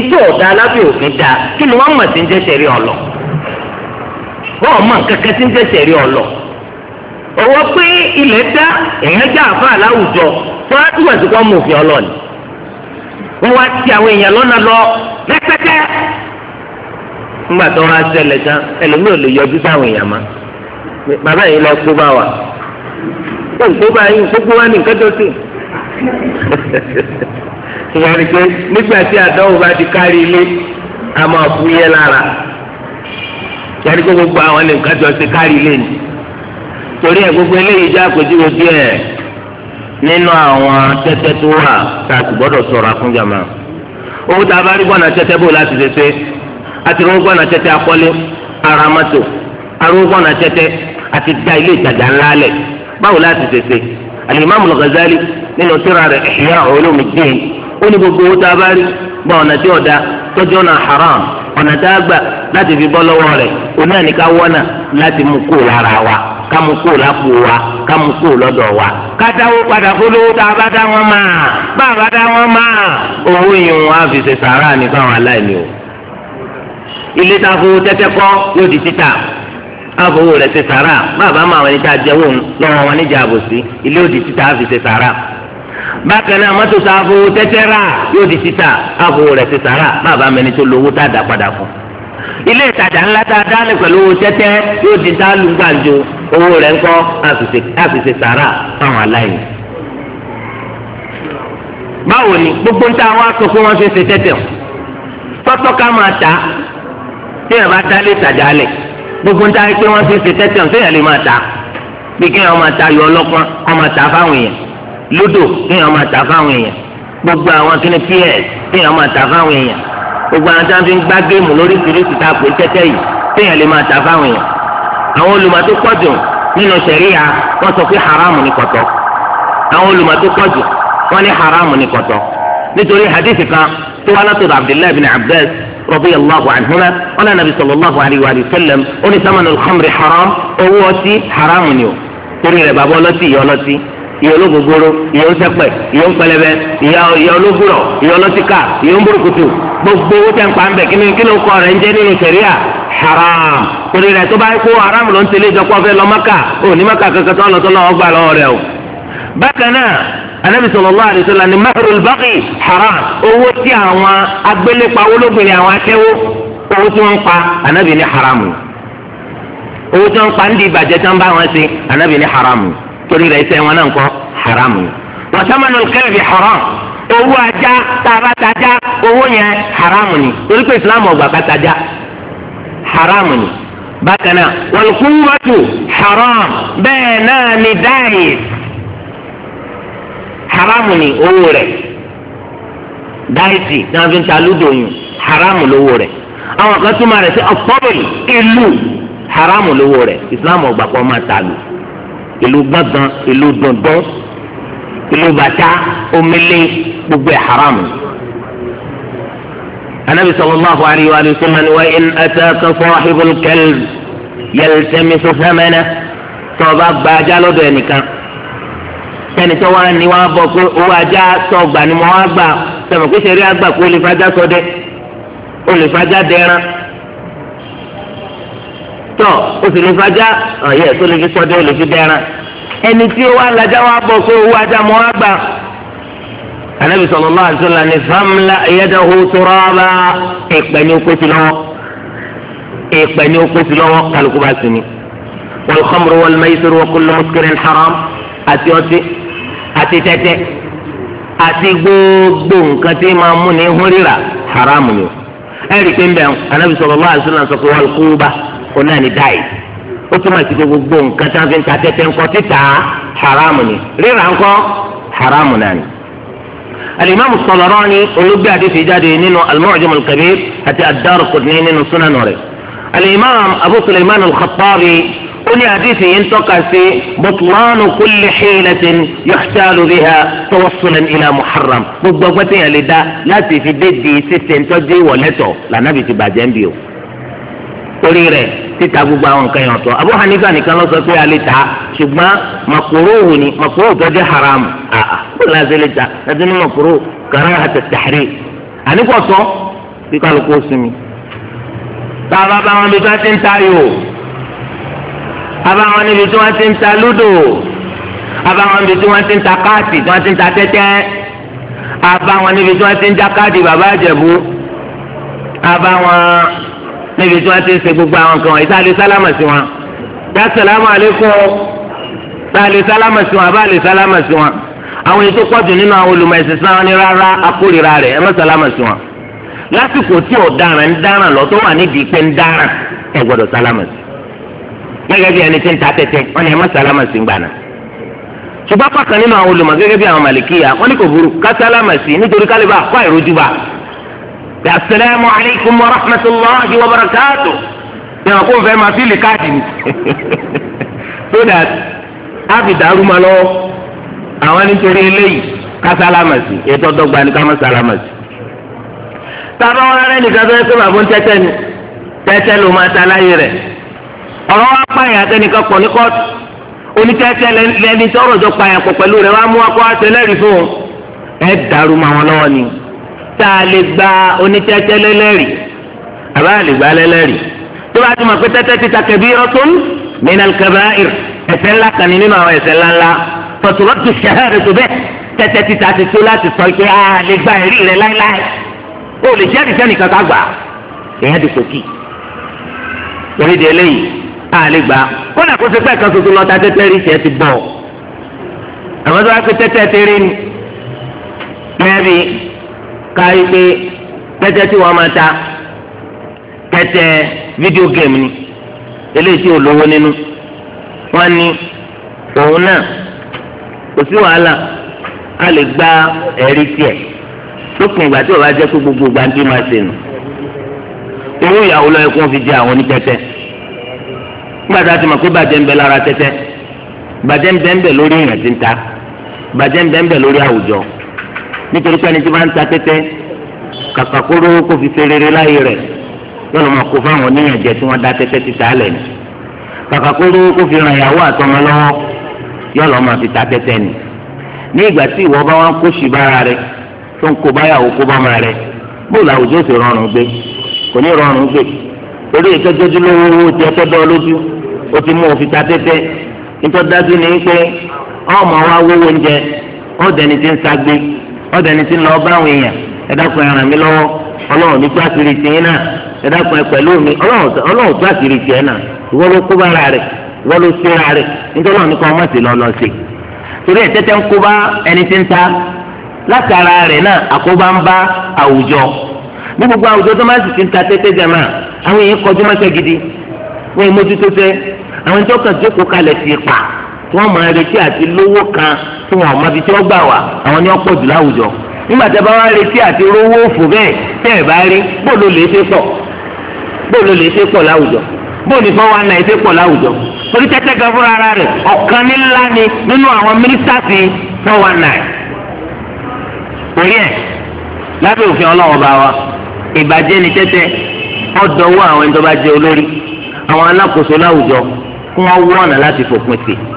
ntí ọ̀dà alábẹ́ òfin dá kí ni wọ́n mọ̀ sí ń jẹ́sẹ̀ rí ọlọ wọ́n mọ̀ kankan sí ń jẹ́sẹ̀ rí ọlọ ọwọ́ pé ilẹ̀ dá èèyàn já àfa àláwùjọ wọn ụwa túmọ̀ kọ́ mú òfin ọlọ́ọ̀ni wọn wá ti àwọn èèyàn lọ́nà lọ rẹpẹtẹ ńgbà tó tán lè yọjú sáwọn èèyàn má bàbá yìí lọ kó bá wa ó ń kó bá yín gbogbo ní nǹkan tó ilé a máa fú yẹ lára gbogbo àwọn ṣe kárí ilé ni torí gbogbo eléyìí àpèjúwe nínú àwọn tẹ́tẹ́ tó wà tá a sì gbọ́dọ̀ owó tá a bá rí gbọ́nà tẹ́tẹ́ bò láti ṣẹṣẹ àti rówó gbọ́nà tẹ́tẹ́ akọ́lé ara mọ́tò arówó gbọ́nà tẹ́tẹ́ àti da ilé ìtajà ńlá lẹ̀ báwo láti nínú rẹ̀ ó ní gbogbo owó tá a bá rí gbọ́n ọ̀nà tí ọ̀dà tọ́jú ọ̀nà haram ọ̀nà tá a gbà láti fi bọ́ lọ́wọ́ rẹ̀ òun náà wa. kámú kó lápò wa kámú kó lọ́dọ̀ wa kádáwó padà fólówó tá a bá dá wọn máa bá a bá dá wọn máa owó yìí wọn á fi ṣe sàárà ní fáwọn aláìní o ilé tá a fowó tẹ́tẹ́ kọ́ yóò di títà á fowó rẹ̀ ṣe sàárà bàbá máa wọn ní tá a jẹ́wọ́ lọ́wọ́ wọn níjà àbòsí ilé òdì títà á fi ṣe sàárà bákan náà mọ́tò tá a fowó tẹ́tẹ́ rà yóò di títà á fowó rẹ̀ ṣe sàárà bàbá mẹni tó lówó tá a dá padà fún ilé ìtajà ńlá tá a dání pẹ̀lú owó tẹ́tẹ́ yóò di dálù gbàǹjo owó rẹ̀ ńkọ́ àfìsè sàrà fáwọn aláìní. báwo ni gbogbo ń ta wá sọ pé wọ́n fi ṣe tẹ́tẹ́ o tọ́tọ́ ká máa ta tí yàrá bá dálé ìtajà lẹ̀ gbogbo ń ta pé wọ́n fi ṣe tẹ́tẹ́ o tí yàrá lè máa ta bí kéèyàn máa ta ayò ọlọ́pọ́n kọ́ máa ta fáwọn èèyàn lódò kéèyàn máa ta fáwọn èèyàn gbogbo àwọn kíni ps kéèyàn máa ta fáwọn èèyàn gbogbo àwọn tí wọ́n fi ń gbá géèmù lóríṣiríṣi tá a pè tẹ́tẹ́ yìí téèyàn lè máa tà fáwọn èèyàn àwọn olùmọ̀ tó pọ̀ jù nínú ṣẹ̀ríya wọ́n sọ pé haramu ni kọ̀tọ̀ àwọn olùmọ̀ tó pọ̀ jù wọ́n ní haramu ni kọ̀tọ̀ nítorí hadith kan tó wá látọ̀dọ̀ abdullahi bin abbas radiyallahu anhuma wọn náà nabi sallallahu alayhi wa sallam ó ní samanul khamri haram owó ọtí haramu ni o torí rẹ̀ bàbá ọlọ́tí ìyá ọlọ́tí ìyá ológogoro ìyá osẹpẹ ìyá pẹlẹbẹ ìyá ìyá ológùrọ ìyá ọlọtíkà ìyá burúkutu gbogbo owó tẹ ń pa ń bẹ kíni kíni kọ rẹ ń jẹ nínú sẹríà haram torí rẹ tó bá kó haram ló ń tẹlé ìjọpọ fẹ lọ maka ò ní maka kankan tó ń lọ tó lọ ọgbà lọ́wọ́ rẹ o. bákan náà anabi sallallahu alaihi wasallam ni mahrul baqi haram owó tí àwọn agbélépawó lóbìnrin àwọn akẹwó owó tí wọn ń pa anabi ni haram owó tí wọn ń pa ń di ìbàjẹ́ tí wọn bá wọn ṣe anabi ni haram torí rẹ̀ iṣẹ́ wọn náà ń kọ́ haram ni. wa thamanul kalbi haram owó ajá tààrà tajà owó yẹn haram ni torí pé islam ọgbà ká tajà haram ni. bákan náà wal quwwatu haram bẹ́ẹ̀ náà ni dáìs haram ni owó rẹ̀ dáìsì náà fi ń ta lúdòyìn haram lówó rẹ̀ àwọn kan túmọ̀ rẹ̀ sí ọ̀pọ̀bìlì ìlú haram lówó rẹ̀ islam ọgbà kọ́ máa ta lù ìlú gbọ̀ngàn ìlú dundun ìlú bàtà omele gbogbo ẹ̀ haram. النبي صلى الله عليه وآله وسلم وإن أتاك صاحب الكلب يلتمس ثمنه تضب جلد نكا sẹ́ni tó wá ní wàá bọ̀ pé owó ajá sọgbà ni mo wá gbà sọmọ pé ṣe rí àgbà pé olùfàjà sọdẹ olùfàjà dẹran tọ̀ o sì lè fajá ọ̀yẹ́ tó lè fi sọ́dẹ́ o lè fi dẹ́ran ẹni tí ó wá lajá wa bọ̀ pé owó ajá mọ́ wá gbà anabi sallallahu alaihi wasallam ni famla yadahu turaba ìpè ní okòtì lọ́wọ́ ìpè ní okòtì lọ́wọ́ kálukú bá sinmi wal khamru wal maisiru wa kullu muskirin haram àti ọtí àti tẹ́tẹ́ àti gbogbo nǹkan tí máa mú ní húrira haram ni ẹ rí i bẹ̀rù anabi sallallahu alaihi wasallam sọ ó náà ní dáì ó túmọ̀ sí gbogbo nǹkan tí wọ́n fi ń ta tẹ́tẹ́ ńkọ́ títà haramu ni rírà ńkọ́ haramu náà ni. الإمام الطبراني ولقى حديث جادي نينو المعجم الكبير حتى الدار قدني نينو سنن وري الإمام أبو سليمان الخطابي قل حديثي ينتقى في بطلان كل حيلة يحتال بها توصلا إلى محرم بالضبط لدا لا في ددي ستين تجي ولتو لا نبي تبا جنبيو torí rẹ̀ títa gbogbo àwọn nǹkan yẹn ọ̀tọ̀ Abu Hanifa nìkan ló sọ pé a lè ta ṣùgbọ́n makorohu ni makorohu tó jẹ́ haram àà kó lè ṣe lè ta ẹtí ní makorohu kàrán àti tàrí àníkọ̀tọ́ bí kálukú sinmi. bàbá báwọn níbi tí wọ́n ti ń ta yòó àbáwọn níbi tí wọ́n ti ń ta lúdò àbáwọn níbi tí wọ́n ti ń ta káàtì tí wọ́n ti ń ta tẹ́tẹ́ àbáwọn níbi tí wọ́n ti ń já káàdì bàbá àjẹ̀bú àbáwọn níbi tí wọ́n ti ń ṣe gbogbo àwọn kan wọ̀nyí sáà lè sálámà sí wọn dá sàlámù àlékún sáà lè sálámà sí wọn àbá lè sálámà sí wọn àwọn ètò pọ̀jù nínú àwọn olùmọ̀ ẹ̀sìn sáwọn ní rárá akórira rẹ̀ ẹ má sálámà sí wọn lásìkò tí ọ̀daràn ń dáràn lọ tó wà nídìí pé ń dáràn ẹ gbọ́dọ̀ sálámà sí gẹ́gẹ́ bí ẹni tí ń ta tẹ́tẹ́ wọ́n ní ẹ sálámà sí gbàna ṣùgbọ́n pàkan nínú àwọn olùmọ̀ gẹ́gẹ́ bí àwọn màlìkíyà wọ́n ní kò burú ká sálámà sí nítorí kálíbà kọ́ àìrójúbà bí asalaamu alaykum wa rahmatulahi wa barakatu ní àwọn akóhùn fẹ́ máa fi lè káàdì ni so that a fi dàrú ma lọ àwọn nítorí eléyìí ká sálámà sí ètò ọ̀dọ́gba ni ká má sálámà sí. tábà wọn rẹ nìkan tó yẹ kó bàbá ń tẹ́tẹ́ ni tẹ́tẹ́ ló máa ta láyé rẹ̀ ọ̀rọ̀ wa pààyàn àtẹnìkan pọ̀ ní kóòtù onítẹ́tẹ́ lẹni tọrọ jọ pààyàn pọ̀ pẹ̀lú rẹ̀ wá mú wa kó fún un dàrú ma wọn lọ́wọ́ ni tá a lè gba onítẹ́tẹ́ lẹ́lẹ́rìí àbá lè gba lẹ́lẹ́rìí tó bá ti mọ̀ pé tẹ́tẹ́ títa kẹ̀bí rọ́tún minal kaba'ir ẹ̀ṣẹ̀ ńlá kan ní nínú àwọn ẹ̀ṣẹ̀ ńlá ńlá fọ̀tùrọ̀tù ṣẹ̀hẹ́rẹ́ tó bẹ́ẹ̀ tẹ́tẹ́ títa ti tó láti sọ pé a lè gba ẹ̀rí rẹ̀ láíláí ó lè jẹ́rìí sẹ́nìkan ká gbà èèyàn ti sòkì torí di eléyìí a lè gbà kódà kó sepẹ́ kan tuntun lọ́ta tẹ́tẹ́ rí tiẹ̀ ti bọ̀ àwọn tó wá pé tẹ́tẹ́ ti rí ni káyí pé tẹ́tẹ́ tí wọ́n máa ta tẹ́tẹ́ fídíò géèmù ni eléyìí tí ò lówó nínú wọ́n ní òun náà kò sí wàhálà a lè gba ẹ̀rí tiẹ̀ lópin ìgbà tí o bá jẹ́ pé gbogbo ìgbà ń bí máa ṣe nù irú ìyàwó lọ ẹkún fi jẹ àwọn onítẹ́tẹ́ nígbà tá a ti mọ̀ pé bàjẹ́ ń bẹ lára tẹ́tẹ́ bàjẹ́ ń bẹ ń bẹ lórí ìrìn àti ń ta bàjẹ́ ń bẹ ń bẹ lórí àwùjọ nítorí pé ẹni tí bá ń ta tẹ́tẹ́ kàkà kó lówó kó fi ṣe rere láyé rẹ̀ yóò lọ́ máa kó fáwọn oníyànjẹ tí wọ́n dá tẹ́tẹ́ títa lẹ̀ ni kàkà kó lówó kó fi ràn ìyàwó àtọmọ lọ́wọ́ yóò lọ́ máa fi ta tẹ́tẹ́ ni ní ìgbà tí ìwọ bá wọn kó sì bára rẹ tó ń kó báyàwó kó bá máa rẹ bóòlù àwùjọ sì rọrùn gbé kò ní rọrùn gbé torí ìtọ́jú lówó owó tí dọ́ lójú ó ti mú òfin ta tẹ́tẹ́ ìtọ́jú ni pé ọmọ wa wówó oúnjẹ ó dẹni ọ̀dọ̀ ẹni tí na lọ bá àwọn èèyàn ẹ dákun ẹ ràn mí ní gbà kiri náà ẹ ẹ pẹ̀lú mi ọlọ́run gbà kiri náà ìwọ ló kó bára ìwọ ló ṣe ara nítorí sí gbogbo àwùjọ tó máa sì ti ń ta tẹ́tẹ́ jẹ náà àwọn èèyàn kọjú gidi wọ́n àwọn kalẹ̀ máa kan tí wọn ọmọ ibi tí wọn gbà wá àwọn ni wọn pọ̀ jù láwùjọ nígbà tí a bá wá retí àti rówó òfò bẹ́ẹ̀ tẹ́ ẹ̀ bá rí bóòlù lè ṣe pọ̀ bóòlù lè ṣe pọ̀ láwùjọ bóòlù fọwọ́ àná ẹ̀ ṣe pọ̀ láwùjọ torí tẹ́tẹ́ gan fúnra ara rẹ̀ ọ̀kan nílá ni nínú àwọn mínísítàsì fọwọ́ àná ẹ̀ torí ẹ̀ lábẹ́ òfin ọlọ́wọ́ bá wa ìbàjẹ́ ni tẹ́tẹ́ ọ̀dọ́wọ́ àwọn ẹni tó bá jẹ olórí àwọn alákòóso láwùjọ kí wọ́n wọ́ ọ̀nà láti fòpin sí i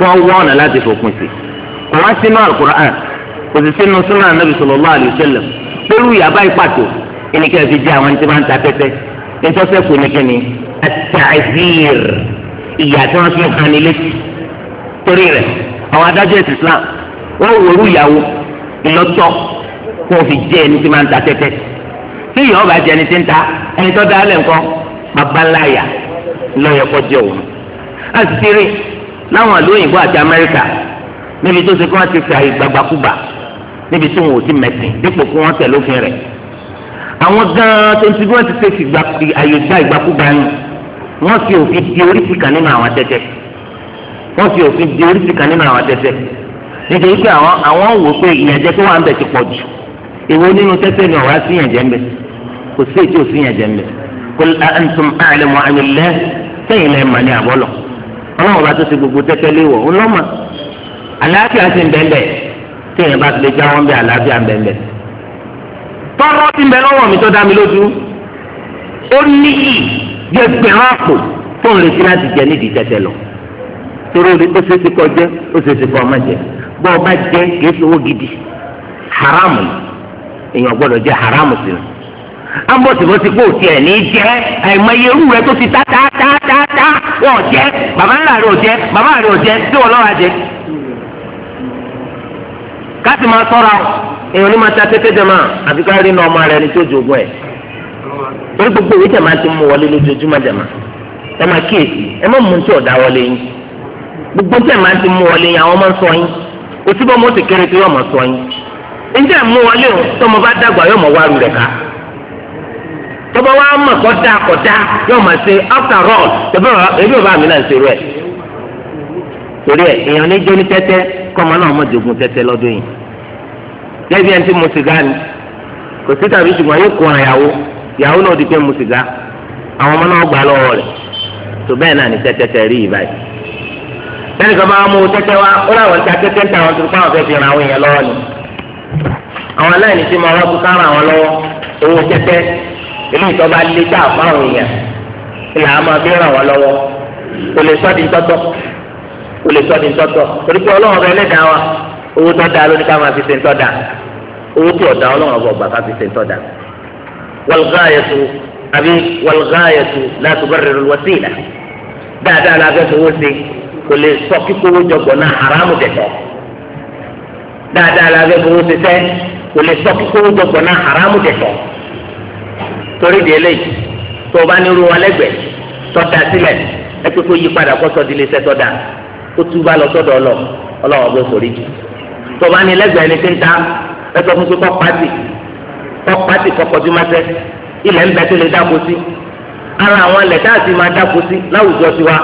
wọ́n wá ọ̀nà láti fòpin sí kò wá sínú alukur'an kò sì sínú sunan anabi sallallahu alayhi wa sallam pẹ̀lú yaba ìpàtó ẹnikẹ́ni fi jẹ́ àwọn tí wọ́n ń ta tẹ́tẹ́ nítorí kò ní kíni àtàzír ìyá tí wọ́n fi ń kan ilé torí rẹ̀ àwọn adájọ́ ẹ̀sìn Islam wọ́n wòlú ìyàwó ìlọ́tọ́ kó fi jẹ́ ẹni tí wọ́n ta tẹ́tẹ́ tí ìyá ọba jẹ́ ẹni tí ń ta ẹni tó dá lẹ̀ ńkọ́ babaláyà lọ́yẹ̀kọ́ jẹ́ òun. àti láwọn ìlú òyìnbó àti amẹ́ríkà níbi tó ṣe kí wọ́n ti fi àyè gbàgbàkúgbà níbi tí wọn ò ti mẹ̀sìn dípò kí wọ́n tẹ̀ lófin rẹ̀ àwọn gan-an tó ń ti bí wọ́n ti ṣe fi àyè gba ìgbàkúgbà ni wọ́n fi òfin di oríṣi kan nínú àwọn tẹ́tẹ́ wọ́n fi òfin di oríṣi kan nínú àwọn tẹ́tẹ́ nítorí pé àwọn àwọn wò pé ìyànjẹ tó wà ń bẹ ti pọ̀ jù èwo nínú tẹ́tẹ́ ni ọ̀rá sí ìyànjẹ ń bẹ kò sí èyí sí ìyànjẹ ń bẹ kul a antum a'lamu 'anillah sẹ́yìn lẹ́ẹ̀ mà ní àbọ̀lọ̀ ọlọ́run bá tó ṣe gbogbo tẹ́tẹ́lẹ́ wọ̀ ńlọ́mọ̀ àlàáfíà sì ń bẹ́ńbẹ́ tí èèyàn bá ti lè jáwọ́ ń bẹ́ àlàáfíà ń bẹ́ńbẹ́ tọ́rọ́ ti ń bẹ lọ́wọ́ mi tó dá mi lójú ó ní yìí bí ẹgbẹ̀rún àpò tó ń retí láti jẹ nídìí tẹ́tẹ́ lọ torí ó ṣe é ti kọ́ jẹ́ ó ṣe é ti kọ́ ọmọ jẹ bọ́ ọ bá jẹ kì í ṣe owó gidi haramu èèyàn gbọ́dọ̀ jẹ haramu sí i. ambọ̀sibọ́sí pò tiẹ̀ ní jẹ́ àìmọye rẹ tó ti tá tá ta ta ta wọ́n jẹ́ bàbá ńlá rẹ̀ ò jẹ bàbá rẹ̀ ò jẹ́ tí wọ́n lọ́wọ́ àjẹ́. káàsì máa sọ́ra èèyàn ní máa ta kété jẹ máa àfi ká rí iná ọmọ rẹ ní tó jogún ẹ̀. torí gbogbo ìwé ti mú wọlé lójoojúmọ́ ẹ máa kíyèsí ẹ má mú gbogbo tẹ̀ ti mú wọlé yín àwọn máa ń sọ yín mo mọ́tò kéré tí yóò sọ yín. ń tọ́ba wa mọ̀ kọ́dá kọ́dá yóò ṣe after all tọ́ba wa ebi ò bá mi náà ṣe rẹ̀ torí ẹ̀ èèyàn ní jóni tẹ́tẹ́ kọ́mọ náà mọ̀ jogun tẹ́tẹ́ lọ́dún yìí lẹ́bi ẹni tí ni kò sí tàbí ṣùgbọ́n yóò yàwó náà di pé àwọn ọmọ náà gbà lọ́wọ́ rẹ̀ tó bẹ́ẹ̀ náà rí lẹ́nu mú tẹ́tẹ́ fi àwọn èèyàn lọ́wọ́ ni àwọn aláìní tí ilé ìtọ́ba lé tá a fáwọn èèyàn ilà á máa bí ràn wọ́n lọ́wọ́ kò lè sọ́ di tọ́tọ́ kò lè sọ́ di tọ́tọ́ torí pé ọlọ́run ọba ẹlẹ́dàá wa owó tó dáa lóní ká máa fi ṣe ń tọ́da owó tí ọ̀dà ọlọ́run ọba ọba ká fi ṣe ń tọ́da. àbí wal-ghayatu la tubarriru al-wasila dáadáa la fẹ́ fowó ṣe kò lè sọ kíkówó jọgbọ̀ náà haramu dẹ̀tọ̀ dáadáa la fẹ́ fowó ṣe fẹ́ kò lè sọ kíkówó jọgbọ̀ náà haramu dẹ̀tọ̀ torí di eléyìí tó o bá ní irú wọn lẹ́gbẹ̀ẹ́ tọ́da sílẹ̀ ẹ pé kó yí padà kó sọ dílé sẹ́ tọ́da kó tú bá lọ sọ́dọ̀ ọlọ ọlọ́wọ́ bó sórí jù tó o bá ní lẹ́gbẹ̀ẹ́ ni ti ń ta ẹ sọ fún pé kọ́ pàtì kọ́ pàtì kọ́ kọjú mọ́tẹ́ ilẹ̀ ń bẹ tó lè dáko sí ara àwọn ilẹ̀ tá a ti máa dáko sí láwùjọ tiwa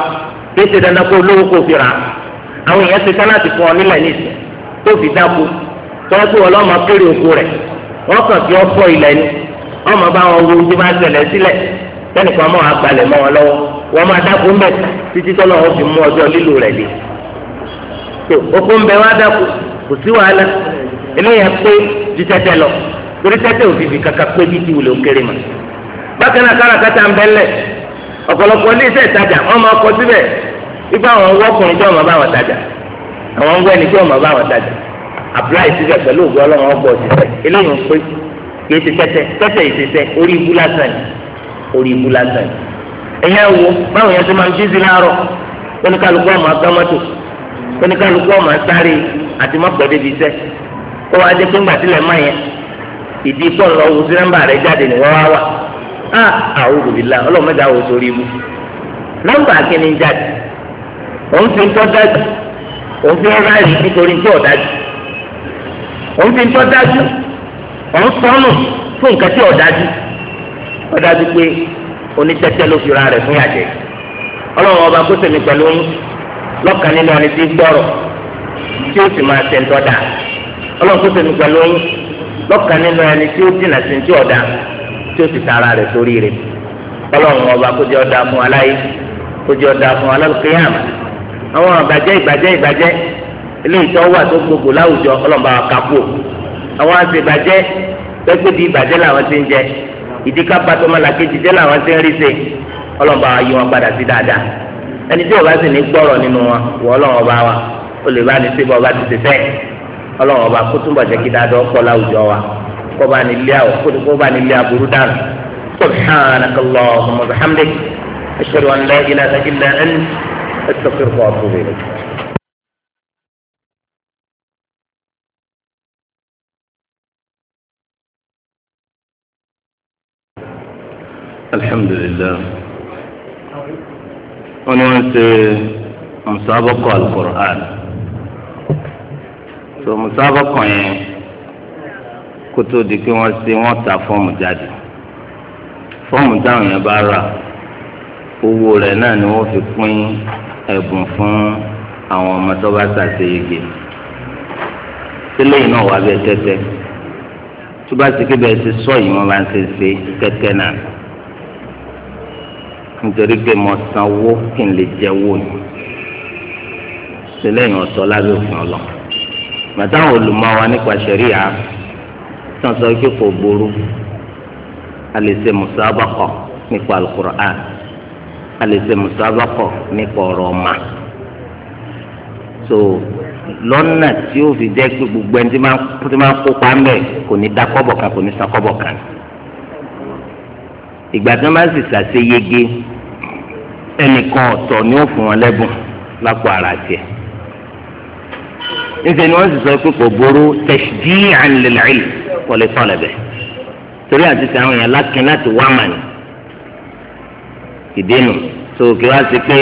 kí ẹ ti dandan kó olówó kó fi rà á àwọn èèyàn ti sáláàtì fún ọ nílẹ̀ nìsí tó fi dáko tọ́jú ọlọ́mọ kéré oko rẹ̀ wọ́n kàn fi ọ́ wọ́n máa bá wọn wo ojú bá ṣẹlẹ̀ sílẹ̀ tẹnìkan máa wà gbalẹ̀ wọn lọ́wọ́ wọ́n máa dákú títí tọ́lọ́ wọn fi mú ọjọ́ lílo rẹ̀ dé tó okun bẹ wá dákú kò sí wàhálà eléyà pé ju lọ torí kàkà pé òkèrè mà bákan náà ọ̀pọ̀lọpọ̀ iṣẹ́ ìtajà máa kọ síbẹ̀ àwọn tí máa bá wọn tajà àwọn tí máa bá wọn kì í ti tẹ́tẹ́ tẹ́tẹ́ ìtẹ́tẹ́ orí ibú lásán ni orí ibú lásán ni. ẹ̀yin wo báwo yẹn ti máa ń bízi láàárọ̀ kóníkàlùkù ọmọ agbámọ́tò kóníkàlùkù ọmọ asáré àti mọ́pẹ́ẹ́dẹ́ bíi sẹ́ kó wá dé pé ńgbà sílẹ̀ má yẹn ìdí pọ̀ lọ wo sí nọ́mbà rẹ̀ jáde ní wọ́n wá wá á àwọn olùbílà ọlọ́mọdé àwọn sórí ibú nọ́mbà akínní jáde òun fi ń tọ́ dájú òun fi ń ráàlì nítorí tí ò dájú òun fi ń tọ́ dájú ọ̀n sọnù fún nǹkan tí ọ̀dájú ọ̀dájú pé onítẹ́tẹ́ ló fira rẹ̀ fún ọba kó sèmi pẹ̀lú lọ́kàn nínú ẹni tí gbọ́rọ̀ tí ó sì máa tẹ̀ntọ́ dà ọlọ́run kó sèmi pẹ̀lú lọ́kàn nínú ẹni tí ó dìnà sí ti ọ̀dà tí ó sì tara sórí ọba kó àwọn àṣebàjẹ́ pẹ́pẹ́ bíi ìbàjẹ́ làwọn ti ń jẹ ìdíkà bàtọ́mọ́làkejì jẹ́ làwọn ti ń rí ṣe ọlọ́mọba yí wọn padà sí dáadáa ẹni tí o bá sì ní gbọ́rọ̀ nínú wọn wọ ọlọ́wọ́n bá wa o lè bá ní sí bá o bá ti ti fẹ́ ọlọ́wọ́n bá kó túnbọ̀ jẹ́ kí dáadọ́ kọ́ láwùjọ wa kó bá ní ilé àwọ̀ kó bá ní ilé àbúrú dànù subhanaka wa bihamdik an la ilaha illa alhamdulilayi wọn ni wọn ṣe musabakọ alukur'an so musabakọ yẹn kótó di pé wọn ṣe wọn ta fọ́ọ̀mù jáde fọ́ọ̀mù táwọn yẹn bá rà owó rẹ̀ náà ni wọn fi pín ẹ̀bùn fún àwọn ọmọ tó bá ṣàṣeyege sílẹ̀ yìí náà wà bẹ́ẹ̀ tẹ́tẹ́ tó bá ti kébẹ̀ ti sọ yìí wọn bá ń ṣe ṣe tẹ́tẹ́ náà nítorí pé mo sanwó kí n lè jẹ́wọ́ ni sílẹ̀ yẹn sọ lábẹ́ òfin ọlọ màtá àwọn olùmọ̀wá nípa ṣẹ̀ríà tán sọ pé kò burú a lè ṣe mùsàbàkọ̀ nípa alukur'an a lè ṣe mùsàbàkọ̀ nípa ọ̀rọ̀ ọ̀ma so lọ́nà tí ó fi jẹ́ pé gbogbo ẹni tí máa ń kópa mẹ́ kò ní dá kọ́bọ̀ kan kò ní san kọ́bọ̀ kan ìgbà tí wọ́n bá sì ṣàṣeyege ẹnìkan ọ̀tọ̀ ni ó fún wọn lẹ́bùn lápò ara tiẹ̀ níṣẹ́ ni wọ́n sì sọ pé kò burú tashji'an lil-'ilm wa li talabihi torí àti ti àwọn èèyàn lákin láti wá màní ìdénù tó kí wá sí pé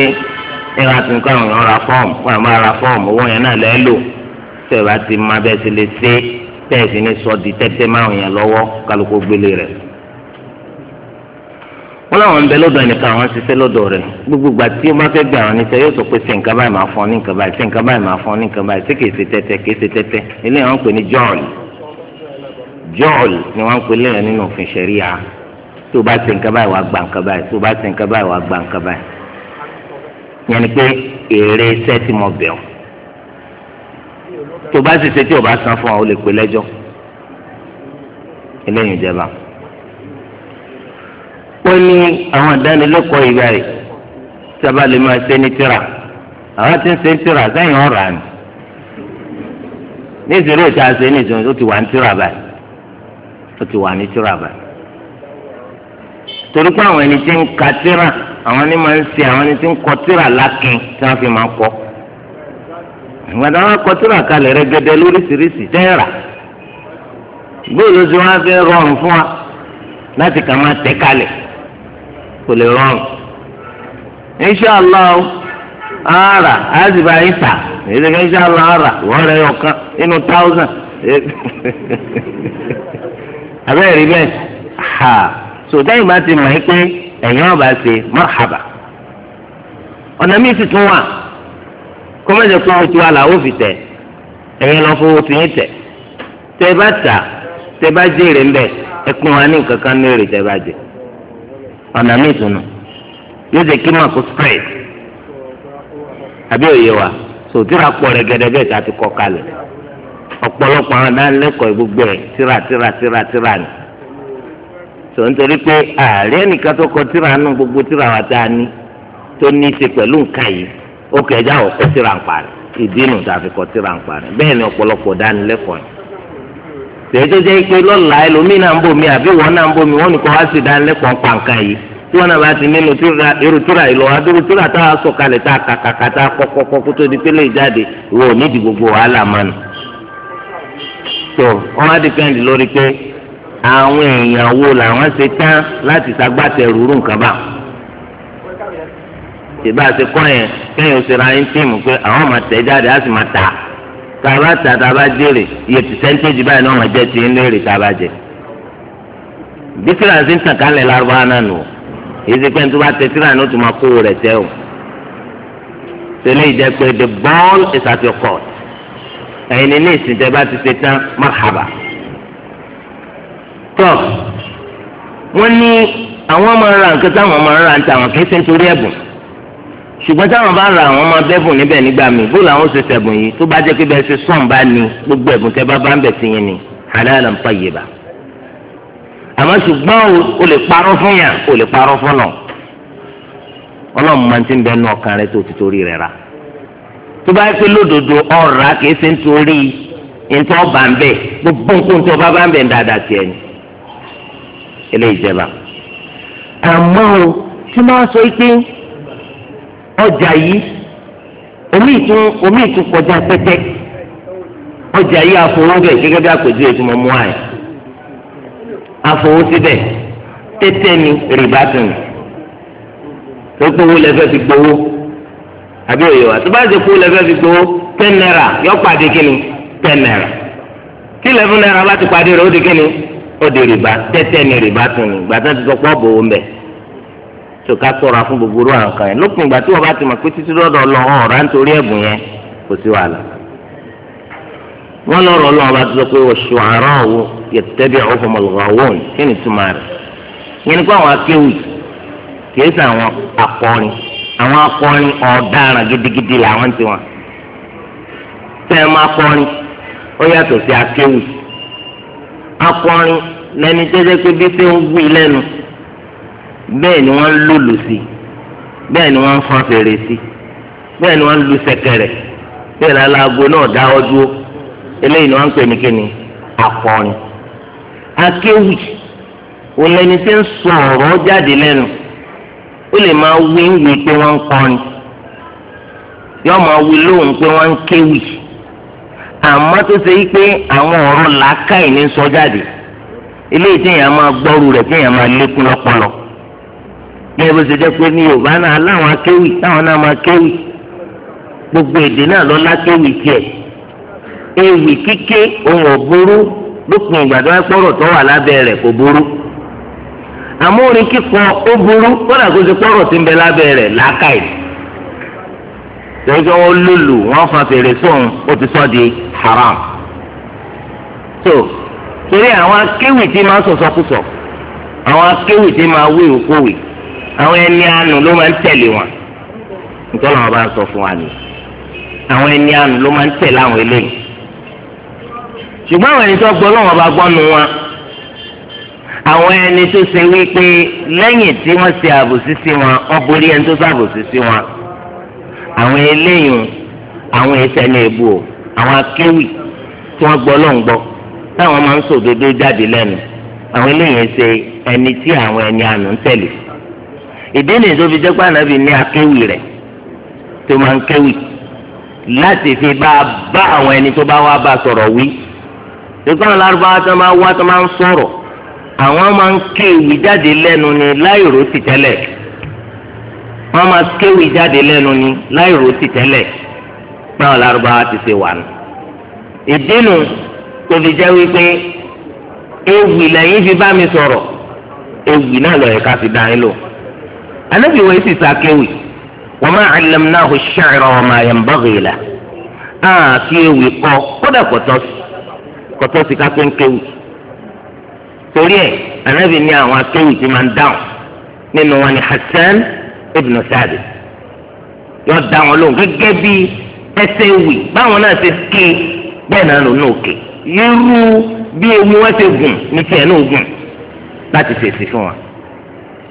ẹ wá tún káwọn èèyàn ra fọ́ọ̀mù wọn àmọ́ ra fọ́ọ̀mù owó yẹn náà lẹ́ẹ́ lò tẹ́ ẹ bá ti máa bẹ́ẹ̀ sì lè ṣe tẹ́ ẹ sì ní sọ di tẹ́tẹ́ máwọn èèyàn lọ́wọ́ kálukú gbélé rẹ̀ wọn làwọn ń bẹ lọ́dọ̀ ẹnìkan àwọn ṣiṣẹ́ lọ́dọ̀ rẹ̀ gbogbo ìgbà tí ó bá fẹ́ gbà wọn níṣẹ́ yóò sọ pé ṣe nǹkan báyìí máa fọn ní nǹkan báyìí ṣe nǹkan báyìí máa fọn ní nǹkan báyìí ṣé kìí ṣe tẹ́tẹ́ kìí ṣe tẹ́tẹ́ eléyìí wọ́n ń pè ní jọ́ọ̀lù jọ́ọ̀lù ni wọ́n ń pè léyìn nínú òfin ṣẹ̀ríya tó bá ṣe nǹkan báyìí wàá gbà nǹkan báyìí tó bá ṣe nǹkan báyìí wàá gbà nǹkan báyìí yẹn ni pé èrè iṣẹ́ tí mo bẹ̀ ọ́ tó bá ṣiṣẹ́ tí o bá san fún ọ o lè pè lẹ́jọ́ eléyìí ìjẹba. ó ní àwọn ìdánilẹ́kọ̀ọ́ ìgbà rẹ̀ sábà lè máa ṣe ní tíra àwọn tí ń ṣe ní tíra sẹ́yìn ọ̀rà ni ní ìṣeré ìta ṣe ní ìṣòro tó ti wà ní tíra báyìí tó ti wà ní tíra báyìí torí pé àwọn ẹni tí ń ka tíra àwọn ni máa ń ṣe àwọn ẹni tí ń kọ tíra lákin tí wọ́n fi máa kọ ìgbàdá wọn kọ tíra kalẹ̀ rẹ lóríṣiríṣi tẹ́ẹ̀rà bóyá wọn fẹ́ rọrùn fún wa láti kà máa kalẹ̀ kò lè rọrùn inṣàlá ara àzìbá yín èyí ara wọ́n rẹ̀ ọ̀kan inú táwùsàn abẹ́rẹ́ rí bẹ́ẹ̀ ha sòtẹ́yìn bá ti mọ̀ ẹ́ pé ẹ̀yìn ọba ṣe mọ́hàbà ọ̀nà míì sì tún wà kọ́mẹ́jọ kan ojú aláwọ̀ fi tẹ̀ ẹ̀yìn lọ fowó ti yín tẹ̀ tẹ́ bá tẹ́ bá jèrè ẹ̀kún wa ní nǹkan kan ọ̀nà míì tunu yóò jẹ́ kí màkó spread àbí òye wa so tíra pọ̀ rẹ̀ gẹ́gẹ́ bẹ́ẹ̀ tí a ti kọ́ kalẹ̀ ọ̀pọ̀lọpọ̀ àwọn adánilẹ́kọ̀ọ́ gbogbo ẹ̀ tíra tíra tíra tíra ni so nítorí pé ààrẹ ẹnìkan tó kọ tíra nù gbogbo tíra wa tá a ní tó ní í ṣe pẹ̀lú nǹkan yìí ó kẹjá ọ̀kọ́ tíra ń parí ìdí nù tá a fi kọ tíra ń parí bẹ́ẹ̀ ni ọ̀pọ̀lọpọ̀ dánilẹ́kọ̀ọ́ yìí tẹ̀yẹ́tọ́ jẹ́ pé lọ́la ẹlòmíì náà ń bò mí àbí wọ́n náà ń bò mí wọ́n nìkan wá sí ìdánilẹ́kọ̀ọ́ pàǹkà yìí tí wọ́n náà bá ti nínú ìlọ tá a sọ kalẹ̀ tá a kàkàkà tá a kọ́kọ́kọ́ kó gbogbo wàhálà mánu. tó á dìpẹ́ndì lórí pé àwọn èèyàn wo làwọn ṣe tán láti nǹkan bá kọ́ yẹn kẹ́yìn ó ṣe ra tàbá tà tàbá jèrè iye pìsẹ́ntéèjì báyìí náà wọ́n jẹ́ ti ń lérè tàbá jẹ. bíkìlà sí ń tàn kálẹ̀ lárúbáwá náà nù èyí pé tó bá tẹ tíra ní o tó máa kó rẹ̀ tẹ́ o. tẹ́lẹ̀ ìjẹ́ pé the ball is at your court ẹ̀yin ní ní ìsìntẹ́ bá ti ṣe tán marhaba. tọ́ wọ́n ní àwọn máa ra nǹkan táwọn máa ra ń ta àwọn kì ṣe nítorí ẹ̀bùn ṣùgbọ́n táwọn bá ra àwọn ọmọ bẹ́bùn níbẹ̀ nígbà míì bó làwọn ṣe ṣẹ̀bùn yìí tó bá jẹ́ pé bẹ́ẹ̀ ṣe sọ̀n bá ní gbogbo ẹ̀bùn tẹ́ bá bá ń bẹ̀ sí yẹn ni halalan tayyiba. àmọ́ ṣùgbọ́n o lè parọ́ fún yàn o lè parọ́ fún nà ọlọ́run máa ti ń bẹ́ẹ̀ nú ọkàn rẹ tó ti torí rẹ ra. tó bá yẹ pé lódodo ọ̀rá kìí ṣe ń torí ntọ́ ń bẹ̀ ni. eléyìí jẹba àmọ́ o tí máa sọ ọjà yìí omi ìtún omi ìtún kọjá pẹ́tẹ́ ọjà yìí àfọwọ́bẹ̀ gẹ́gẹ́ bí àpèjú ètò mọ́mú àyè àfọwọ́ síbẹ̀ tẹ́tẹ́ ni rìbá tún tó gbowó lẹ́fẹ́ fi gbowó àbí òye wa tó bá ti kú lẹ́fẹ́ fi gbowó ten naira yọ pàdé kíni ten naira tí eleven naira bá ti pàdé rẹ̀ ó di kíni ó di rìbá tẹ́tẹ́ ni rìbá tún ni gbàtà ti sọ pé ọ̀bọ̀ wo tó ká ṣọ́ra fún gbogbo irú àǹkà yẹn lópin ìgbà tí wọ́n bá ti mọ̀ pé títí lọ́dọ̀ nítorí ẹ̀bùn yẹn kò sí wàhálà wọ́n lọ́rọ̀ bá ti sọ pé oṣù àárọ̀ wo yattabi'uhum al-ghawun kí ni túmọ̀ rẹ̀ yẹn ni pé àwọn akéwì kìí sọ àwọn akọrin àwọn akọrin ọ̀daràn gidigidi làwọn ti wọn tẹ́ ẹ ó yàtọ̀ sí akéwì akọrin jẹ́jẹ́ pé bẹ́ẹ̀ ni wọ́n ń lòlù sí bẹ́ẹ̀ ni wọ́n ń fọn fèrè sí bẹ́ẹ̀ ni wọ́n ń lu ṣẹ̀kẹ̀rẹ̀ bẹ́ẹ̀ ni aláago náà dáwọ́ dúró eléyìí ni wọ́n ń pè ní kíni akọrin akéwì òun tí ń sọ ọ̀rọ̀ jáde lẹ́nu ó lè máa wí ń wí pé wọ́n ń kọrin yóò máa wí lóhùn pé wọ́n ń kéwì àmọ́ tó ṣe yí pé àwọn ọ̀rọ̀ làákàyè ní sọ jáde eléyìí tí èèyàn máa gbọ́rù rẹ̀ tí èèyàn máa lékún lọ́pọlọ. gẹ́gẹ́ bó ṣe jẹ́ pé ní yorùbá náà aláwọn akéwì táwọn náà máa kéwì gbogbo èdè náà lọ lákéwì tiẹ̀ ewì kíké ohun òburú lópin ìgbà tó wá pọ̀rọ̀ tó wà lábẹ́ rẹ̀ kò burú àmọ́ kíkọ ó burú kódà kó ṣe pọ̀rọ̀ tí ń bẹ lábẹ́ rẹ̀ làákàyè tẹ̀síọ́ wọn lòlù wọn fa fèrè sóhun ó ti di haram tó torí àwọn akéwì tí máa sọ̀sọ́kùsọ̀ àwọn akéwì tí máa wí òkúwì. àwọn ẹni àánú ló máa ń tẹ̀lé wọn nítorí àwọn bá ń sọ fún wa ni àwọn ẹni àánú ló máa ń tẹ̀lé àwọn eléyìí ṣùgbọ́n àwọn ẹni tó gbọ́ lọ́wọ́ bá gbọ́ nu wọn àwọn ẹni tó ṣe wípé lẹ́yìn tí wọ́n ṣe àbòsí sí wọn wọ́n borí ẹni tó ṣàbòsí sí wọn àwọn eléyìí àwọn ẹsẹ̀ ní ebu o àwọn akéwì tí wọ́n gbọ́ lọ́n gbọ́ táwọn máa ń sòdodo jáde lẹ́nu àwọn eléyìí ṣe ẹni tí àwọn ẹni àánú ń tẹ̀lé ìdí nìyí tó fi jẹ́ pé ànábì ní akéwì rẹ̀ tó máa ń kéwì láti fi bá a bá àwọn ẹni tó bá wá bá a sọ̀rọ̀ wí ìkọ́nà lárúbáwá tó máa wá tó máa ń sọ̀rọ̀ àwọn máa ń kéwì jáde lẹ́nu ni láìrò ti tẹ́lẹ̀ wọ́n máa kéwì jáde lẹ́nu ni láìrò ti tẹ́lẹ̀ náà lárúbáwá ti ṣe wà nù ìdí nu tó fi jẹ́ wípé ewì lẹ́yìn fi bá mi sọ̀rọ̀ ewì náà ló yẹ fi dá yín lò anabi wo esi sakewi wa ma allamnahu ash-shi'ra wa ma yanbaghi lahu a fi ewì kọ kódà kọtọsí kọtọsí kápẹ́ ń kéwì torí ẹ anabi ní àwọn akéwì tí máa ń dáhùn nínú wọn ni Hassan ibn Sabit yọ dáhùn lóhùn gẹ́gẹ́ bí ẹsẹ̀ ewì báwọn náà ṣe ké bẹ́ẹ̀ náà lò ní òkè irú bí ewu wọn ṣe gùn ní tiẹ̀ náà gùn láti fèsì fún wa.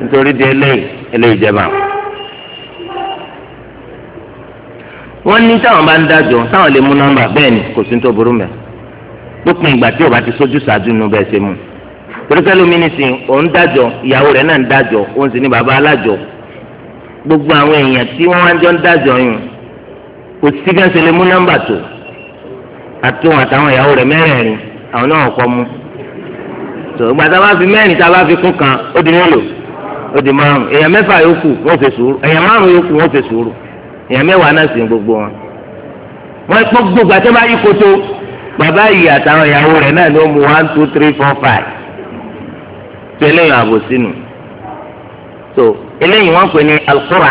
nítorí di eléyìí eléyìí jẹba. wọ́n ní táwọn bá ń dájọ́ táwọn lè mú nọ́mbà bẹ́ẹ̀ ni kò sí ní tó burú mẹ́ lópin ìgbà tí o bá ti sójú ṣáájú nínú bẹ́ẹ̀ ṣe mú pẹ̀lúpẹ̀lú mínísìn òun dájọ́ ìyàwó rẹ̀ náà ń dájọ́ òun sì ní bàbá alájọ gbogbo àwọn èèyàn tí wọ́n wá jọ ń dájọ́ yìí kò sí bí wọ́n ṣe lè mú nọ́mbà tó àtúwọn àtàwọn ìyàwó rẹ̀ mẹ́rẹ̀ẹ̀rin àwọn náà kọ́ mú ó di márùn èèyàn mẹ́fà yòókù wọ́n ṣe sùúrù èèyàn márùn yòókù wọ́n ṣe sùúrù èèyàn mẹ́wàá náà sì ń gbogbo wọn. wọ́n pọ́ gbogbo àti bá yí koto bàbá yìí àtàwọn ìyàwó rẹ̀ náà ló mú one two three four five tó eléyìí àbò sínú. so eléyìí wọ́n pè ní alukóra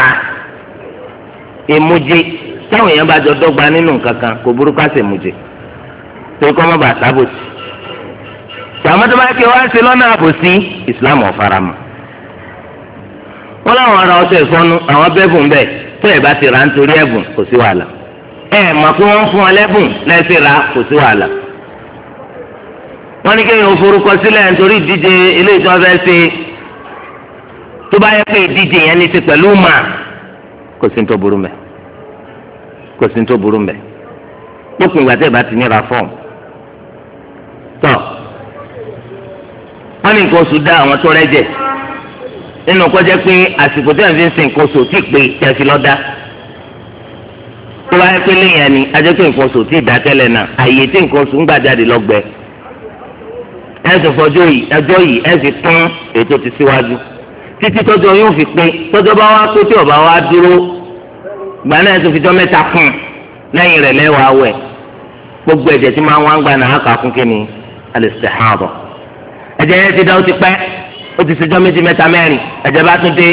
ìmújẹ táwọn èèyàn bá jọ dọ́gba nínú nǹkan kan kò burúkú àti ìmújẹ tó kọ́ mọ́ bàtà bòsí. tàmátàmá kí wọ́n á ṣe lọ́nà àbòsí ìsìlámù ọ̀faramọ́ wọn láwọn ará ọṣẹ ìfọnu àwọn bẹ́bùn bẹ́ẹ̀ tó ẹ̀ bá ti rà nítorí ẹ̀bùn kò sí wàhálà ẹ̀ mà pé wọ́n fún ọ lẹ́bùn lẹ́sẹ̀ rà kò sí wàhálà. wọ́n ní kéèyàn forúkọ sílẹ̀ nítorí ìdíje eléyìí tó fẹ́ ṣe tó bá yẹ pé ìdíje yẹn ní í pẹ̀lú mà kò sí tó burú mẹ́ kò sí tó burú mẹ́ lópin ìgbà tẹ́ ẹ̀ bá ti ní fọ́ọ̀mù tọ́ wọ́n ní nǹkan oṣù dá àwọn tó rẹ́jẹ̀ nínú kọjá pé àsìkò tẹ̀ ń fi sin nǹkan oṣù tí pé tẹ̀ fi lọ́dá tó bá yẹ pé léèyàn ni ajẹ́ pé nǹkan oṣù tí ìdákẹ́lẹ̀ náà àyè tí nǹkan oṣù ń gbà jáde ẹ sì fọjọ́ yìí ẹjọ́ yìí ẹ sì tún ètò ti síwájú títí tọ́jọ́ yóò fi pé tọ́jọ́ bá wá pé tí ọba gbogbo ẹ̀jẹ̀ tí máa ń wá ń gbà náà ni alẹ́ ẹ̀jẹ̀ yẹn ti dá ó ti ṣe jọ́ méjì mẹ́ta mẹ́rin ẹ̀jẹ̀ bá tún dé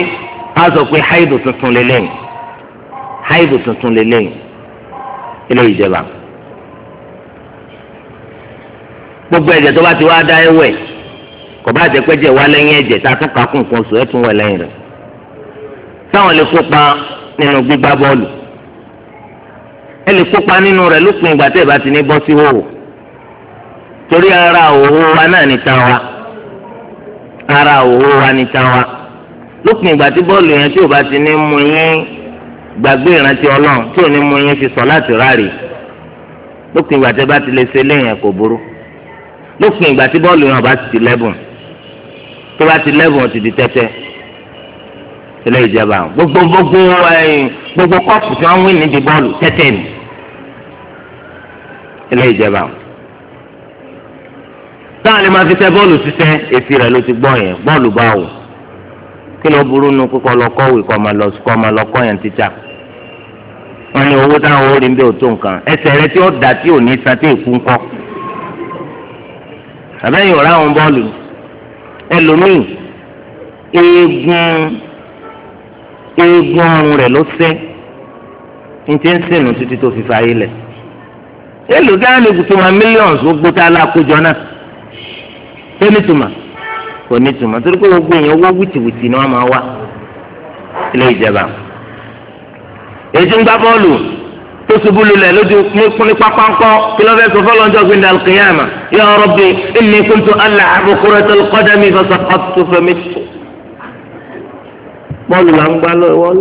á sọ pé haidu tuntun lélẹ́yìn haidu tuntun lélẹ́yìn ilé ìjẹba gbogbo ẹ̀jẹ̀ tó bá ti wá dá ẹ̀wẹ̀ kò bá jẹ́ pé ẹ̀jẹ̀ wá lẹ́yìn ẹ̀jẹ̀ tá a tún kà kún kan sùn ẹ̀ tún wẹ̀ lẹ́yìn rẹ̀ táwọn lè kópa nínú gbígbá bọ́ọ̀lù ẹ lè kópa nínú rẹ̀ lópin ìgbà tẹ́ bá ti ní bọ́ sí hòhò torí ara òhò wa náà ní tan wa ara òwò wa ní táwa lópin ìgbà tí bọ́ọ̀lù yẹn tí ò bá ti ní mú yín gbàgbé ìrántí ọlọ́run tí ò ní mú yín fi sọ láti ráre lópin ìgbà tí bá ti lè ṣe léyìn kò burú lópin ìgbà tí bọ́ọ̀lù yẹn bá ti lẹ́bùn tó bá ti lẹ́bùn ti di tẹ́tẹ́ ilé ìjọba gbogbo gbogbo gbogbo kọ́ọ̀pù tí wọ́n ń wí ní di bọ́ọ̀lù tẹ́tẹ́ ni ilé ìjọba táwọn lè máa fi tẹ bọ́ọ̀lù ṣiṣẹ́ èsì rẹ̀ ló ti gbọ́ yẹn bọ́ọ̀lù bá wò kí ló burú nu kó kọ́ lọ kọ́wé kọ́ máa lọ kọ́ máa lọ kọ́ yẹn títsà wọn ní owó táwọn ò rí ń bẹ òtó nǹkan ẹsẹ̀ rẹ tí ó dà tí ò ní san tí èkú ń kọ́ àbẹ́yìn ọ̀rá àwọn bọ́ọ̀lù ẹlòmíì eegun eegun ọrùn rẹ̀ ló sẹ́ ní ti ń sìnù títí tó fi fàyè lẹ̀ èlò gáàlì tó máa mílíọ̀nù ó gbó tá náà ṣé nítumọ̀ kò nítumọ̀ torí pé gbogbo èèyàn owó wìtìwìtì ni wọ́n máa wá ilé ìjẹba ètò ń gbá bọ́ọ̀lù tó ṣubú lulẹ̀ lójú ní pápánkọ́ kí ló fẹ́ sọ fọlọ́ ọjọ́ gbé kìyàmà yà ọ rọ́bì ẹnì kúntù àlà àbùkúrẹ́ tó kọ́dá mi fọṣọ ọtú fẹmi tó. bọ́ọ̀lù là ń gbá lọ́wọ́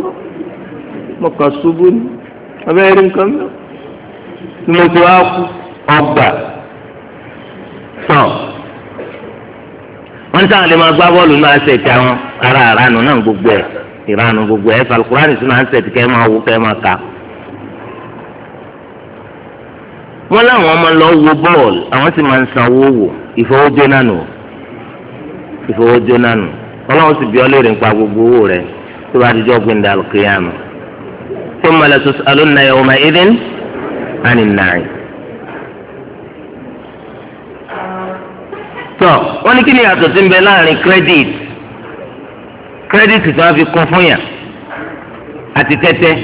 mo kàn ṣubú ni abẹ́rẹ́ rí nǹkan mọ́ mo ti wá kú ọgbà wọn táwọn lè máa gbá bọ́ọ̀lù náà ṣe ti àwọn ara ìranu náà gbogbo ẹ̀ ìranu gbogbo ẹ̀ falkurani sínú àṣẹ kẹ́ máa kẹ́ máa ka. wọn láwọn máa lọ wo bọ́ọ̀lù àwọn sì máa ń sanwó wò ìfowójó náà gbogbo owó rẹ tó bá ti jọ tọ wọn ní kí ni yàtọ̀ sí ń bẹ láàrin credit credit tí wọn fi kún fún yàn àti tẹ́tẹ́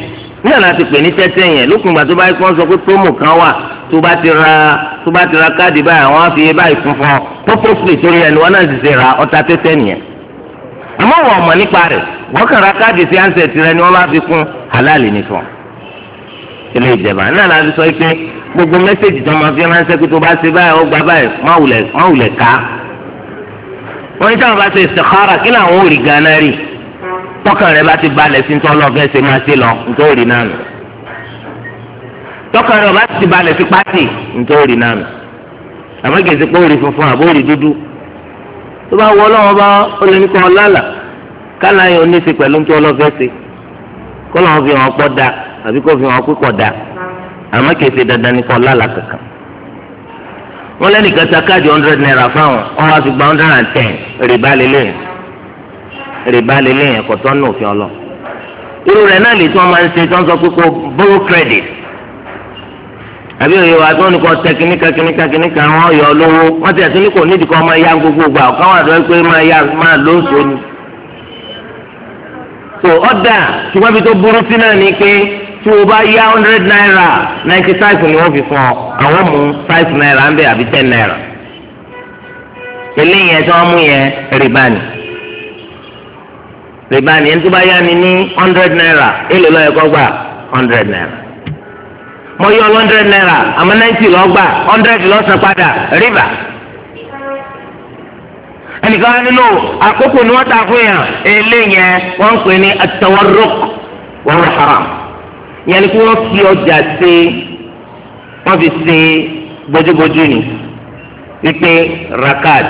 níyàn láti pè ní tẹ́tẹ́ yẹn lókun ìgbà tó bá kọ́ sọ pé promo kan wà tó bá ti ra tó bá ti ra káàdì báyìí àwọn á fi iye báyìí fún fún ọ purposely ẹni wọn náà sì ṣe ra ọta tẹ́tẹ́ nìyẹn àmọ́ wọn nípa rẹ̀ wọ́n kàn ra ni wọ́n bá fi kún gbogbo mẹ́sẹ̀gì tó máa fi ránṣẹ́ pé tó bá ṣe báyìí ó gba báyìí má wulẹ̀ ká wọ́n ní táwọn bá ṣe istikhara kí làwọn ò rí gánà rí tọkàn rẹ bá ti balẹ̀ sí ntọ́ lọ́ọ̀fẹ́ ṣe máa ṣe lọ nítorí náà nù tọkàn rẹ bá ti balẹ̀ sí pátì nítorí náà nù àmọ́ kìí ṣe pé ó rí funfun àbó rí dúdú tó bá wọ ọlọ́wọ́ bá ó lè ní kọ́ ọ lálà kálá ó ní ṣe pẹ̀lú ntọ́ lọ́ọ̀fẹ́ ṣe kọ́ làwọn fi hàn ọpọ́ da àbí kó fi hàn ọpọ́ pọ̀ da àmọ́ kìí ṣe dandan ní kọ́ lálà kankan wọ́n lẹ́nìkan ta káàdì hundred naira fáwọn wọ́n wá fi gba hundred and ten rìbá lélẹ̀ rìbá lélẹ̀ yẹn kò tọ́ nù òfin ọlọ irú rẹ̀ náà lè tí wọ́n máa ń ṣe tí wọ́n sọ pé kó borrow credit àbí òye wa tí wọ́n ní kọ́ tẹ kíníkà kíníkà kíníkà wọ́n yọ lówó wọ́n ti ẹ̀sìn ní kò nídìí kọ́ máa ya gbogbo gbà ọ̀kan wà so ọ̀dà ṣùgbọ́n ibi tó burú sí náà tí o bá naira ninety five ni wọ́n fi fún àwọn mú five naira ń bẹ àbí ten naira eléyìí ẹ tí wọ́n mú yẹn rìbá ni rìbá ni ẹni tó bá yá naira èlò lọ́yẹ̀ kọ́ naira mo yọ hundred naira àmọ́ ninety lọ gbà hundred lọ san padà rìbá ẹnìkan wá nínú àkókò ni wọ́n ta fún yàn eléyìí wọ́n ń pè ní wọ́n ìyẹn ni kí wọ́n fi ọjà ṣe wọ́n fi ṣe bójúbójú ni wípé rakad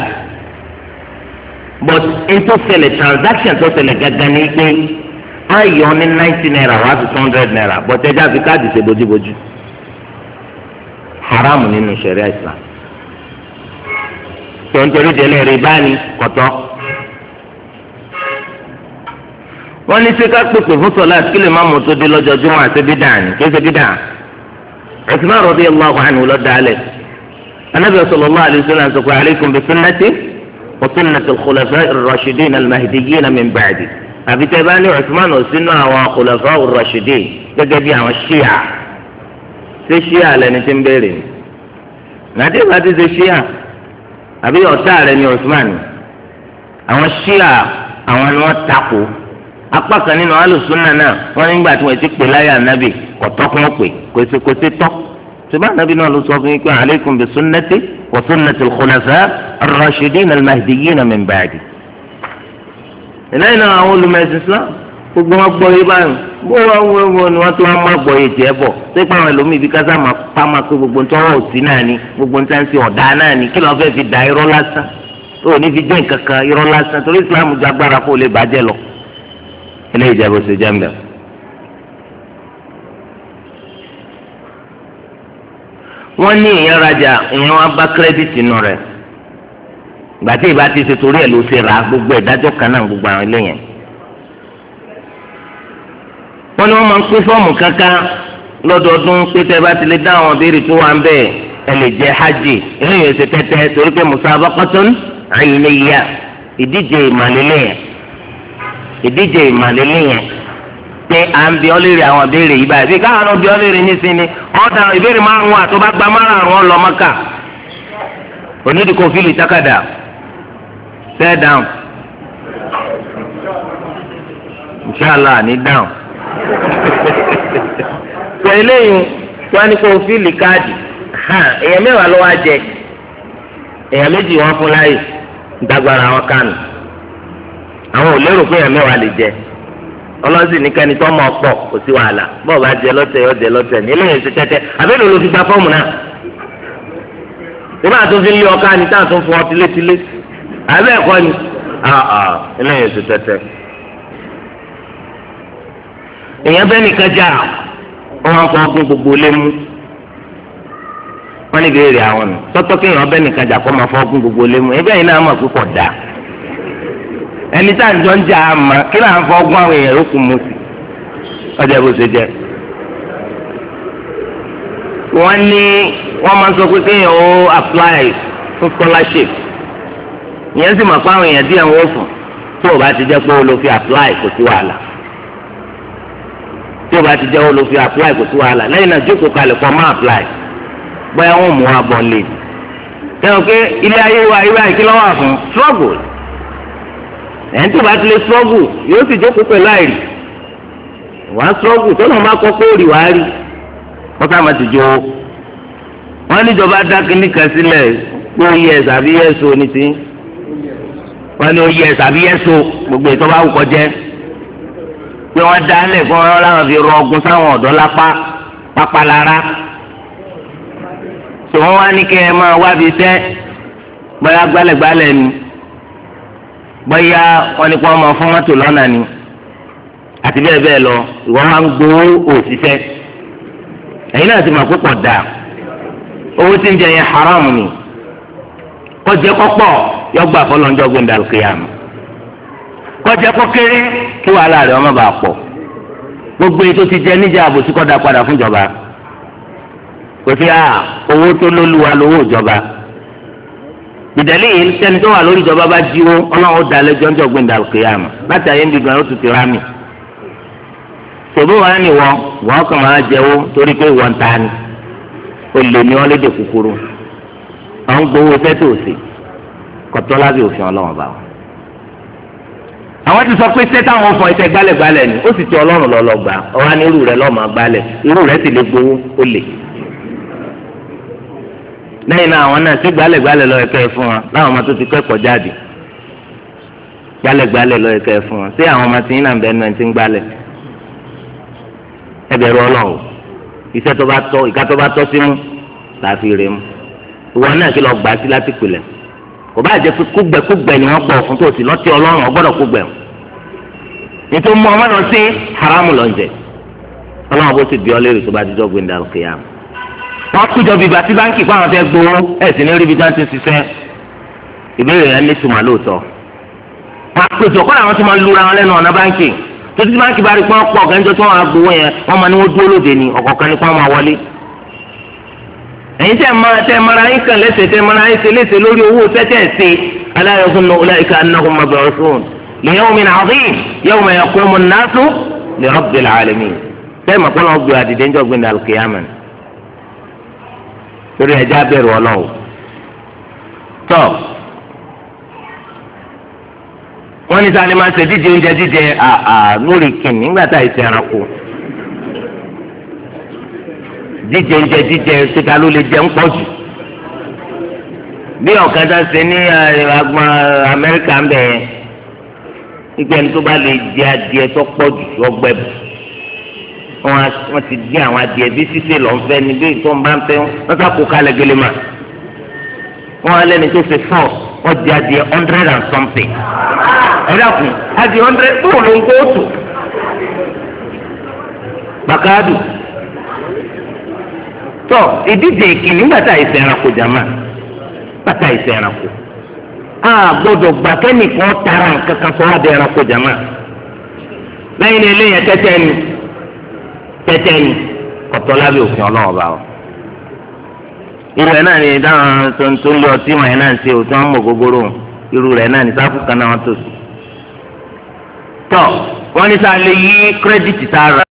but n tó transaction tó ṣẹlẹ̀ gangan ni pé a yọ ní ninety naira wá sí two hundred naira but ẹja fi káàdì ṣe bójúbójú haram nínú ṣẹ̀ríà Islam tó ń torí délé rìbá ni kọ̀tọ́ wọ́n ní sẹ́ká pèpè fún sọ̀lá kí lè má mú tó dé lọ́jọ́ jùmọ̀ àti bídà ni kí ṣe bídà Usman radiyallahu anhu lọ dálẹ̀ anabi sallallahu alayhi wa sallam sọ̀kọ̀ alaykum bi sunnati wa sunnati al-khulafa ar-rashidin al-mahdiyyin min ba'di àbítẹ́ bá ní Usman ò sínú àwọn khulafa ar apá kan nínú alùsùnà náà wọn nígbà tí wọn ti pè láyé ànábì kọtọ kún ó pè kòsè kòsè tọ ṣùgbọ́n ànábì náà ló sọ fún yín pé alaykum bi sunnati wa sunnati al-khulafa ar-rashidin al-mahdiyyin min ba'di. ìlànà àwọn olùmọ̀ẹ̀sìn islam gbogbo wọn gbọ́ yé báyìí bó wọn wọ wọn ni wọn tó wọn máa gbọ́ yé tiẹ̀ bọ̀ ṣé pé àwọn ẹlòmíì bí kásá máa pa máa pé gbogbo nǹkan wọn ò sí náà ni gbogbo nǹkan ti ọ̀dà náà ni kí lọ́ọ́ fẹ́ fi dà irọ́ lásán ó ní fi jẹ́ nǹkan kan irọ́ lásán torí islam ju agbára kó lè bàjẹ́ lọ ilé ìjẹ́bù ṣe jẹ́ mbẹ́. wọ́n ní ìyẹn rajà ìyẹn wọn bá kírẹ́dìtì nù rẹ̀ gbàtí ìbá ti ṣe torí ẹ̀ ló ṣe rà á gbogbo ìdájọ́ kan náà gbogbo àwọn ilé yẹn. wọ́n ní wọ́n máa ń pín fọ́ọ̀mù kankan lọ́dọọdún pé tẹ́ bá ti lè dá àwọn béèrè tó wà ń bẹ̀ ẹ lè jẹ́ hajj eléyìí ṣe tẹ́tẹ́ torí pé musabaqatun 'ilmiyya ìdíje ìmàlélẹ́yìn ìdíje ìmàlélé yẹn pé à ń bi ọlẹ́rì àwọn ìbéèrè yìí báyìí bí káwọn ọ̀nà bi ọlẹ́rì nísìnyí ọ̀dà ìbéèrè márùn-ún àti ọba gba márùn-ún ọlọ́mọ́kà onídìkọ fílì takada tẹ́ dáhùn inṣàlá ní dáhùn pẹ̀ eléyìí wọn ni kò fílì káàdì èèyàn mẹ́wàá ló wá jẹ èèyàn méjì wọn fún láyè dàgbàrà wọn kánù. àwọn ò lérò pé èèyàn mẹ́wàá lè jẹ ọlọ́sìn ní kẹ́ni tó mọ̀ pọ̀ kò sí wàhálà bọ́ọ̀ bá jẹ lọ́tẹ̀ yọ jẹ lọ́tẹ̀ ní eléyìí ṣe tẹ́tẹ́ àbẹ́lẹ̀ ló fi gba fọ́ọ̀mù náà ìbá lé ọ tilétilé àbẹ́ ẹ̀kọ́ ni ṣe tẹ́tẹ́ èèyàn bẹ́ẹ̀ nìkan jà kọ́ gbogbo lé mú ní àwọn nù tọ́tọ́ kéèyàn bẹ́ẹ̀ nìkan jà kọ́ máa fọ́ ọgbọ́n gbogbo lé mú náà ẹni tá à ń jọ ń jà á mà kí là ń fọ ọgbọ́n àwọn èèyàn yòókù mu sí ọjà bó ṣe jẹ. wọ́n ní wọ́n máa sọ pé kéèyàn ó apply fún scholarship ìyẹn sì mọ̀ pé àwọn èèyàn díẹ̀ ń wò fún tó o bá ti jẹ́ pé o lọ fi apply kò sí wàhálà tí o bá ti jẹ́ o lọ fi apply kò sí wàhálà lẹ́yìn náà jókòó kalẹ̀ kọ́ máa apply bóyá wọ́n mú wa bọ̀ lé. kẹ́hìn pé ilé ayé wa irú àìkí lọ́wọ́ fún struggle ẹni tó bá ti lè sọ́gù yóò sì jókòó pẹ̀lú àìrí wà á sọ́gù tó náà má kọ́ pé òrì wàá rí kọ́tà má ti jó wọ́n níjọba dá kínní kan sílẹ̀ pé ó yẹ ẹ̀sà bí yẹ so ní ti wọ́n ní ó yẹ ẹ̀sà bí yẹ gbogbo ìtọ́ bá wù jẹ́ pé wọ́n dá lẹ̀ fún ọ́n láwọn fi rọ ọgùn sáwọn ọ̀dọ́ lápá pápá lára tó wá ní kẹ́ ẹ máa wá fi tẹ́ bóyá gbálẹ̀gbálẹ̀ ni bóyá wọn ni kí wọn máa fún mọ́tò lọ́nà ni àti bẹ́ẹ̀ bẹ́ẹ̀ lọ ìwọ máa ń gbowó òṣìṣẹ́ ẹ̀yin náà ti máa púpọ̀ dà owó tí ń jẹ yẹn haram ni kọjẹ kọpọ yọgbà fọlọ́njọ́ gbẹ̀ndàlùkìyàmù kọjá kọ kéré kí wàhálà rẹ ọmọ bá pọ̀ gbogbo ètò ti jẹ níjà àbòsí kódà padà fúnjọba kò sí à owó tó lóluwa lówó ìjọba bìdẹ́lì sẹ́ni tó wà lórí ìjọba bá jíwó ọlọ́run da lẹ́jọ́ ńjọ́ gbẹ̀ndà kìyàmù láti ayé ń dìgbà ó tún ti rá wọn ni wọn wọn kàn máa torí pé wọn ta ni olè ni wọn lédè kúkúrú àwọn gbowó sẹ́tò òsè kọ̀tọ́ lábẹ́ òfin ọlọ́run bá wọn. àwọn ti sọ pé fọ iṣẹ́ gbálẹ̀gbálẹ̀ ni ó sì ti ọlọ́run lọ́lọ́ ọ̀hánirú rẹ̀ gbálẹ̀ irú rẹ̀ sì lè gbowó lẹ́yìn náà àwọn náà ṣé gbálẹ̀gbálẹ̀ lọ ẹ̀kẹ́ fún wọn láwọn ọmọ tó ti kẹ́kọ̀ọ́ jáde gbálẹ̀gbálẹ̀ lọ ẹ̀kẹ́ fún wọn ṣé àwọn ọmọ tí yín náà bẹ́ẹ̀ náà ti ń gbálẹ̀ ẹbẹ̀rù ọlọ́run iṣẹ́ tó bá tọ́ ìka tó bá tọ́ sí mú láàfin rè mú ìwọ náà kí lọ gbà sí láti pìlẹ̀ kò bá jẹ́ pé kúgbẹ́kúgbẹ́ ni wọ́n gbọ́ fún tòsí lọ́tí ọlọ́run ọgbọ́dọ̀ kúgbẹ́ o nítorí mọ́ ọmọ náà sí haramu lọ́njẹ́ ọlọ́run tó wọ́n kújọ bìbà tí báńkì fáwọn fẹ́ gbowó ẹ̀ sì ní rí ibi tí wọ́n ti ṣiṣẹ́ ìbéèrè yẹn nítumọ̀ lóòótọ́ wọ́n kújọ kọ́ làwọn ti máa lura wọn lẹ́nu ọ̀nà báńkì tó ti báńkì bá rí pọ́n pọ̀ gẹ́ńjọ́ tí wọ́n á gbowó yẹn wọ́n máa ní wọ́n dúró lóde ni ọ̀kọ̀ọ̀kan ni kí wọ́n máa wọlé ẹ̀yin tẹ́ mara tẹ́ mara yín kan lẹ́sẹ̀ tẹ́ mara yín ṣe léṣe lórí owó tẹ́tẹ́ ṣe ala torí ẹja bẹ̀rù ọlọ́run tọ́ wọ́n ní sani máa ń ṣèdíje oúnjẹ jíjẹ àà lórí kìnnì nígbà tá ìṣe ẹranko díje oúnjẹ jíjẹ síta ló lè jẹun pọ̀ jù bí ọ̀kan tá ṣe ní agbọn Amẹ́ríkà ń bẹ̀ yẹn ìgbẹ́ni tó bá lè jẹ adìẹ tó pọ̀ jù ọgbẹ́ wọ́n ti dín àwọn adìẹ bí sísè lọ́nfẹ́ ni bí tó ń bá ń fẹ́ wọ́n sá kó kalẹ̀ gẹlẹ́ mà wọ́n alẹ́ ni tó ṣe fọ́ wọ́n di adìẹ hundred and something ẹ̀dá kù adìẹ hundred bóun ló ń kó tù gbàkádù tọ ìdíje ìkíni bàtà ìsẹ̀ ẹranko jàmá bàtà ìsẹ̀ ẹranko a gbọ́dọ̀ gbà kẹ́nìkan tara nǹkan kan sọ wá di ẹranko jàmá lẹ́yìn eléyẹn kẹ́tẹ́ ni tẹ́tẹ́ ni ọ̀tọ̀ lábẹ́ òfin ọlọ́wọ́ bá wa. irú ẹ̀ náà ni dáhùn tó ń tó ń lọ tí wọ́n yẹn náà ń ṣe òtún àwọn ògógóró irú rẹ̀ náà ni sáfù kan náà wọ́n tò sí. tọ́ wọ́n ní sáà lè yí kírẹ́dìtì tá a rà